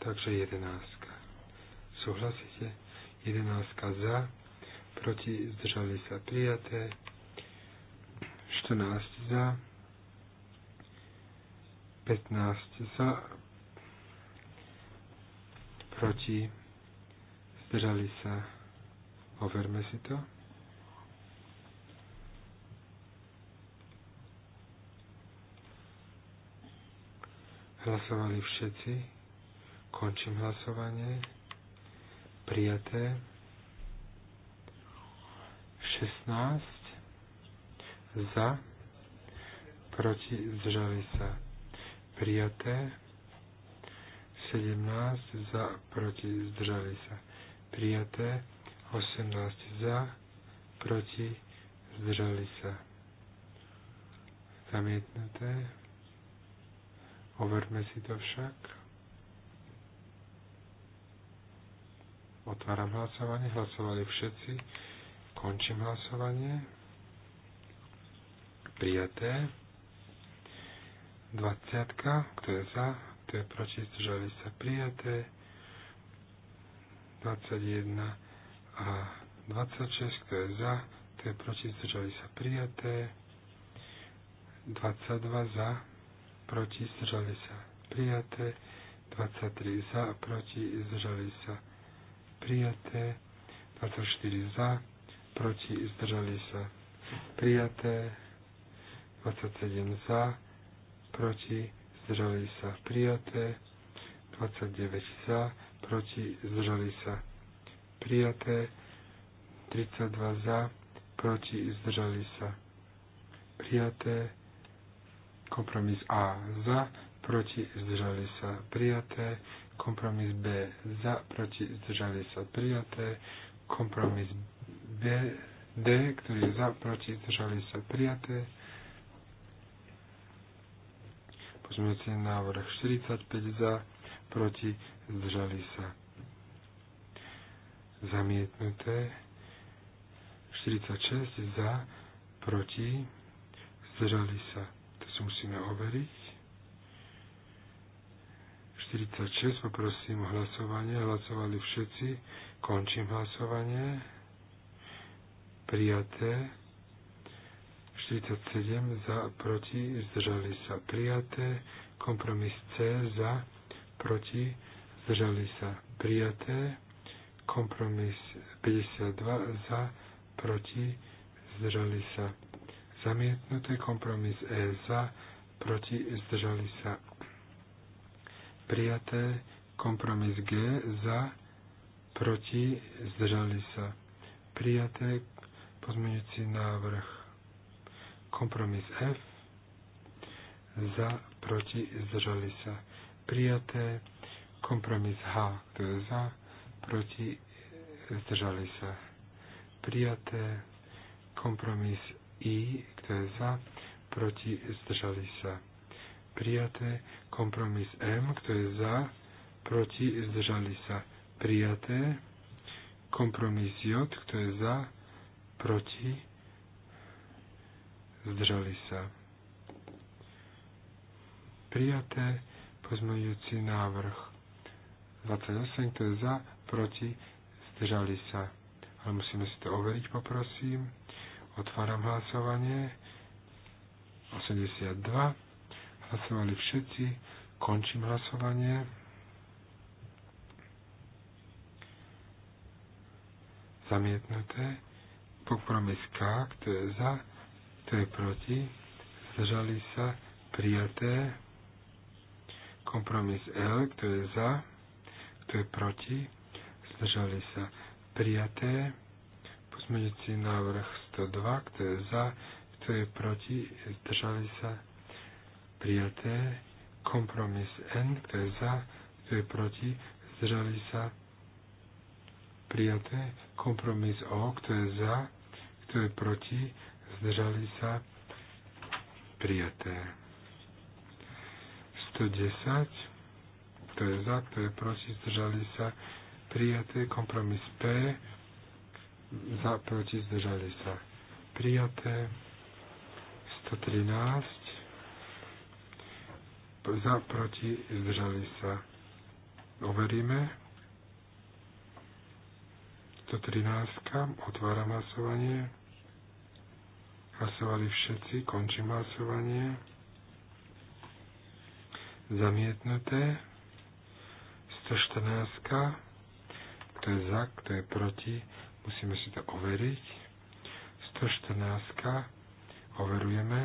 Takže jedenáctka. Súhlasíte? Jedenáctka za proti, zdržali sa prijaté, 14 za, 15 za, proti, zdržali sa, overme si to. Hlasovali všetci. Končím hlasovanie. Prijaté. 16 za, proti zdržali sa prijaté, 17 za, proti zdržali sa prijaté, 18 za, proti zdržali sa zamietnuté. Overme si to však. Otváram hlasovanie. Hlasovali všetci. Končím hlasovanie. Prijaté. 20. Kto je za? Kto je proti? Zdržali sa prijaté. 21 a 26. Kto je za? Kto je proti? Zdržali sa prijaté. 22 za, proti, zdržali sa prijaté. 23 za, proti, zdržali sa prijaté. 24 za, proti, zdržali sa prijaté, 27 za, proti, zdržali sa prijaté, 29 za, proti, zdržali sa prijaté, 32 za, proti, zdržali sa prijaté, kompromis A za, proti, zdržali sa prijaté, kompromis B za, proti, zdržali sa prijaté, kompromis B D, D, ktorý je za, proti, zdržali sa prijaté. Pozmeňujúci návrh 45 za, proti, zdržali sa zamietnuté. 46 za, proti, zdržali sa. To si musíme overiť. 46, poprosím o hlasovanie. Hlasovali všetci. Končím hlasovanie prijaté. 47 za, proti, zdržali sa prijaté. Kompromis C za, proti, zdržali sa prijaté. Kompromis 52 za, proti, zdržali sa zamietnuté. Kompromis E za, proti, zdržali sa prijaté. Kompromis G za, proti, zdržali sa prijaté Pozmeňujúci návrh kompromis F za, proti, zdržali sa. Prijaté kompromis H, kto je za, proti, zdržali sa. Prijaté kompromis I, kto je za, proti, zdržali sa. Prijaté kompromis M, kto je za, proti, zdržali sa. Prijaté kompromis J, kto je za, proti, zdržali sa. Prijaté pozmeňujúci návrh 28, kto je za, proti, zdržali sa. Ale musíme si to overiť, poprosím. Otváram hlasovanie. 82. Hlasovali všetci. Končím hlasovanie. Zamietnuté. Kompromis K, kto je za, kto je proti, zdržali sa, prijaté. Kompromis L, kto je za, kto je proti, zdržali sa, prijaté. Pozmeňujúci návrh 102, kto je za, kto je proti, zdržali sa, prijaté. Kompromis N, kto je za, kto je proti, zdržali sa, prijaté prijaté. Kompromis O, kto je za, kto je proti, zdržali sa, prijaté. 110, kto je za, kto je proti, zdržali sa, prijaté. Kompromis P, za, proti, zdržali sa, prijaté. 113, za, proti, zdržali sa, overíme. 113. Otváram hlasovanie. Hlasovali všetci. Končím hlasovanie. Zamietnuté. 114. Kto je za, kto je proti. Musíme si to overiť. 114. Overujeme.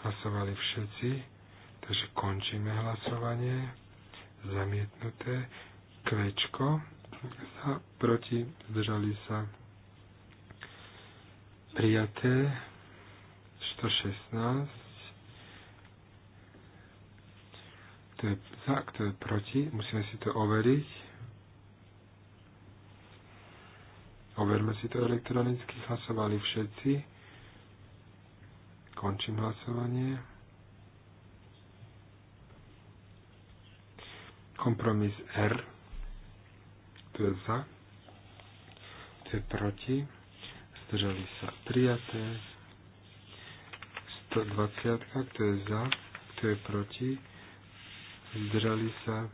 Hlasovali všetci. Takže končíme hlasovanie. Zamietnuté. Kvečko sa proti, zdržali sa prijaté 116 kto je za, kto je proti musíme si to overiť overme si to elektronicky hlasovali všetci končím hlasovanie kompromis R kto je za, kto je proti, zdržali sa prijaté, 120, kto je za, kto je proti, zdržali sa,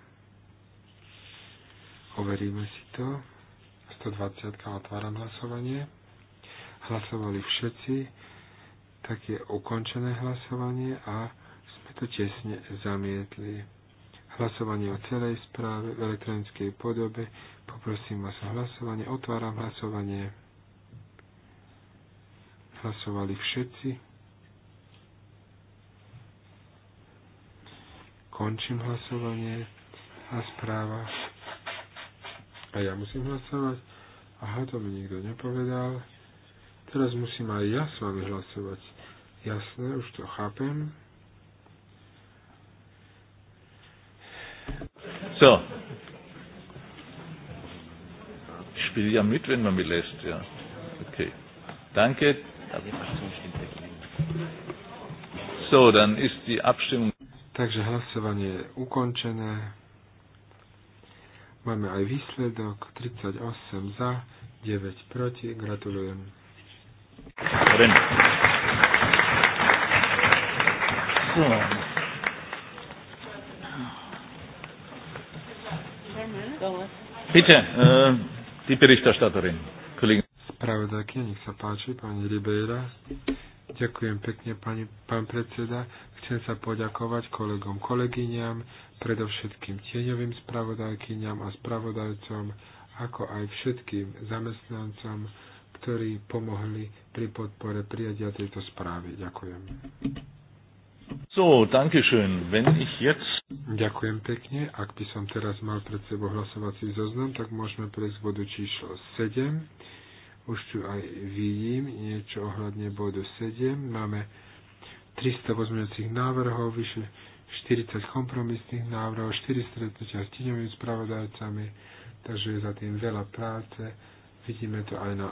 overíme si to, 120, otváram hlasovanie, hlasovali všetci, tak je ukončené hlasovanie a sme to tesne zamietli. Hlasovanie o celej správe v elektronickej podobe Poprosím vás o hlasovanie. Otváram hlasovanie. Hlasovali všetci. Končím hlasovanie a správa. A ja musím hlasovať. Aha, to mi nikto nepovedal. Teraz musím aj ja s vami hlasovať. Jasné, už to chápem. So, spiele ja mit, wenn man mich lässt. Ja. Okay. Danke. So, dann ist die Abstimmung. Takže hlasovanie je ukončené. Máme aj výsledok 38 za, 9 proti. Gratulujem. Renn. Bitte, äh, Die Berichterstatterin. Kollegin. Spravodajkyňa, nech sa páči, pani Ribeira. Ďakujem pekne, pani, pán predseda. Chcem sa poďakovať kolegom, kolegyňam, predovšetkým tieňovým spravodajkyňam a spravodajcom, ako aj všetkým zamestnancom, ktorí pomohli pri podpore prijatia tejto správy. Ďakujem. So, danke schön. Wenn ich jetzt... Ďakujem pekne. Ak by som teraz mal pred sebou hlasovací zoznam, tak môžeme prejsť bodu číslo 7. Už tu aj vidím niečo ohľadne bodu 7. Máme 300 pozmeňujúcich návrhov, vyše 40 kompromisných návrhov, 4 stretnutia s tíňovými spravodajcami, takže je za tým veľa práce. Vidíme to aj na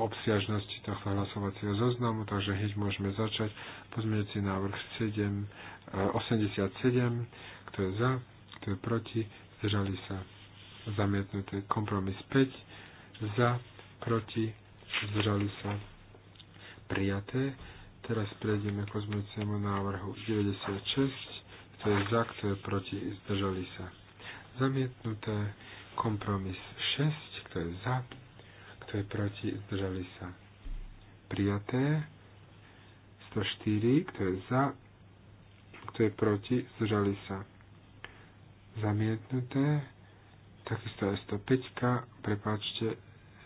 obsiažnosti tohto hlasovacieho zoznamu, takže hneď môžeme začať. Pozmeňujúci návrh 7, 87, e, kto je za, kto je proti, zdržali sa zamietnuté. Kompromis 5, za, proti, zdržali sa prijaté. Teraz prejdeme k pozmeňujúcemu návrhu 96, kto je za, kto je proti, zdržali sa zamietnuté. Kompromis 6, kto je za, kto je proti, zdržali sa. Prijaté. 104, kto je za, kto je proti, zdržali sa. Zamietnuté. Takisto je 105, prepáčte,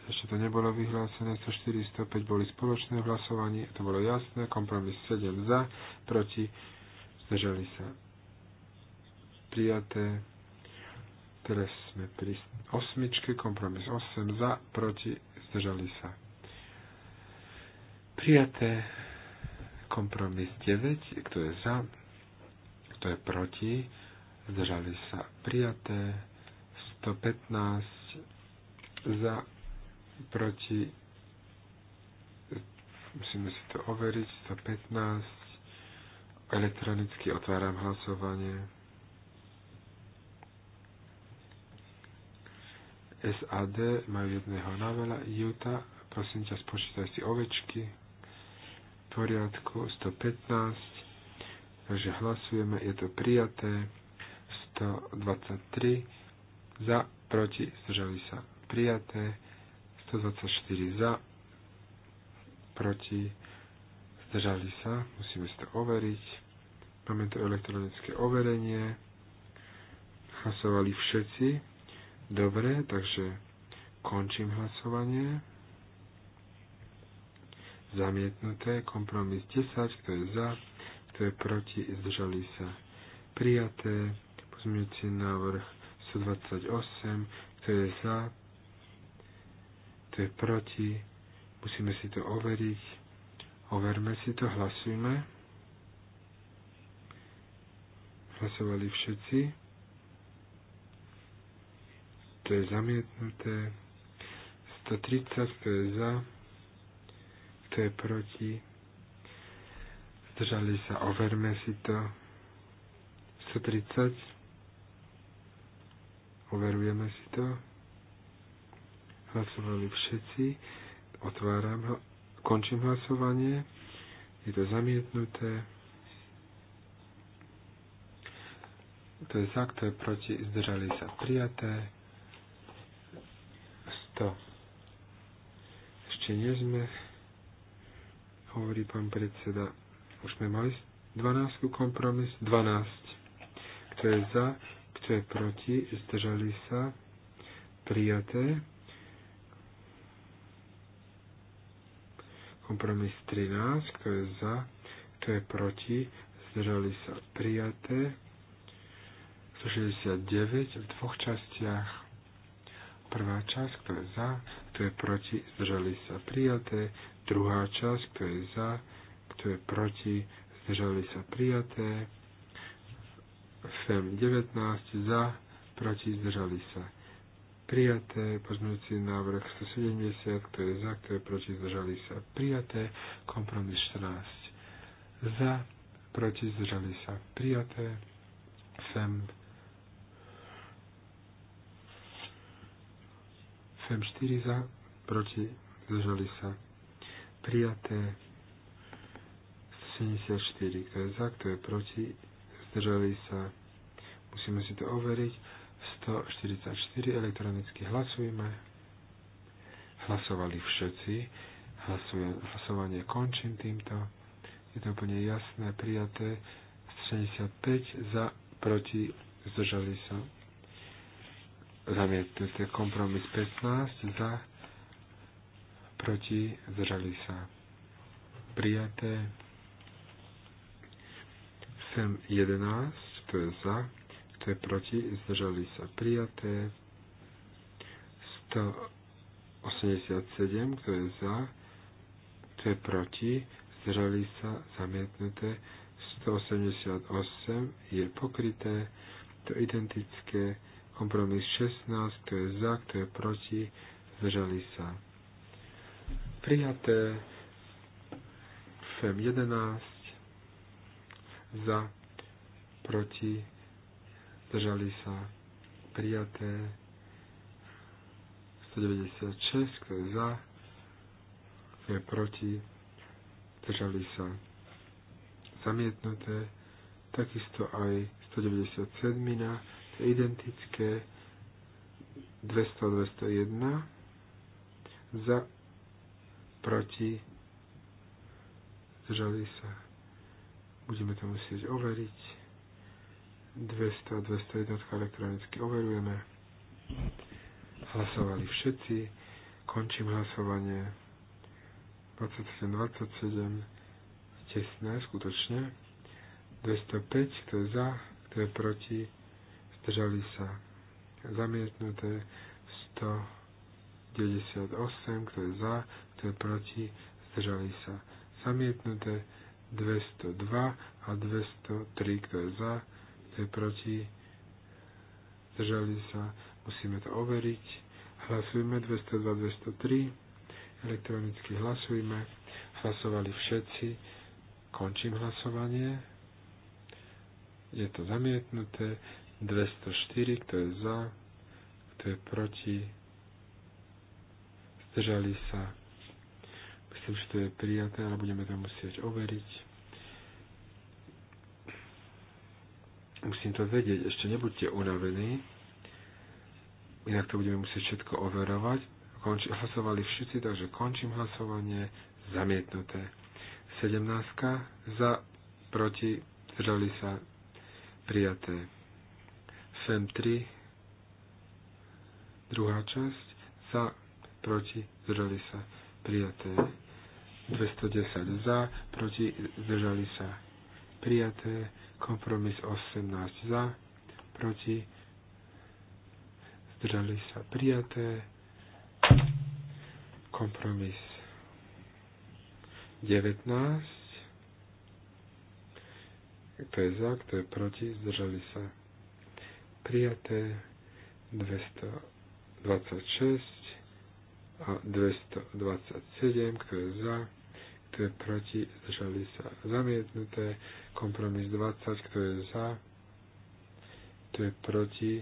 ešte to nebolo vyhlásené, 104, 105 boli spoločné v hlasovaní, to bolo jasné, kompromis 7 za, proti, zdržali sa. Prijaté. Teraz sme pri osmičke, kompromis 8 za, proti, zdržali sa. Prijaté kompromis 9, kto je za, kto je proti, zdržali sa. Prijaté 115 za, proti, musíme si to overiť, 115, elektronicky otváram hlasovanie. SAD majú jedného naveľa, Juta, prosím ťa, spočítaj si ovečky, v poriadku, 115, takže hlasujeme, je to prijaté, 123, za, proti, zdržali sa, prijaté, 124 za, proti, zdržali sa, musíme si to overiť, máme tu elektronické overenie, hlasovali všetci, Dobre, takže končím hlasovanie. Zamietnuté. Kompromis 10. Kto je za? Kto je proti? Zdržali sa. Prijaté. Pozmeňujúci návrh 128. Kto je za? Kto je proti? Musíme si to overiť. Overme si to. Hlasujme. Hlasovali všetci to je zamietnuté. 130, to je za, to je proti. Zdržali sa, overme si to. 130. Overujeme si to. Hlasovali všetci. Otváram, končím hlasovanie. Je to zamietnuté. To je za, to je proti. Zdržali sa, prijaté to. Ešte nie sme, hovorí pán predseda, už sme mali 12 kompromis, 12. Kto je za, kto je proti, zdržali sa, prijaté. Kompromis 13, kto je za, kto je proti, zdržali sa, prijaté. 169 v dvoch častiach Prvá časť, kto je za, kto je proti, zdržali sa prijaté. Druhá časť, kto je za, kto je proti, zdržali sa prijaté. FEM 19 za, proti, zdržali sa prijaté. Pozmeňujúci návrh 170, kto je za, kto je proti, zdržali sa prijaté. Kompromis 14 za, proti, zdržali sa prijaté. FEM 7 4 za, proti, zdržali sa. Prijaté 74, kto je za, kto je proti, zdržali sa. Musíme si to overiť. 144 elektronicky hlasujme. Hlasovali všetci. Hlasuje, hlasovanie končím týmto. Je to úplne jasné, prijaté. 75 za, proti, zdržali sa Zamietnete Kompromis 15 za, proti, zdržali sa prijaté. 11 to je za, to je proti, zdržali sa prijaté. 187, kto je za, kto je proti, zdržali sa zamietnuté. 188 je pokryté, to identické. Kompromis 16, kto je za, kto je proti, zdržali sa. Prijaté FEM 11, za, proti, zdržali sa. Prijaté 196, kto je za, kto je proti, zdržali sa. Zamietnuté takisto aj 197 to je identické 200-201 za proti zdržali sa. Budeme to musieť overiť. 200 201 elektronicky overujeme. Hlasovali všetci. Končím hlasovanie. 27 27. Tesné, skutočne. 205, kto je za, kto je proti zdržali sa zamietnuté 198, kto je za, kto je proti, zdržali sa zamietnuté 202 a 203, kto je za, kto je proti, zdržali sa, musíme to overiť. Hlasujme 202, 203, elektronicky hlasujme, hlasovali všetci, končím hlasovanie, je to zamietnuté, 204, kto je za, kto je proti, zdržali sa. Myslím, že to je prijaté, ale budeme to musieť overiť. Musím to vedieť, ešte nebuďte unavení, inak to budeme musieť všetko overovať. Konči, hlasovali všetci, takže končím hlasovanie, zamietnuté. 17. za, proti, zdržali sa, prijaté. FEM 3, druhá časť, za, proti, zdržali sa, prijaté. 210 za, proti, zdržali sa, prijaté. Kompromis 18 za, proti, zdržali sa, prijaté. Kompromis 19, kto je za, kto je proti, zdržali sa, prijaté 226 a 227, kto je za, kto je proti, zdržali sa zamietnuté, kompromis 20, kto je za, kto je proti,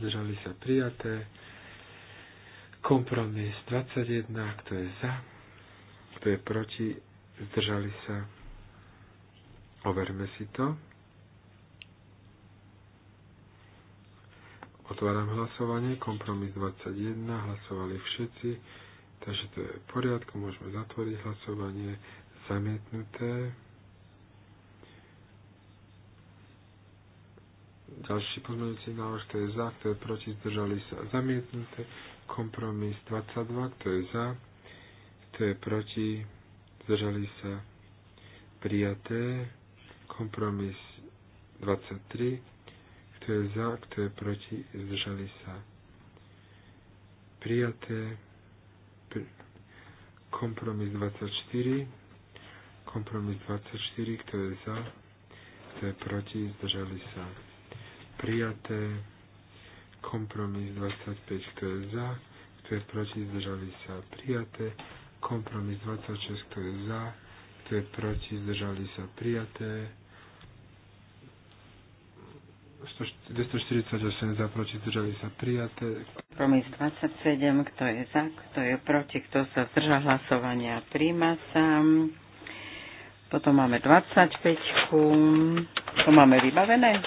zdržali sa prijaté, kompromis 21, kto je za, kto je proti, zdržali sa, overme si to. Otváram hlasovanie, kompromis 21, hlasovali všetci, takže to je v poriadku, môžeme zatvoriť hlasovanie, zamietnuté. Ďalší pozmeňujúci návrh, kto je za, kto je proti, zdržali sa, zamietnuté. Kompromis 22, kto je za, kto je proti, zdržali sa, prijaté. Kompromis 23, kto je za, kto je proti, zdržali sa. Prijaté. Kompromis 24. Kompromis 24. Kto je za, kto je proti, zdržali sa. Prijaté. Kompromis 25. Kto je za, kto je proti, zdržali sa. Prijaté. Kompromis 26. Kto je za, kto je proti, zdržali sa. Prijaté 248 za, proti, zdržali sa prijaté. Kompromis 27, kto je za, kto je proti, kto sa zdržal hlasovania, príjma sa. Potom máme 25. To máme vybavené.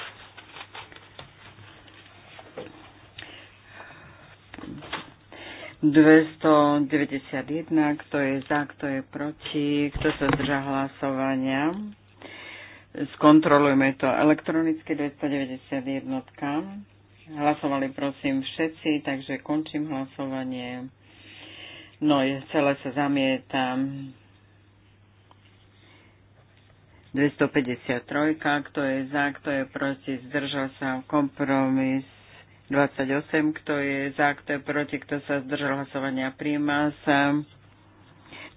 Dvestodeväťdesiat jedna, kto je za, kto je proti, kto sa zdržal hlasovania. Skontrolujme to elektronicky 291. Hlasovali prosím všetci, takže končím hlasovanie. No, celé sa zamietam 253, kto je za, kto je proti, zdržal sa kompromis 28, kto je za, kto je proti, kto sa zdržal hlasovania, príjma sa.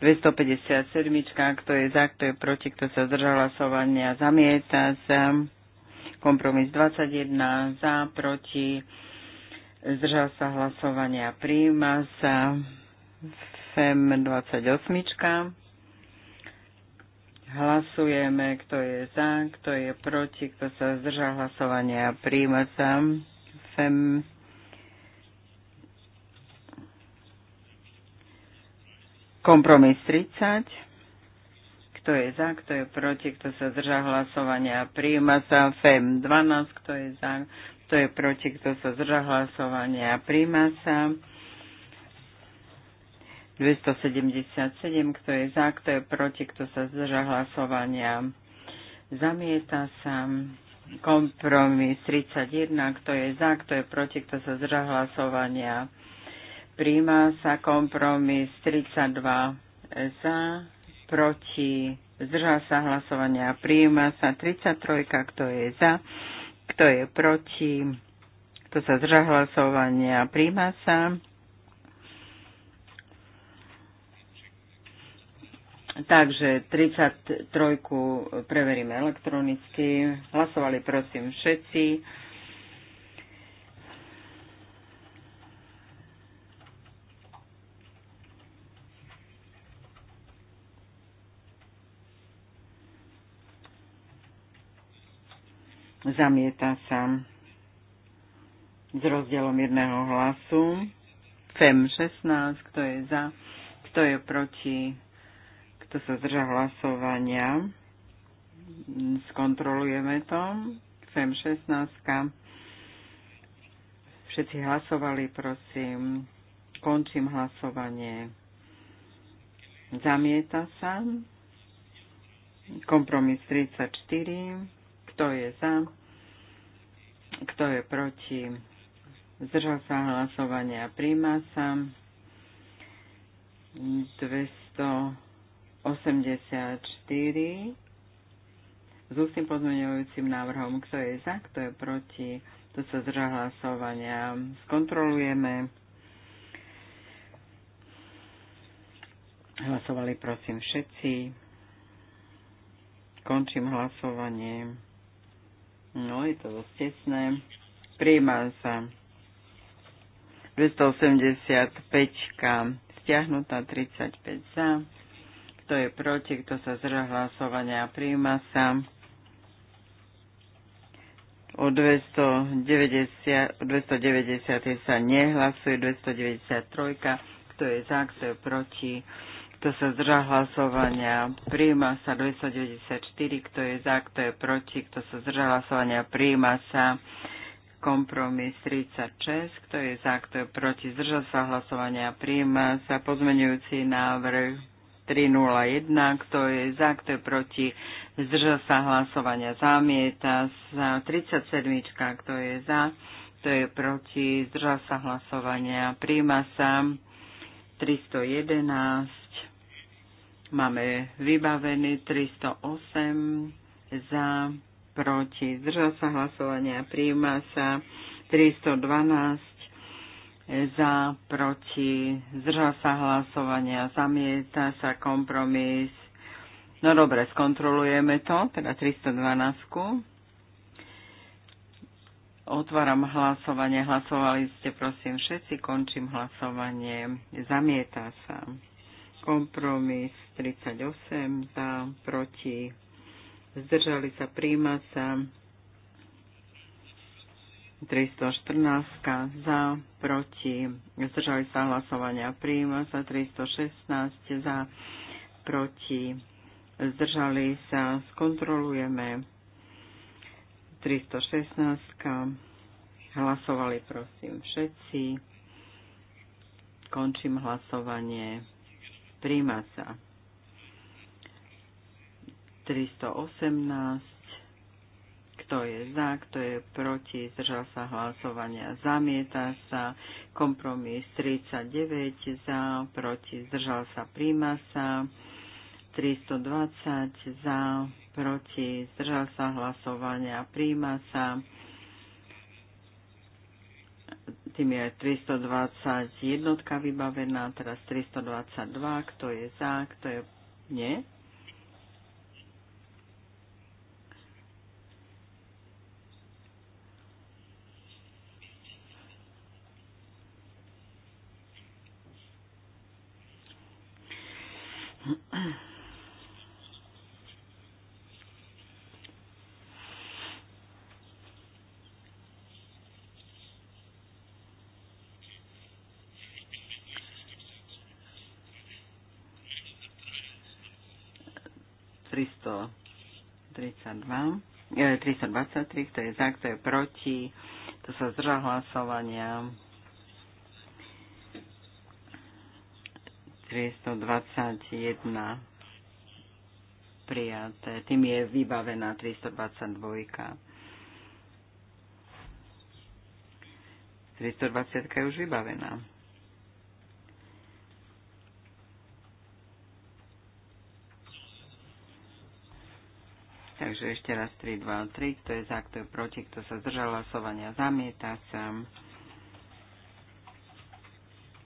257, kto je za, kto je proti, kto sa zdržal hlasovania, zamieta sa. Kompromis 21, za, proti, zdržal sa hlasovania, príjma sa. FEM 28. Hlasujeme, kto je za, kto je proti, kto sa zdržal hlasovania, príjma sa. FEM Kompromis 30. Kto je za, kto je proti, kto sa zdržal hlasovania, príjma sa. FEM 12. Kto je za, kto je proti, kto sa zdržal hlasovania, príjma sa. 277, kto je za, kto je proti, kto sa zdržá hlasovania. Zamieta sa kompromis 31, kto je za, kto je proti, kto sa zdrža hlasovania. Príjma sa kompromis 32 za, proti, zdržal sa hlasovania. Príjma sa 33, kto je za, kto je proti, kto sa zdržal hlasovania. Príjma sa. Takže 33 preveríme elektronicky. Hlasovali prosím všetci. Zamieta sa s rozdielom jedného hlasu. FEM 16, kto je za, kto je proti, kto sa zdrža hlasovania. Skontrolujeme to. FEM 16. Všetci hlasovali, prosím. Končím hlasovanie. Zamieta sa. Kompromis 34. Kto je za? Kto je proti? Zdržal sa hlasovania. Príjma sa. 284 s ústnym pozmeňujúcim návrhom. Kto je za? Kto je proti? to sa zdrža hlasovania? Skontrolujeme. Hlasovali prosím všetci. Končím hlasovanie. No, je to dosť tesné. Príjma sa 285 stiahnutá 35 za. Kto je proti, kto sa zrehlasovania? hlasovania, príjma sa o 290, 290 sa nehlasuje, 293, kto je za, kto je proti, kto sa zdržal hlasovania, príjma sa 294. Kto je za, kto je proti, kto sa zdržal hlasovania, príjma sa kompromis 36. Kto je za, kto je proti, zdržal sa hlasovania, príjma sa pozmenujúci návrh 301. Kto je za, kto je proti, zdržal sa hlasovania, zamieta sa 37. Kto je za, kto je proti, zdržal sa hlasovania, príjma sa 311 Máme vybavený 308 za, proti, zdržal sa hlasovania, príjma sa 312 za, proti, zdržal sa hlasovania, zamieta sa kompromis. No dobre, skontrolujeme to, teda 312. -ku. Otváram hlasovanie. Hlasovali ste, prosím, všetci. Končím hlasovanie. Zamieta sa. Kompromis 38 za, proti, zdržali sa, príjma sa. 314 za, proti, zdržali sa hlasovania, príjma sa 316 za, proti, zdržali sa, skontrolujeme 316, hlasovali prosím všetci, končím hlasovanie. Príjma sa. 318. Kto je za, kto je proti, zdržal sa hlasovania, zamieta sa. Kompromis 39 za, proti, zdržal sa, príjma sa. 320 za, proti, zdržal sa hlasovania, príjma sa tým je aj 321 vybavená, teraz 322, kto je za, kto je nie, e, 323, kto je za, kto je proti, kto sa zdržal hlasovania. 321 prijaté. Tým je vybavená 322. 320 je už vybavená. Takže ešte raz 3, 2, 3. Kto je za, kto je proti, kto sa zdržal hlasovania, zamieta sa.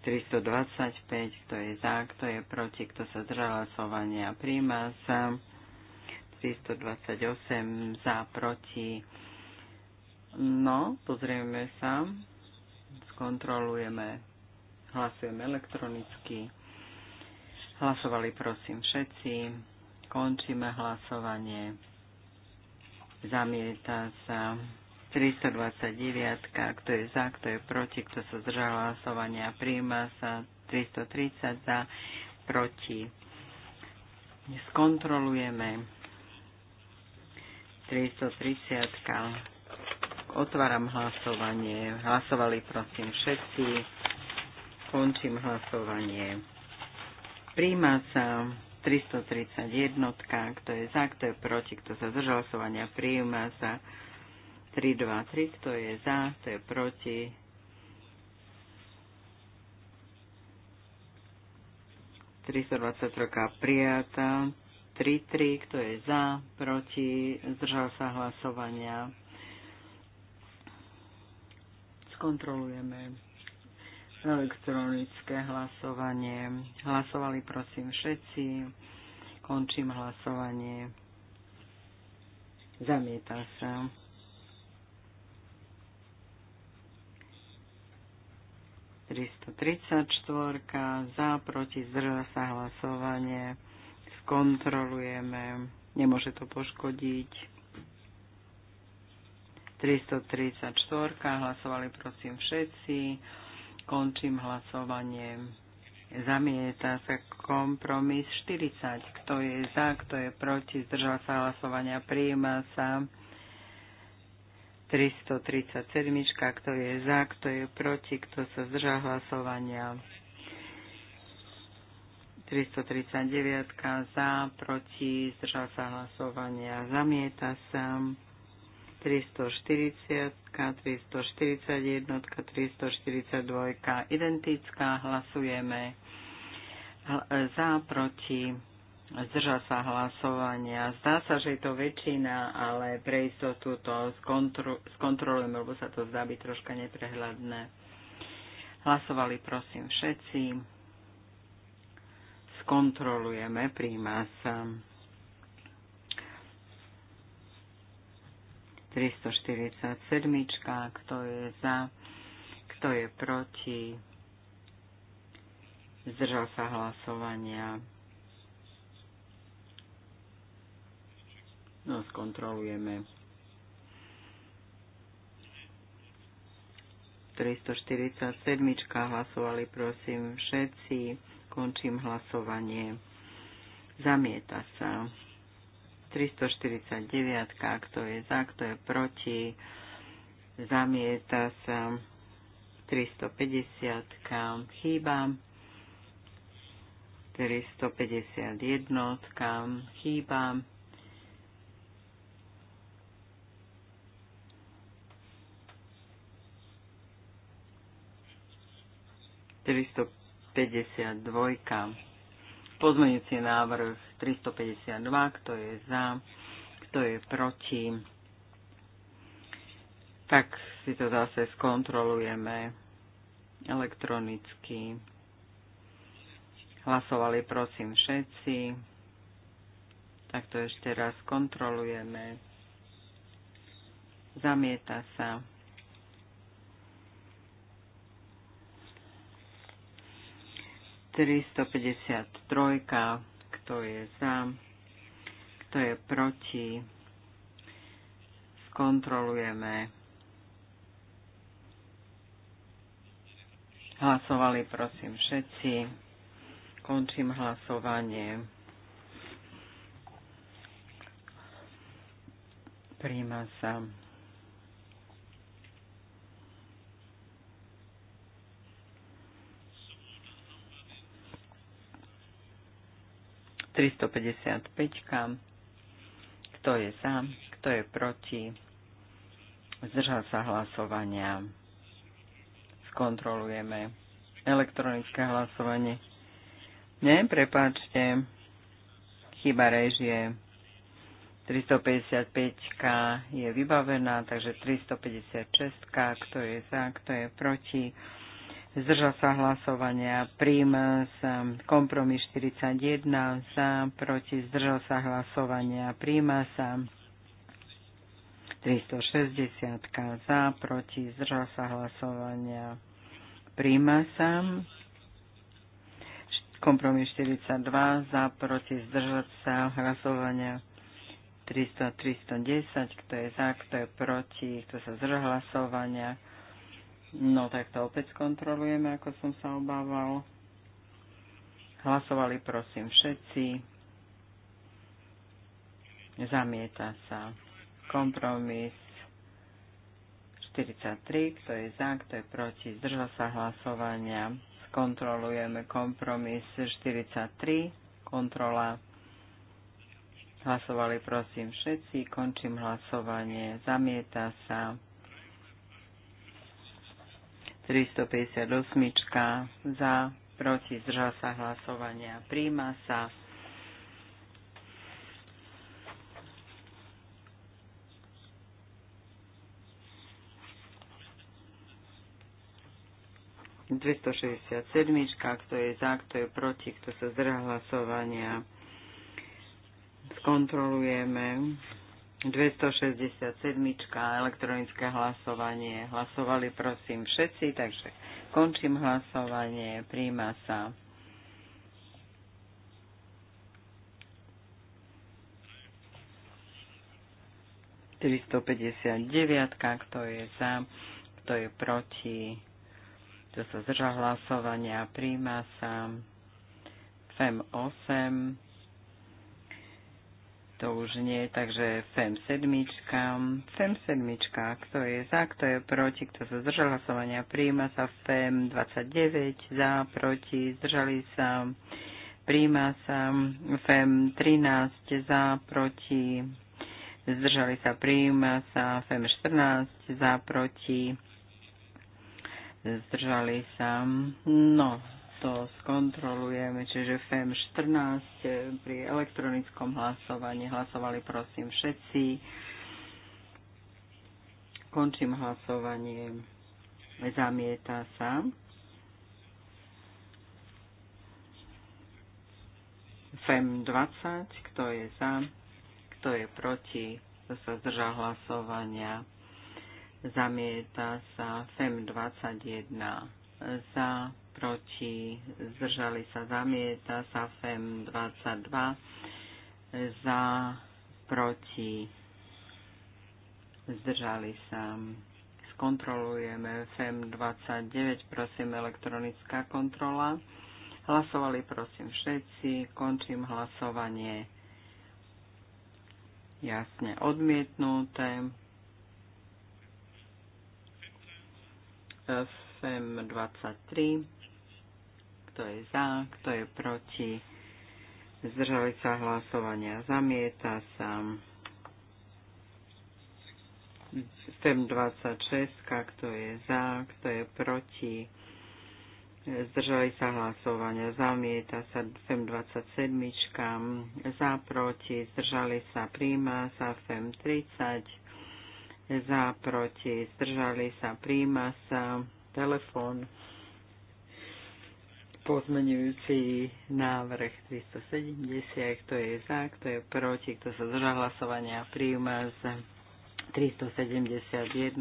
325, kto je za, kto je proti, kto sa zdržal hlasovania, príjma sa. 328 za, proti. No, pozrieme sa. Skontrolujeme. Hlasujeme elektronicky. Hlasovali prosím všetci. Končíme hlasovanie zamieta sa 329, kto je za, kto je proti, kto sa zdržal hlasovania, príjma sa 330 za, proti. Skontrolujeme 330. Otváram hlasovanie. Hlasovali prosím všetci. Končím hlasovanie. Príjma sa 331, kto je za, kto je proti, kto sa zdržal hlasovania, prijíma sa 323, kto je za, kto je proti. trojka prijata, 3-3, kto je za, proti, zdržal sa hlasovania. Skontrolujeme elektronické hlasovanie. Hlasovali prosím všetci. Končím hlasovanie. Zamieta sa. Tristo štvorka, za, proti, zdrža sa hlasovanie. Skontrolujeme. Nemôže to poškodiť. 334, hlasovali prosím všetci. Končím hlasovanie. Zamieta sa kompromis 40. Kto je za, kto je proti, zdržal sa hlasovania, prijíma sa. 337. Kto je za, kto je proti, kto sa zdržal hlasovania. 339 za, proti, zdržal sa hlasovania, zamieta sa. 340, 341, 342, identická, hlasujeme e, za, proti, zdrža sa hlasovania. Zdá sa, že je to väčšina, ale pre istotu to skontro- skontrolujeme, lebo sa to zdá byť troška neprehľadné. Hlasovali prosím všetci. Skontrolujeme, príjma sa. 347, kto je za, kto je proti, zdržal sa hlasovania. No, skontrolujeme. 347 hlasovali prosím všetci. Končím hlasovanie. Zamieta sa. 349, kto je za, kto je proti, zamieta sa 350, chýba kam chýba tristo pedesiat dvojka Pozmeňujúci návrh 352, kto je za, kto je proti. Tak si to zase skontrolujeme elektronicky. Hlasovali prosím všetci. Tak to ešte raz kontrolujeme. Zamieta sa. 453, kto je za, kto je proti. Skontrolujeme. Hlasovali prosím všetci. Končím hlasovanie. Príjma sa. 355. Kto je za, kto je proti? Zdržal sa hlasovania. Skontrolujeme elektronické hlasovanie. Ne, prepáčte. Chyba režie. 355K je vybavená, takže 356K, kto je za, kto je proti zdržal sa hlasovania, príjma sa kompromis 41, za, proti, zdržal sa hlasovania, príjma sa 360 za, proti, zdržal sa hlasovania, príjma sa kompromis 42, za, proti, zdržal sa hlasovania, 300, 310, kto je za, kto je proti, kto sa zdržal hlasovania, No tak to opäť skontrolujeme, ako som sa obával. Hlasovali prosím všetci. Zamieta sa. Kompromis 43, kto je za, kto je proti, zdržal sa hlasovania. Skontrolujeme kompromis 43, kontrola. Hlasovali prosím všetci, končím hlasovanie, zamieta sa. 358 za, proti, zdržal sa hlasovania, príjma sa. sedmička, kto je za, kto je proti, kto sa zdrhá hlasovania. Skontrolujeme. 267. elektronické hlasovanie. Hlasovali prosím všetci, takže končím hlasovanie. Príjma sa. deviatka, kto je za, kto je proti, kto sa zdržal hlasovania, príjma sa. FEM 8, to už nie, takže FEM sedmička, FEM sedmička, kto je za, kto je proti, kto sa zdržal hlasovania, príjma sa FEM 29, za, proti, zdržali sa, príjma sa FEM 13, za, proti, zdržali sa, príjma sa FEM 14, za, proti, zdržali sa, no, to skontrolujeme, čiže FEM 14 eh, pri elektronickom hlasovaní hlasovali prosím všetci. Končím hlasovanie. Zamieta sa. FEM 20, kto je za, kto je proti, kto sa zdrža hlasovania. Zamieta sa FEM 21 za, proti, zdržali sa, zamieta sa 22, za, proti, zdržali sa. Skontrolujeme FEM 29, prosím, elektronická kontrola. Hlasovali prosím všetci, končím hlasovanie. Jasne odmietnuté. FM e 23 kto je za, kto je proti, zdržali sa hlasovania, zamieta sa. STEM 26, kto je za, kto je proti, zdržali sa hlasovania, zamieta sa FEM 27, za proti, zdržali sa, príjma sa FEM 30, za proti, zdržali sa, príjma sa, telefón pozmenujúci návrh 370, kto je za, kto je proti, kto sa zdržal hlasovania, príjma z 371.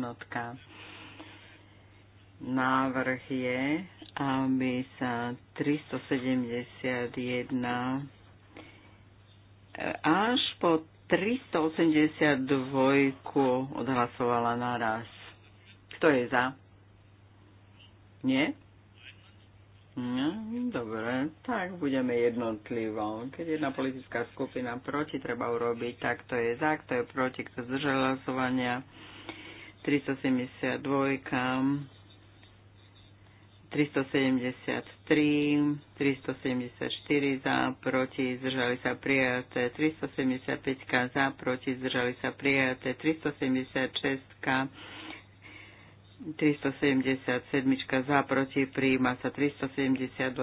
Návrh je, aby sa 371 až po 382 odhlasovala naraz. Kto je za? Nie? No, dobre, tak budeme jednotlivo. Keď jedna politická skupina proti treba urobiť, tak to je za, kto je proti, kto zdržal hlasovania. 372, 373, 374 za, proti, zdržali sa prijaté, 375 za, proti, zdržali sa prijaté, 376 377 za, proti, príjma sa 378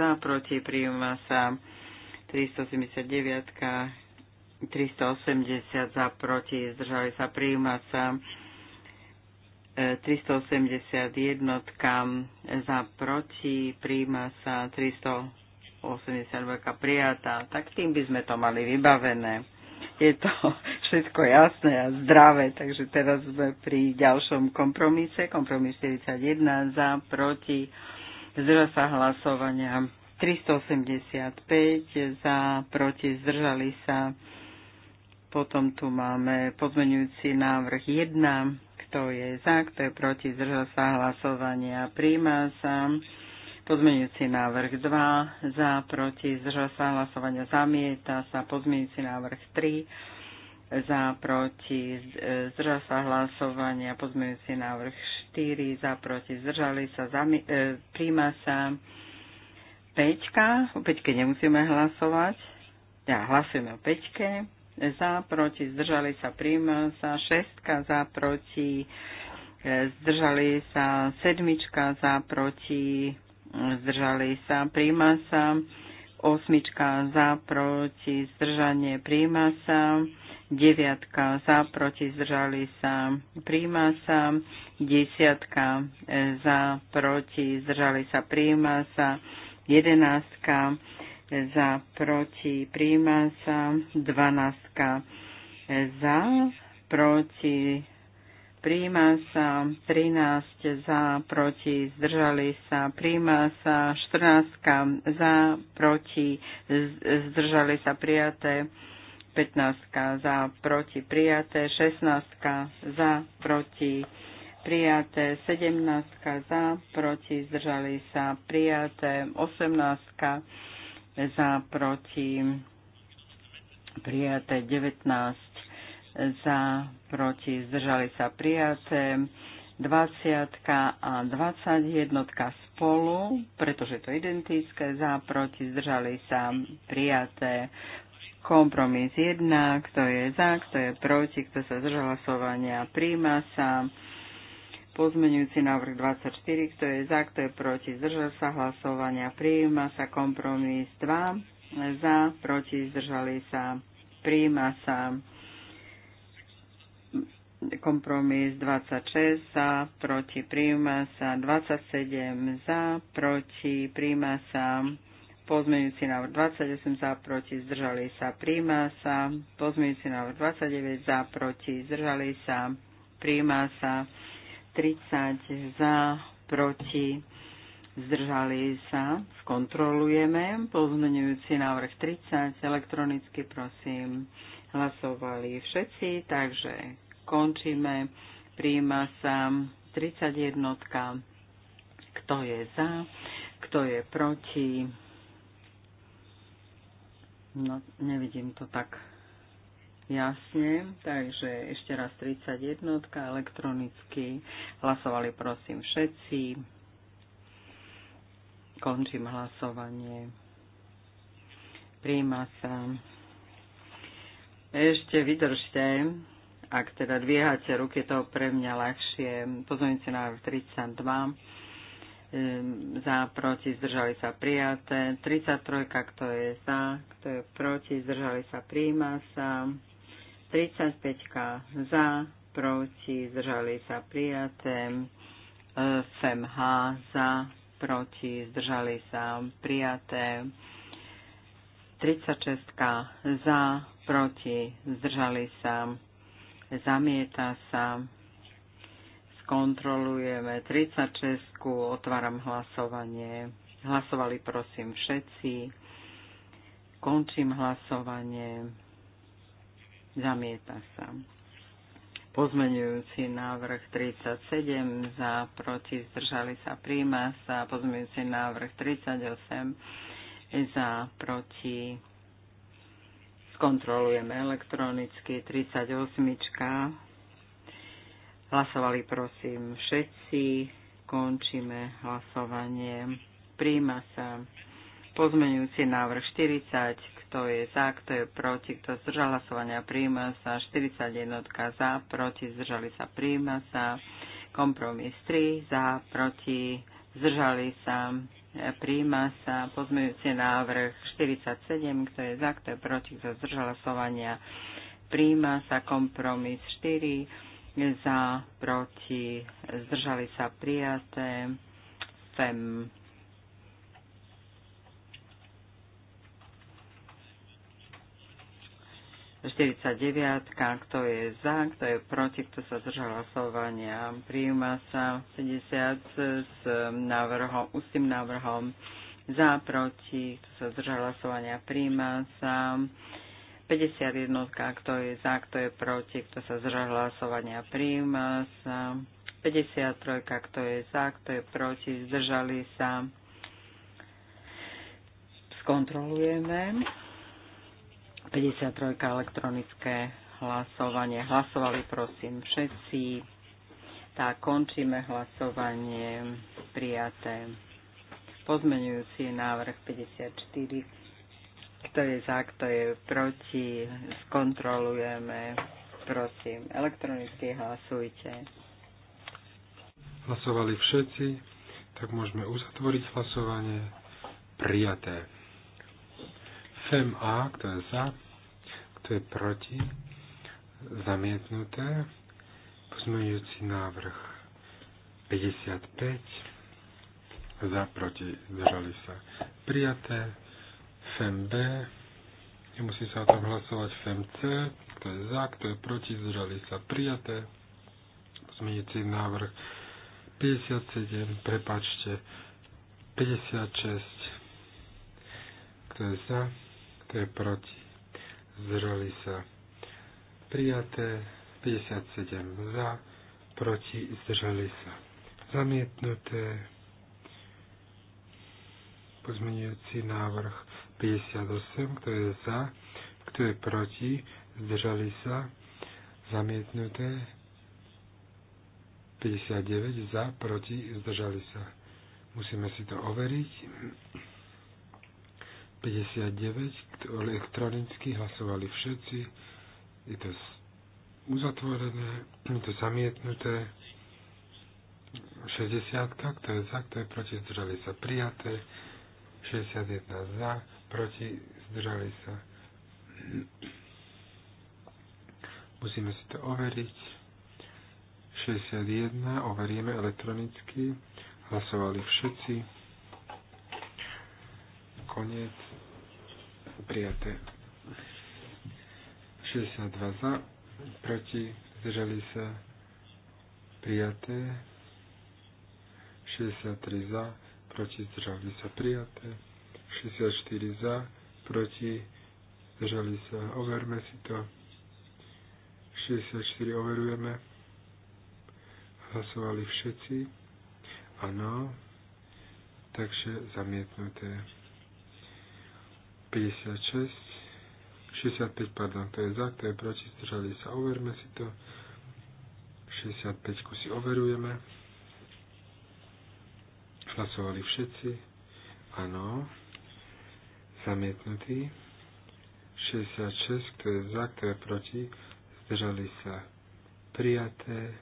za, proti, príjma sa 379, 380 za, proti, zdržali sa, príjma sa 381 e, za, proti, príjma sa 382 prijatá. Tak tým by sme to mali vybavené je to všetko jasné a zdravé, takže teraz sme pri ďalšom kompromise, kompromis 41 za, proti, zdržal sa hlasovania 385 za, proti, zdržali sa. Potom tu máme pozmenujúci návrh 1, kto je za, kto je proti, zdržal sa hlasovania, príjma sa. Pozmeňujúci návrh 2 za, proti, zdržal sa hlasovania, zamieta sa. Pozmeňujúci návrh 3 za, proti, e, zdržal sa hlasovania. Pozmeňujúci návrh 4 za, proti, zdržali sa, zami- e, príjma sa. Peťka, o Peťke nemusíme hlasovať. Ja, hlasujeme o Peťke. Za, proti, zdržali sa, príjma sa. Šestka za, proti, e, zdržali sa. Sedmička za, proti, zdržali sa, príjma sa, osmička za, proti, zdržanie, príjma sa, deviatka za, proti, zdržali sa, príjma sa, desiatka e, za, proti, zdržali sa, príjma sa, jedenáctka e, za, proti, príjma sa, dvanáctka e, za, proti, príjma sa 13 za, proti, zdržali sa, príjma sa 14 za, proti, zdržali sa prijaté, 15 za, proti, prijaté, 16 za, proti, prijaté, 17 za, proti, zdržali sa prijaté, 18 za, proti, prijaté, 19 za, proti, zdržali sa prijaté. 20 a 21 spolu, pretože to je identické, za, proti, zdržali sa prijaté. Kompromis 1, kto je za, kto je proti, kto sa zdržal hlasovania, príjma sa. Pozmenujúci návrh 24, kto je za, kto je proti, zdržal sa hlasovania, príjma sa kompromis 2, za, proti, zdržali sa, príjma sa kompromis 26 za, proti príjma sa 27 za, proti príjma sa pozmeňujúci návrh 28 za, proti zdržali sa, príjma sa pozmeňujúci návrh 29 za, proti zdržali sa, príjma sa 30 za, proti zdržali sa, skontrolujeme pozmeňujúci návrh 30 elektronicky prosím hlasovali všetci, takže končíme. Príjima sa 31. Kto je za? Kto je proti? No, nevidím to tak jasne, takže ešte raz 31 elektronicky. Hlasovali prosím všetci. Končím hlasovanie. Príjma sa. Ešte vydržte ak teda dvíhate ruky, to pre mňa ľahšie. Pozornice na 32 za, proti, zdržali sa prijaté. 33, kto je za, kto je proti, zdržali sa, príjma sa. 35 za, proti, zdržali sa prijaté. FMH za, proti, zdržali sa prijaté. 36 za, proti, zdržali sa prijaté zamieta sa, skontrolujeme 36, otváram hlasovanie, hlasovali prosím všetci, končím hlasovanie, zamieta sa. Pozmenujúci návrh 37 za, proti, zdržali sa, príjma sa. Pozmeňujúci návrh 38 za, proti, Skontrolujeme elektronicky 38. Hlasovali prosím všetci. Končíme hlasovanie. Príjma sa pozmeňujúci návrh 40. Kto je za, kto je proti, kto zdržal hlasovania, príjma sa. 41 za, proti, zdržali sa, príjma sa. Kompromis 3 za, proti, zdržali sa Príjma sa pozmeňujúci návrh 47, kto je za, kto je proti, kto zdržal hlasovania. Príjma sa kompromis 4, za, proti, zdržali sa prijaté. Sem 49, kto je za, kto je proti, kto sa zdržal hlasovania. Prijíma sa 70 s návrhom, ústnym návrhom za, proti, kto sa zdržal hlasovania. Prijíma sa 51, kto je za, kto je proti, kto sa zdržal hlasovania. Prijíma sa 53, kto je za, kto je proti, zdržali sa. Skontrolujeme. 53. elektronické hlasovanie. Hlasovali prosím všetci. Tak končíme hlasovanie prijaté. Pozmenujúci návrh 54. Kto je za, kto je proti, skontrolujeme. Prosím, elektronicky hlasujte. Hlasovali všetci, tak môžeme uzatvoriť hlasovanie. Prijaté. 8a, kto je za, kto je proti, zamietnuté. Pozmeňujúci návrh 55, za, proti, zdržali sa, prijaté. B, nemusí sa o tom hlasovať C, kto je za, kto je proti, zdržali sa, prijaté. Pozmeňujúci návrh 57, prepačte, 56, kto je za, kto je proti, zdržali sa prijaté, 57 za, proti, zdržali sa zamietnuté, pozmenujúci návrh 58, kto je za, kto je proti, zdržali sa zamietnuté, 59 za, proti, zdržali sa. Musíme si to overiť. 59 elektronicky hlasovali všetci. Je to uzatvorené, je to zamietnuté. 60, kto je za, kto je proti, zdržali sa prijaté. 61 za, proti, zdržali sa. Musíme si to overiť. 61, overíme elektronicky. Hlasovali všetci. Koniec prijaté. 62 za, proti, zdržali sa, prijaté. 63 za, proti, zdržali sa, prijaté. 64 za, proti, zdržali sa, overme si to. 64 overujeme. Hlasovali všetci. Áno. Takže zamietnuté. 56, 65, pardon, to je za, to je proti, zdržali sa, overme si to. 65 si overujeme. Hlasovali všetci. Áno. Zamietnutý. 66, kto je za, kto je proti, zdržali sa. Prijaté.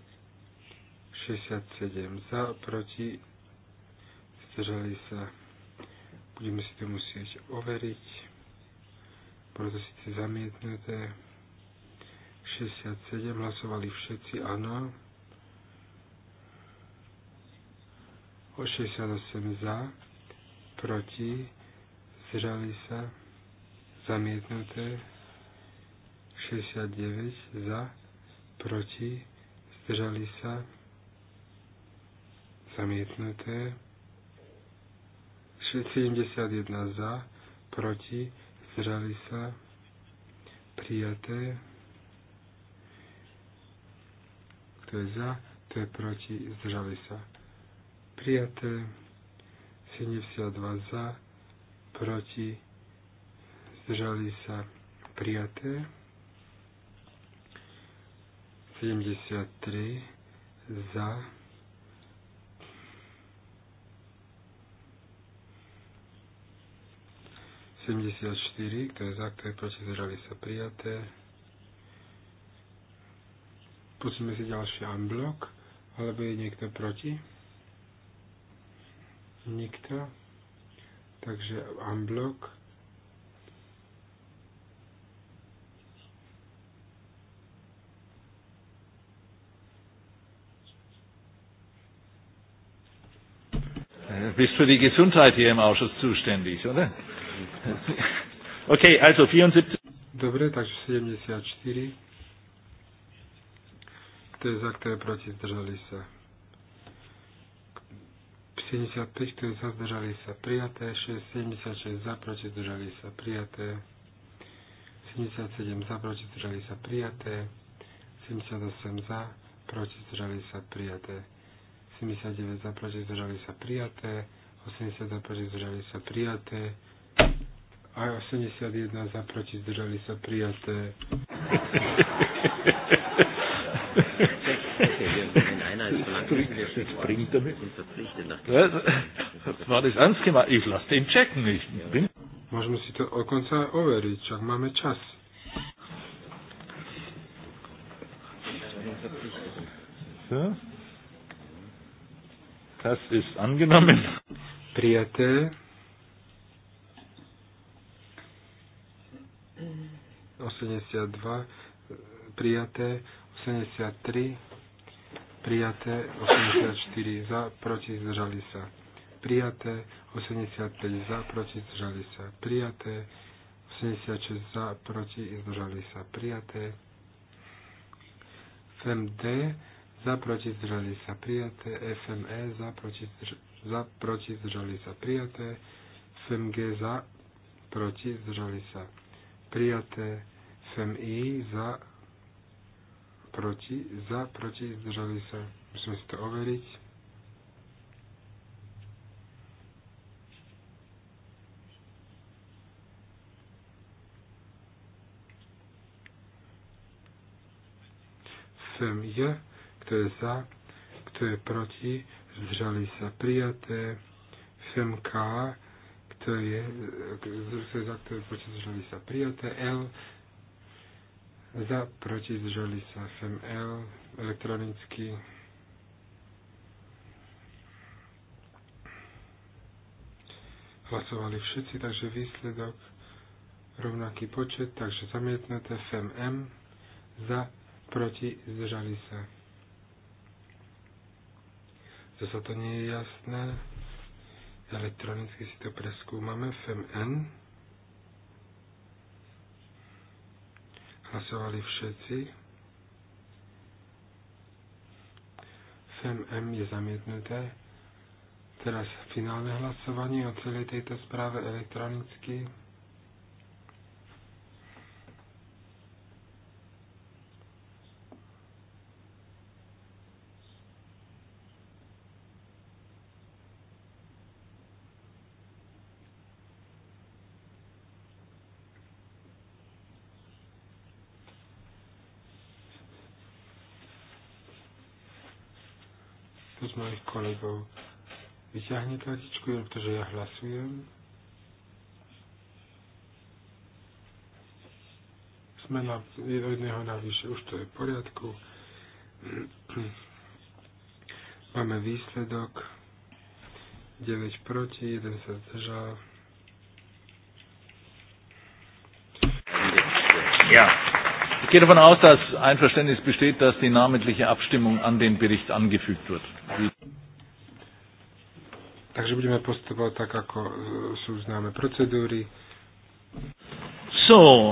67 za, proti, zdržali sa Budeme si to musieť overiť. Bolo to síce zamietnuté. 67 hlasovali všetci áno. O 68 za, proti, zdržali sa, zamietnuté. 69 za, proti, zdržali sa, zamietnuté. 71 za, proti, zdrali sa, prijaté. Kto je za, kto je proti, zdrali sa. Prijaté. 72 za, proti, zdrali sa, prijaté. 73 za, 74, kto je za, kto proti, zrali sa prijaté. Pustíme si ďalší unblock, alebo je niekto proti? Nikto. Takže unblock. Äh, bist für die Gesundheit hier im Ausschuss zuständig, oder? OK, also 74. Dobre, takže 74. To je za, ktoré proti, zdržali sa. 75, ktoré sa zdržali sa, prijaté. 6, 76 za, proti, zdržali sa, prijaté. 77 za, proti, zdržali sa, prijaté. 78 za, proti, zdržali sa, prijaté. 79 za, proti, zdržali sa, prijaté. 80 za, proti, zdržali sa, prijaté. A 81 za proti zdržali sa prijaté. Môžeme si to dokonca aj overiť, čak máme čas. Das ist angenommen. Prijaté. 82 prijaté, 83 prijaté, 84 za, proti zdržali sa. Prijaté, 85 za, proti zdržali sa. Prijaté, 86 za, proti zdržali sa. Prijaté, FMD za, proti zdržali sa. Prijaté, FME za, proti, za, proti zdržali sa. Prijaté, FMG za, proti zdržali sa prijaté sem i za proti, za proti zdržali sa. Musíme si to overiť. Sem je, kto je za, kto je proti, zdržali sa prijaté. Sem K, to je, e, kto za, to je proti, zdržali sa prijaté, L, za, proti, zdržali sa FML L, elektronicky, hlasovali všetci, takže výsledok rovnaký počet, takže zamietnuté FEM M, za, proti, zdržali sa. Zase to nie je jasné. Elektronicky si to preskúmame. FMN. Hlasovali všetci. FMM je zamietnuté. Teraz finálne hlasovanie o celej tejto správe elektronicky. kolegov. Vyťahni tlačičku, pretože ja hlasujem. Sme na jedného navyše, už to je v poriadku. Máme výsledok 9 proti, 1 sa zdržal. Yeah. Ich gehe davon aus, dass Einverständnis besteht, dass die namentliche Abstimmung an den Bericht angefügt wird. Takže budeme postupovať tak, ako e, sú známe procedúry. So.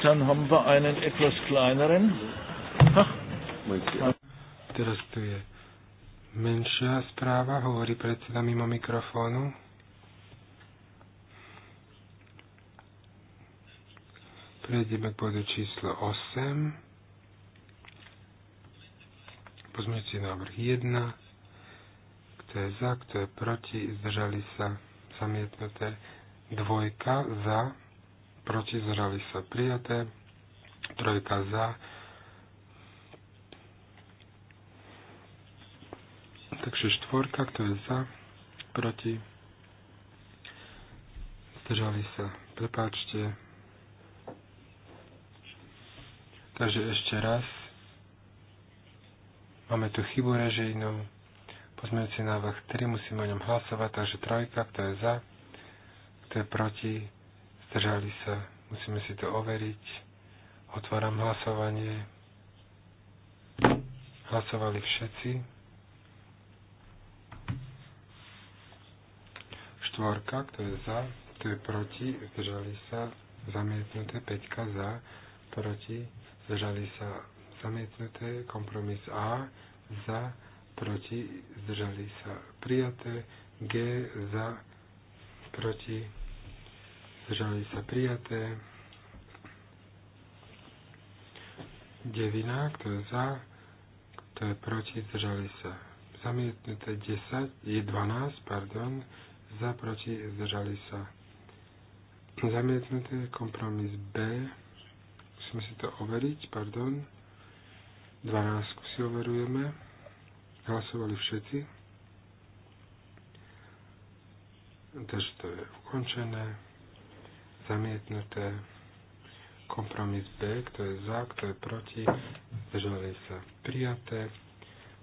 Dann haben wir einen etwas kleineren. Teraz tu je menšia správa, hovorí predseda mimo mikrofónu. Prejdeme k bodu číslo 8. Pozmeňujúci návrh 1. Kto je za, kto je proti, zdržali sa zamietnuté. Dvojka za, proti, zdržali sa prijaté. Trojka za. Takže štvorka, kto je za, proti, zdržali sa. Prepáčte, Takže ešte raz. Máme tu chybu režijnú. Pozmeňujúci návrh 3, musíme o ňom hlasovať, takže trojka, kto je za, kto je proti, zdržali sa, musíme si to overiť. Otváram hlasovanie. Hlasovali všetci. Štvorka, kto je za, kto je proti, zdržali sa, zamietnuté, peťka za, proti, zdržali sa zamietnuté, kompromis A, za, proti, zdržali sa prijaté, G, za, proti, zdržali sa prijaté, devina, kto je za, kto je proti, zdržali sa zamietnuté, 10, je 12, pardon, za, proti, zdržali sa zamietnuté, kompromis B, Musíme si to overiť, pardon. 12 si overujeme. Hlasovali všetci. Takže to je ukončené, zamietnuté. Kompromis B, kto je za, kto je proti, zdržali sa prijaté.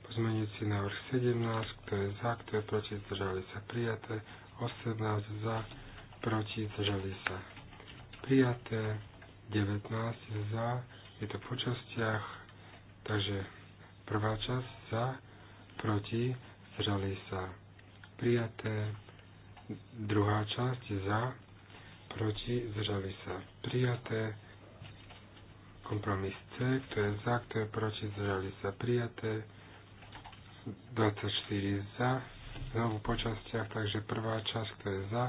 Pozmenujúci návrh 17, kto je za, kto je proti, zdržali sa prijaté. 18 za, proti, zdržali sa prijaté. 19 za, je to po častiach, takže prvá časť za, proti, zdržali sa prijaté, druhá časť za, proti, zdržali sa prijaté, kompromis C, kto je za, kto je proti, zdržali sa prijaté, 24 za, znovu po častiach, takže prvá časť, kto je za,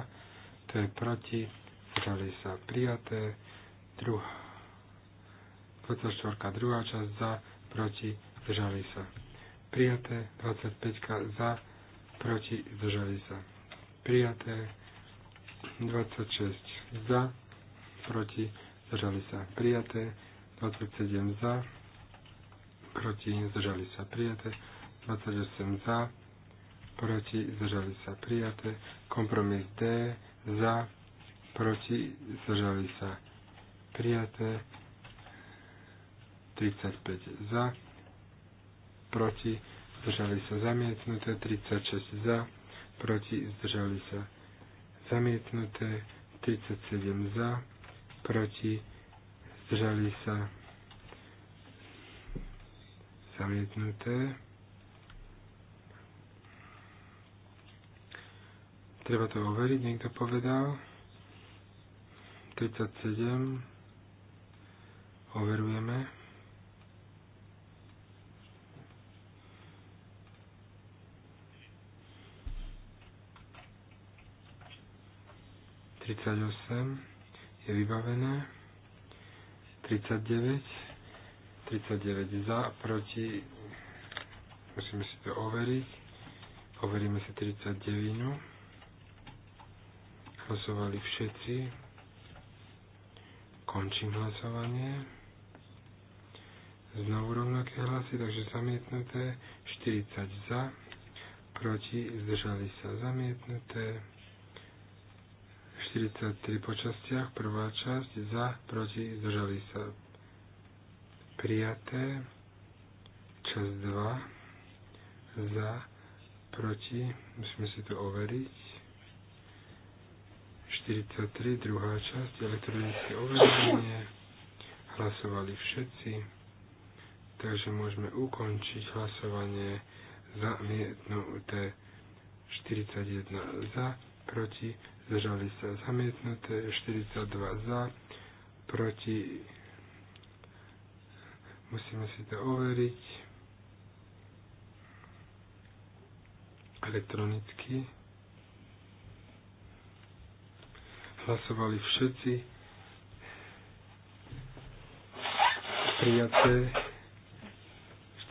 kto je proti, zdržali sa prijaté, Druh. 24. Druhá časť za, proti, zdržali sa. Prijaté. 25. Za, proti, zdržali sa. Prijaté. 26. Za, proti, zdržali sa. Prijaté. 27. Za, proti, zdržali sa. Prijaté. 28. Za, proti, zdržali sa. Prijaté. Kompromis D. Za, proti, zdržali sa prijaté. 35 za, proti, zdržali sa zamietnuté, 36 za, proti, zdržali sa zamietnuté, 37 za, proti, zdržali sa zamietnuté. Treba to overiť, niekto povedal. 37 overujeme. osem je vybavené. 39. 39 za, proti. Musíme si to overiť. Overíme si 39. Hlasovali všetci. Končím hlasovanie. Znovu rovnaké hlasy, takže zamietnuté. 40 za, proti, zdržali sa zamietnuté. 43 po častiach, prvá časť, za, proti, zdržali sa prijaté. Čas 2, za, proti, musíme si to overiť. 43, druhá časť, elektronické overenie. Hlasovali všetci. Takže môžeme ukončiť hlasovanie zamietnuté 41 za, proti, zdržali sa zamietnuté 42 za, proti, musíme si to overiť elektronicky. Hlasovali všetci prijaté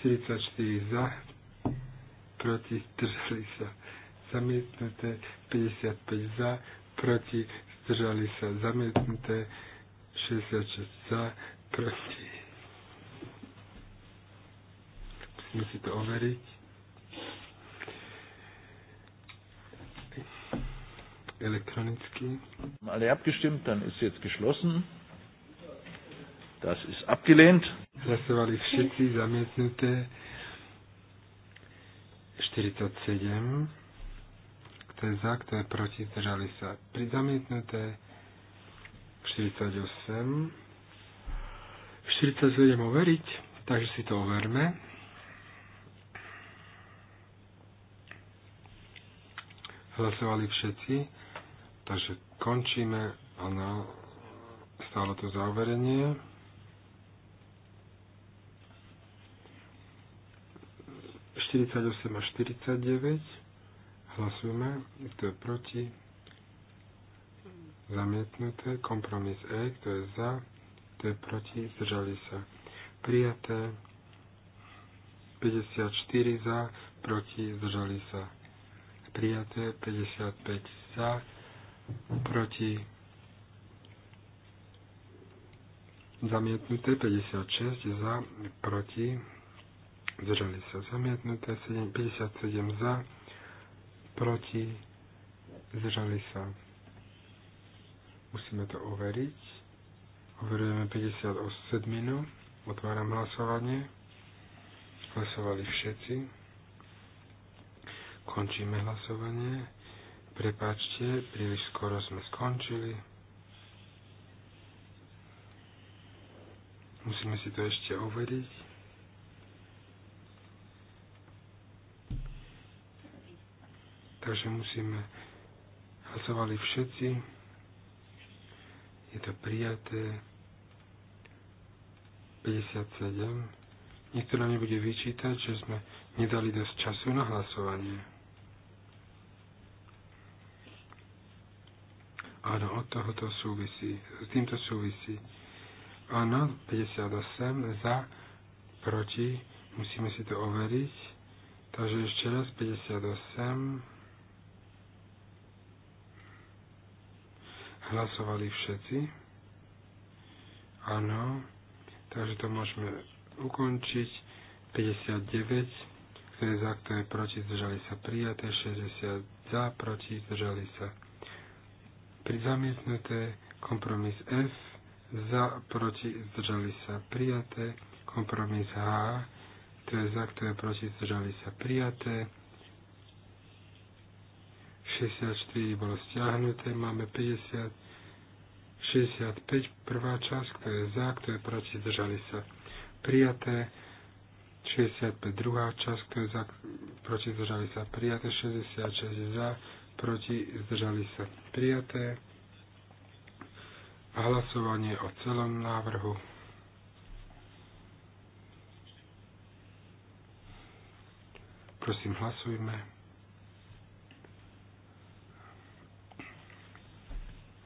44 za, proti, 3 sa. Zamietnuté 55 za, proti, zdržali sa. Zamietnuté 66 za, proti. Musíme si to overiť. elektronicky. Alle abgestimmt, dann ist jetzt geschlossen. Das ist abgelehnt. Hlasovali všetci zamietnuté 47. Kto je za, kto je proti, zdržali sa pri zamietnuté 48. 47 overiť, takže si to overme. Hlasovali všetci, takže končíme, áno, stálo to zaoverenie. 48 a 49. Hlasujeme. Kto je proti? Zamietnuté. Kompromis E. Kto je za? Kto je proti? Zdržali sa. Prijaté. 54 za, proti, zdržali sa. Prijaté 55 za, proti, zamietnuté 56 za, proti, zdržali sa zamietnuté, 57 za, proti, zdržali sa. Musíme to overiť. Overujeme 58 minút. Otváram hlasovanie. Hlasovali všetci. Končíme hlasovanie. Prepáčte, príliš skoro sme skončili. Musíme si to ešte overiť. Takže musíme hlasovali všetci. Je to prijaté 57. Niekto nám nebude vyčítať, že sme nedali dosť času na hlasovanie. Áno, od tohoto súvisí, s týmto súvisí. Áno, 58 za, proti, musíme si to overiť. Takže ešte raz 58 Hlasovali všetci? Áno. Takže to môžeme ukončiť. 59, kto je za, kto je proti, zdržali sa prijaté. 60 za, proti, zdržali sa pri zamietnuté. Kompromis F, za, proti, zdržali sa prijaté. Kompromis H, kto je za, kto je proti, zdržali sa prijaté. 64 bolo stiahnuté, máme 50, 65, prvá časť, kto je za, kto je proti, zdržali sa. Prijaté 65, druhá časť, kto je za, proti, zdržali sa. Prijaté 66, za, proti, zdržali sa. Prijaté hlasovanie o celom návrhu. Prosím, hlasujme.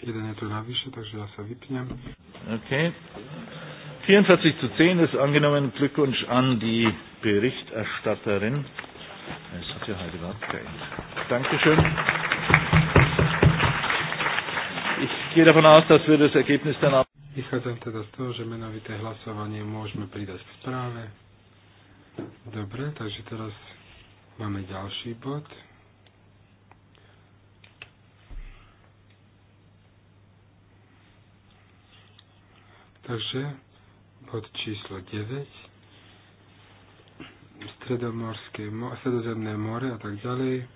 Jeden je tu navyše, takže ja sa vypnem. OK. 44 zu 10 ist angenommen. Glückwunsch an die Berichterstatterin. Es hat ja heute überhaupt geendet. Dankeschön. Ich gehe davon aus, dass wir das Ergebnis dann auch. Vychádzam teda z toho, že menovité hlasovanie môžeme pridať v správe. Dobre, takže teraz máme ďalší bod. Takže bod číslo 9, stredomorské, stredozemné more a tak ďalej.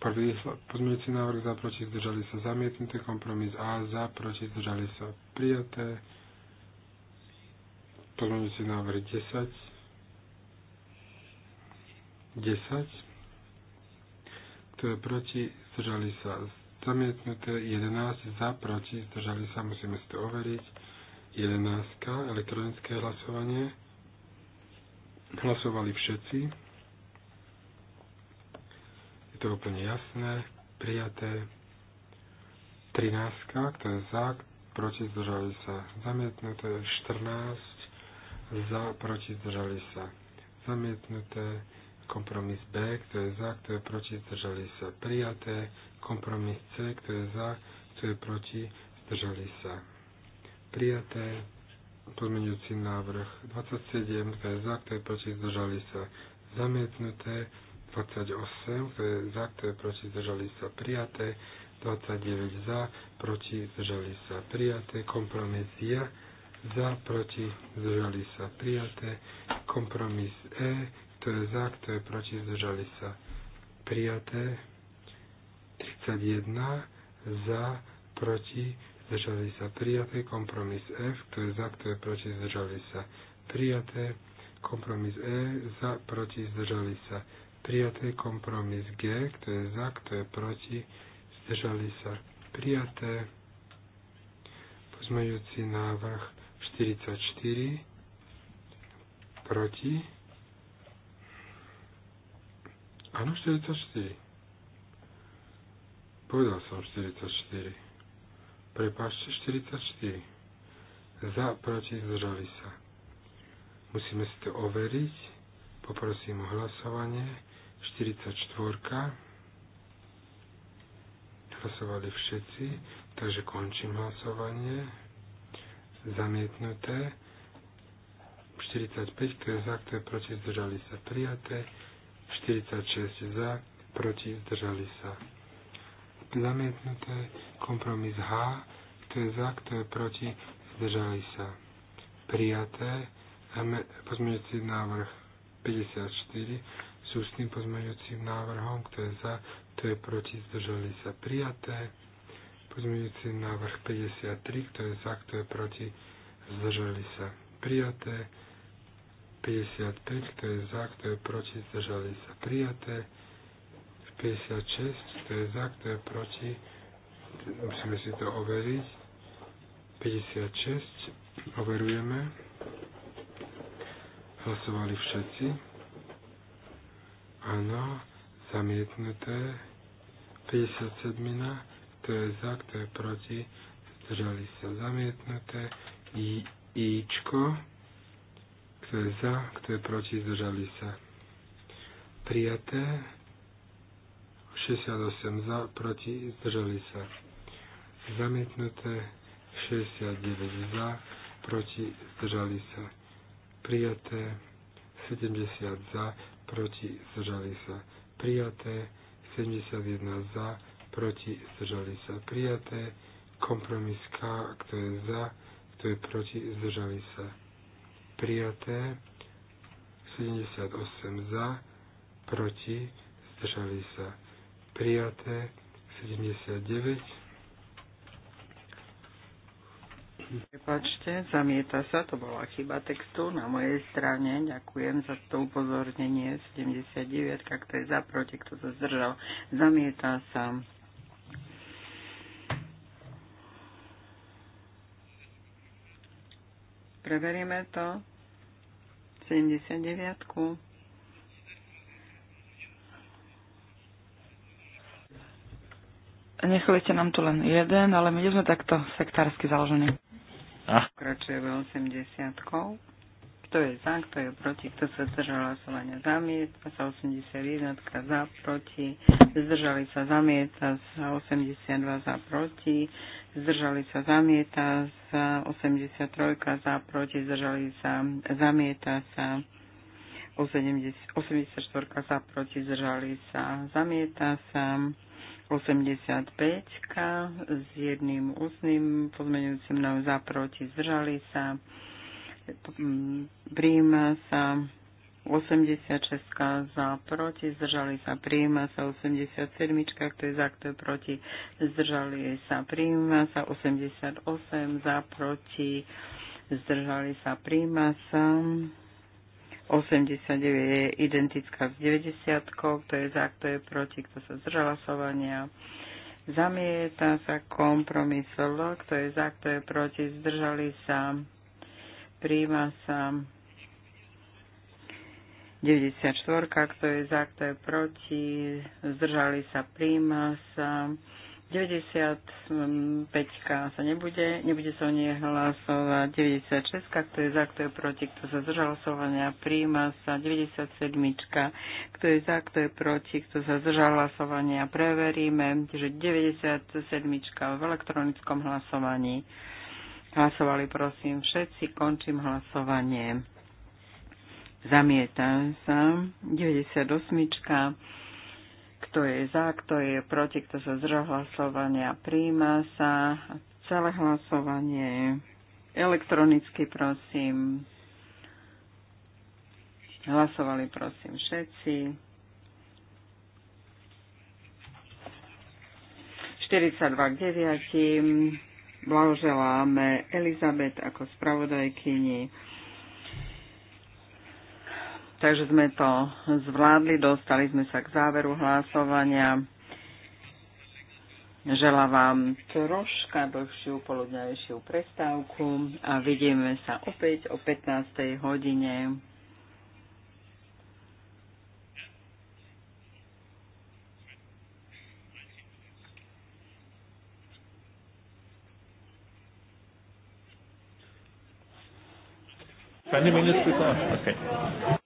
Prvý pozmeňujúci návrh za proti zdržali sa zamietnuté, kompromis A za proti zdržali sa prijaté, pozmeňujúci návrh 10, 10, kto je proti, zdržali sa Zamietnuté 11 za, proti, zdržali sa, musíme si to overiť. 11. Elektronické hlasovanie. Hlasovali všetci. Je to úplne jasné. Prijaté. 13. Kto je za, proti, zdržali sa. Zamietnuté 14. Za, proti, zdržali sa. Zamietnuté Kompromis B, kto je za, kto je proti, zdržali sa prijaté. Kompromis C, kto je za, kto je proti, zdržali sa prijaté. Pozmeňujúci návrh 27, kto je za, kto je proti, zdržali sa zamietnuté. 28, kto je za, kto je proti, zdržali sa prijaté. 29 za, proti, zdržali sa prijaté. Kompromis je za, proti, zdržali sa prijaté. Kompromis E, kto je za, kto je proti, zdržali sa. Prijaté. 31. Za, proti, zdržali sa. Prijaté. Kompromis F. Kto je za, kto je proti, zdržali sa. Prijaté. Kompromis E. Za, proti, zdržali sa. Prijaté. Kompromis G. Kto je za, kto je proti, zdržali sa. Prijaté. Pozmejúci návrh 44 proti Áno, 44. Povedal som 44. Prepášte, 44. Za, proti, zdržali sa. Musíme si to overiť. Poprosím o hlasovanie. 44. Hlasovali všetci, takže končím hlasovanie. Zamietnuté. 45, kto je za, kto je proti, zdržali sa prijaté. 46 za, proti, zdržali sa. Zamietnuté, kompromis H, kto je za, kto je proti, zdržali sa. Prijaté, pozmeňujúci návrh 54 s ústnym pozmeňujúcim návrhom, kto je za, kto je proti, zdržali sa. Prijaté, pozmeňujúci návrh 53, kto je za, kto je proti, zdržali sa. Prijaté, 55, kto je za, kto je proti, zdržali sa prijaté. 56, kto je za, kto je proti, musíme si to overiť. 56, overujeme. Hlasovali všetci. Áno, zamietnuté. 57, kto je za, kto je proti, zdržali sa zamietnuté. I, Ičko. Kto je za, kto je proti, zdržali sa. Prijaté. 68 za, proti, zdržali sa. Zamietnuté. 69 za, proti, zdržali sa. Prijaté. 70 za, proti, zdržali sa. Prijaté. 71 za, proti, zdržali sa. Prijaté. Kompromis K, kto je za, kto je proti, zdržali sa prijaté, 78 za, proti, zdržali sa prijaté, 79. Prepačte, zamieta sa, to bola chyba textu na mojej strane. Ďakujem za to upozornenie. 79, kto je za, proti, kto sa zdržal, zamieta sa. Preveríme to. 79. -ku. Nechajte nám tu len jeden, ale my sme takto sektársky založení. Pokračujeme ah. 80. Kto je za, kto je proti, kto sa zdržal hlasovania, zamieta sa 81, za, proti, zdržali sa, zamieta sa 82, za, proti, zdržali sa zamieta sa, 83 za proti, zdržali sa zamieta sa, 84 za proti, zdržali sa zamieta sa, 85 s jedným ústnym pozmeňujúcim nám za proti, zdržali sa, príjma sa 86 za, proti, zdržali sa, príjma sa 87, kto je za, kto je proti, zdržali sa, príjma sa 88 za, proti, zdržali sa, príjma sa 89 je identická s 90, kto je za, kto je proti, kto sa zdržal hlasovania. Zamieta sa kompromis L, kto je za, kto je proti, zdržali sa, príjma sa 94, kto je za, kto je proti, zdržali sa, príjma sa. 95 sa nebude, nebude sa o nej hlasovať. 96, kto je za, kto je proti, kto sa zdržal hlasovania, príjma sa. 97, kto je za, kto je proti, kto sa zdržal hlasovania, preveríme. Čiže 97 v elektronickom hlasovaní. Hlasovali prosím všetci, končím hlasovanie zamieta sa. 98. Kto je za, kto je proti, kto sa zdržal hlasovania, príjma sa. Celé hlasovanie elektronicky, prosím. Hlasovali, prosím, všetci. 42 k 9. Blahoželáme Elizabet ako spravodajkyni. Takže sme to zvládli, dostali sme sa k záveru hlasovania. Želám vám troška dlhšiu, poludňajšiu prestávku a vidíme sa opäť o 15. hodine. Twenty minutes before. Okay.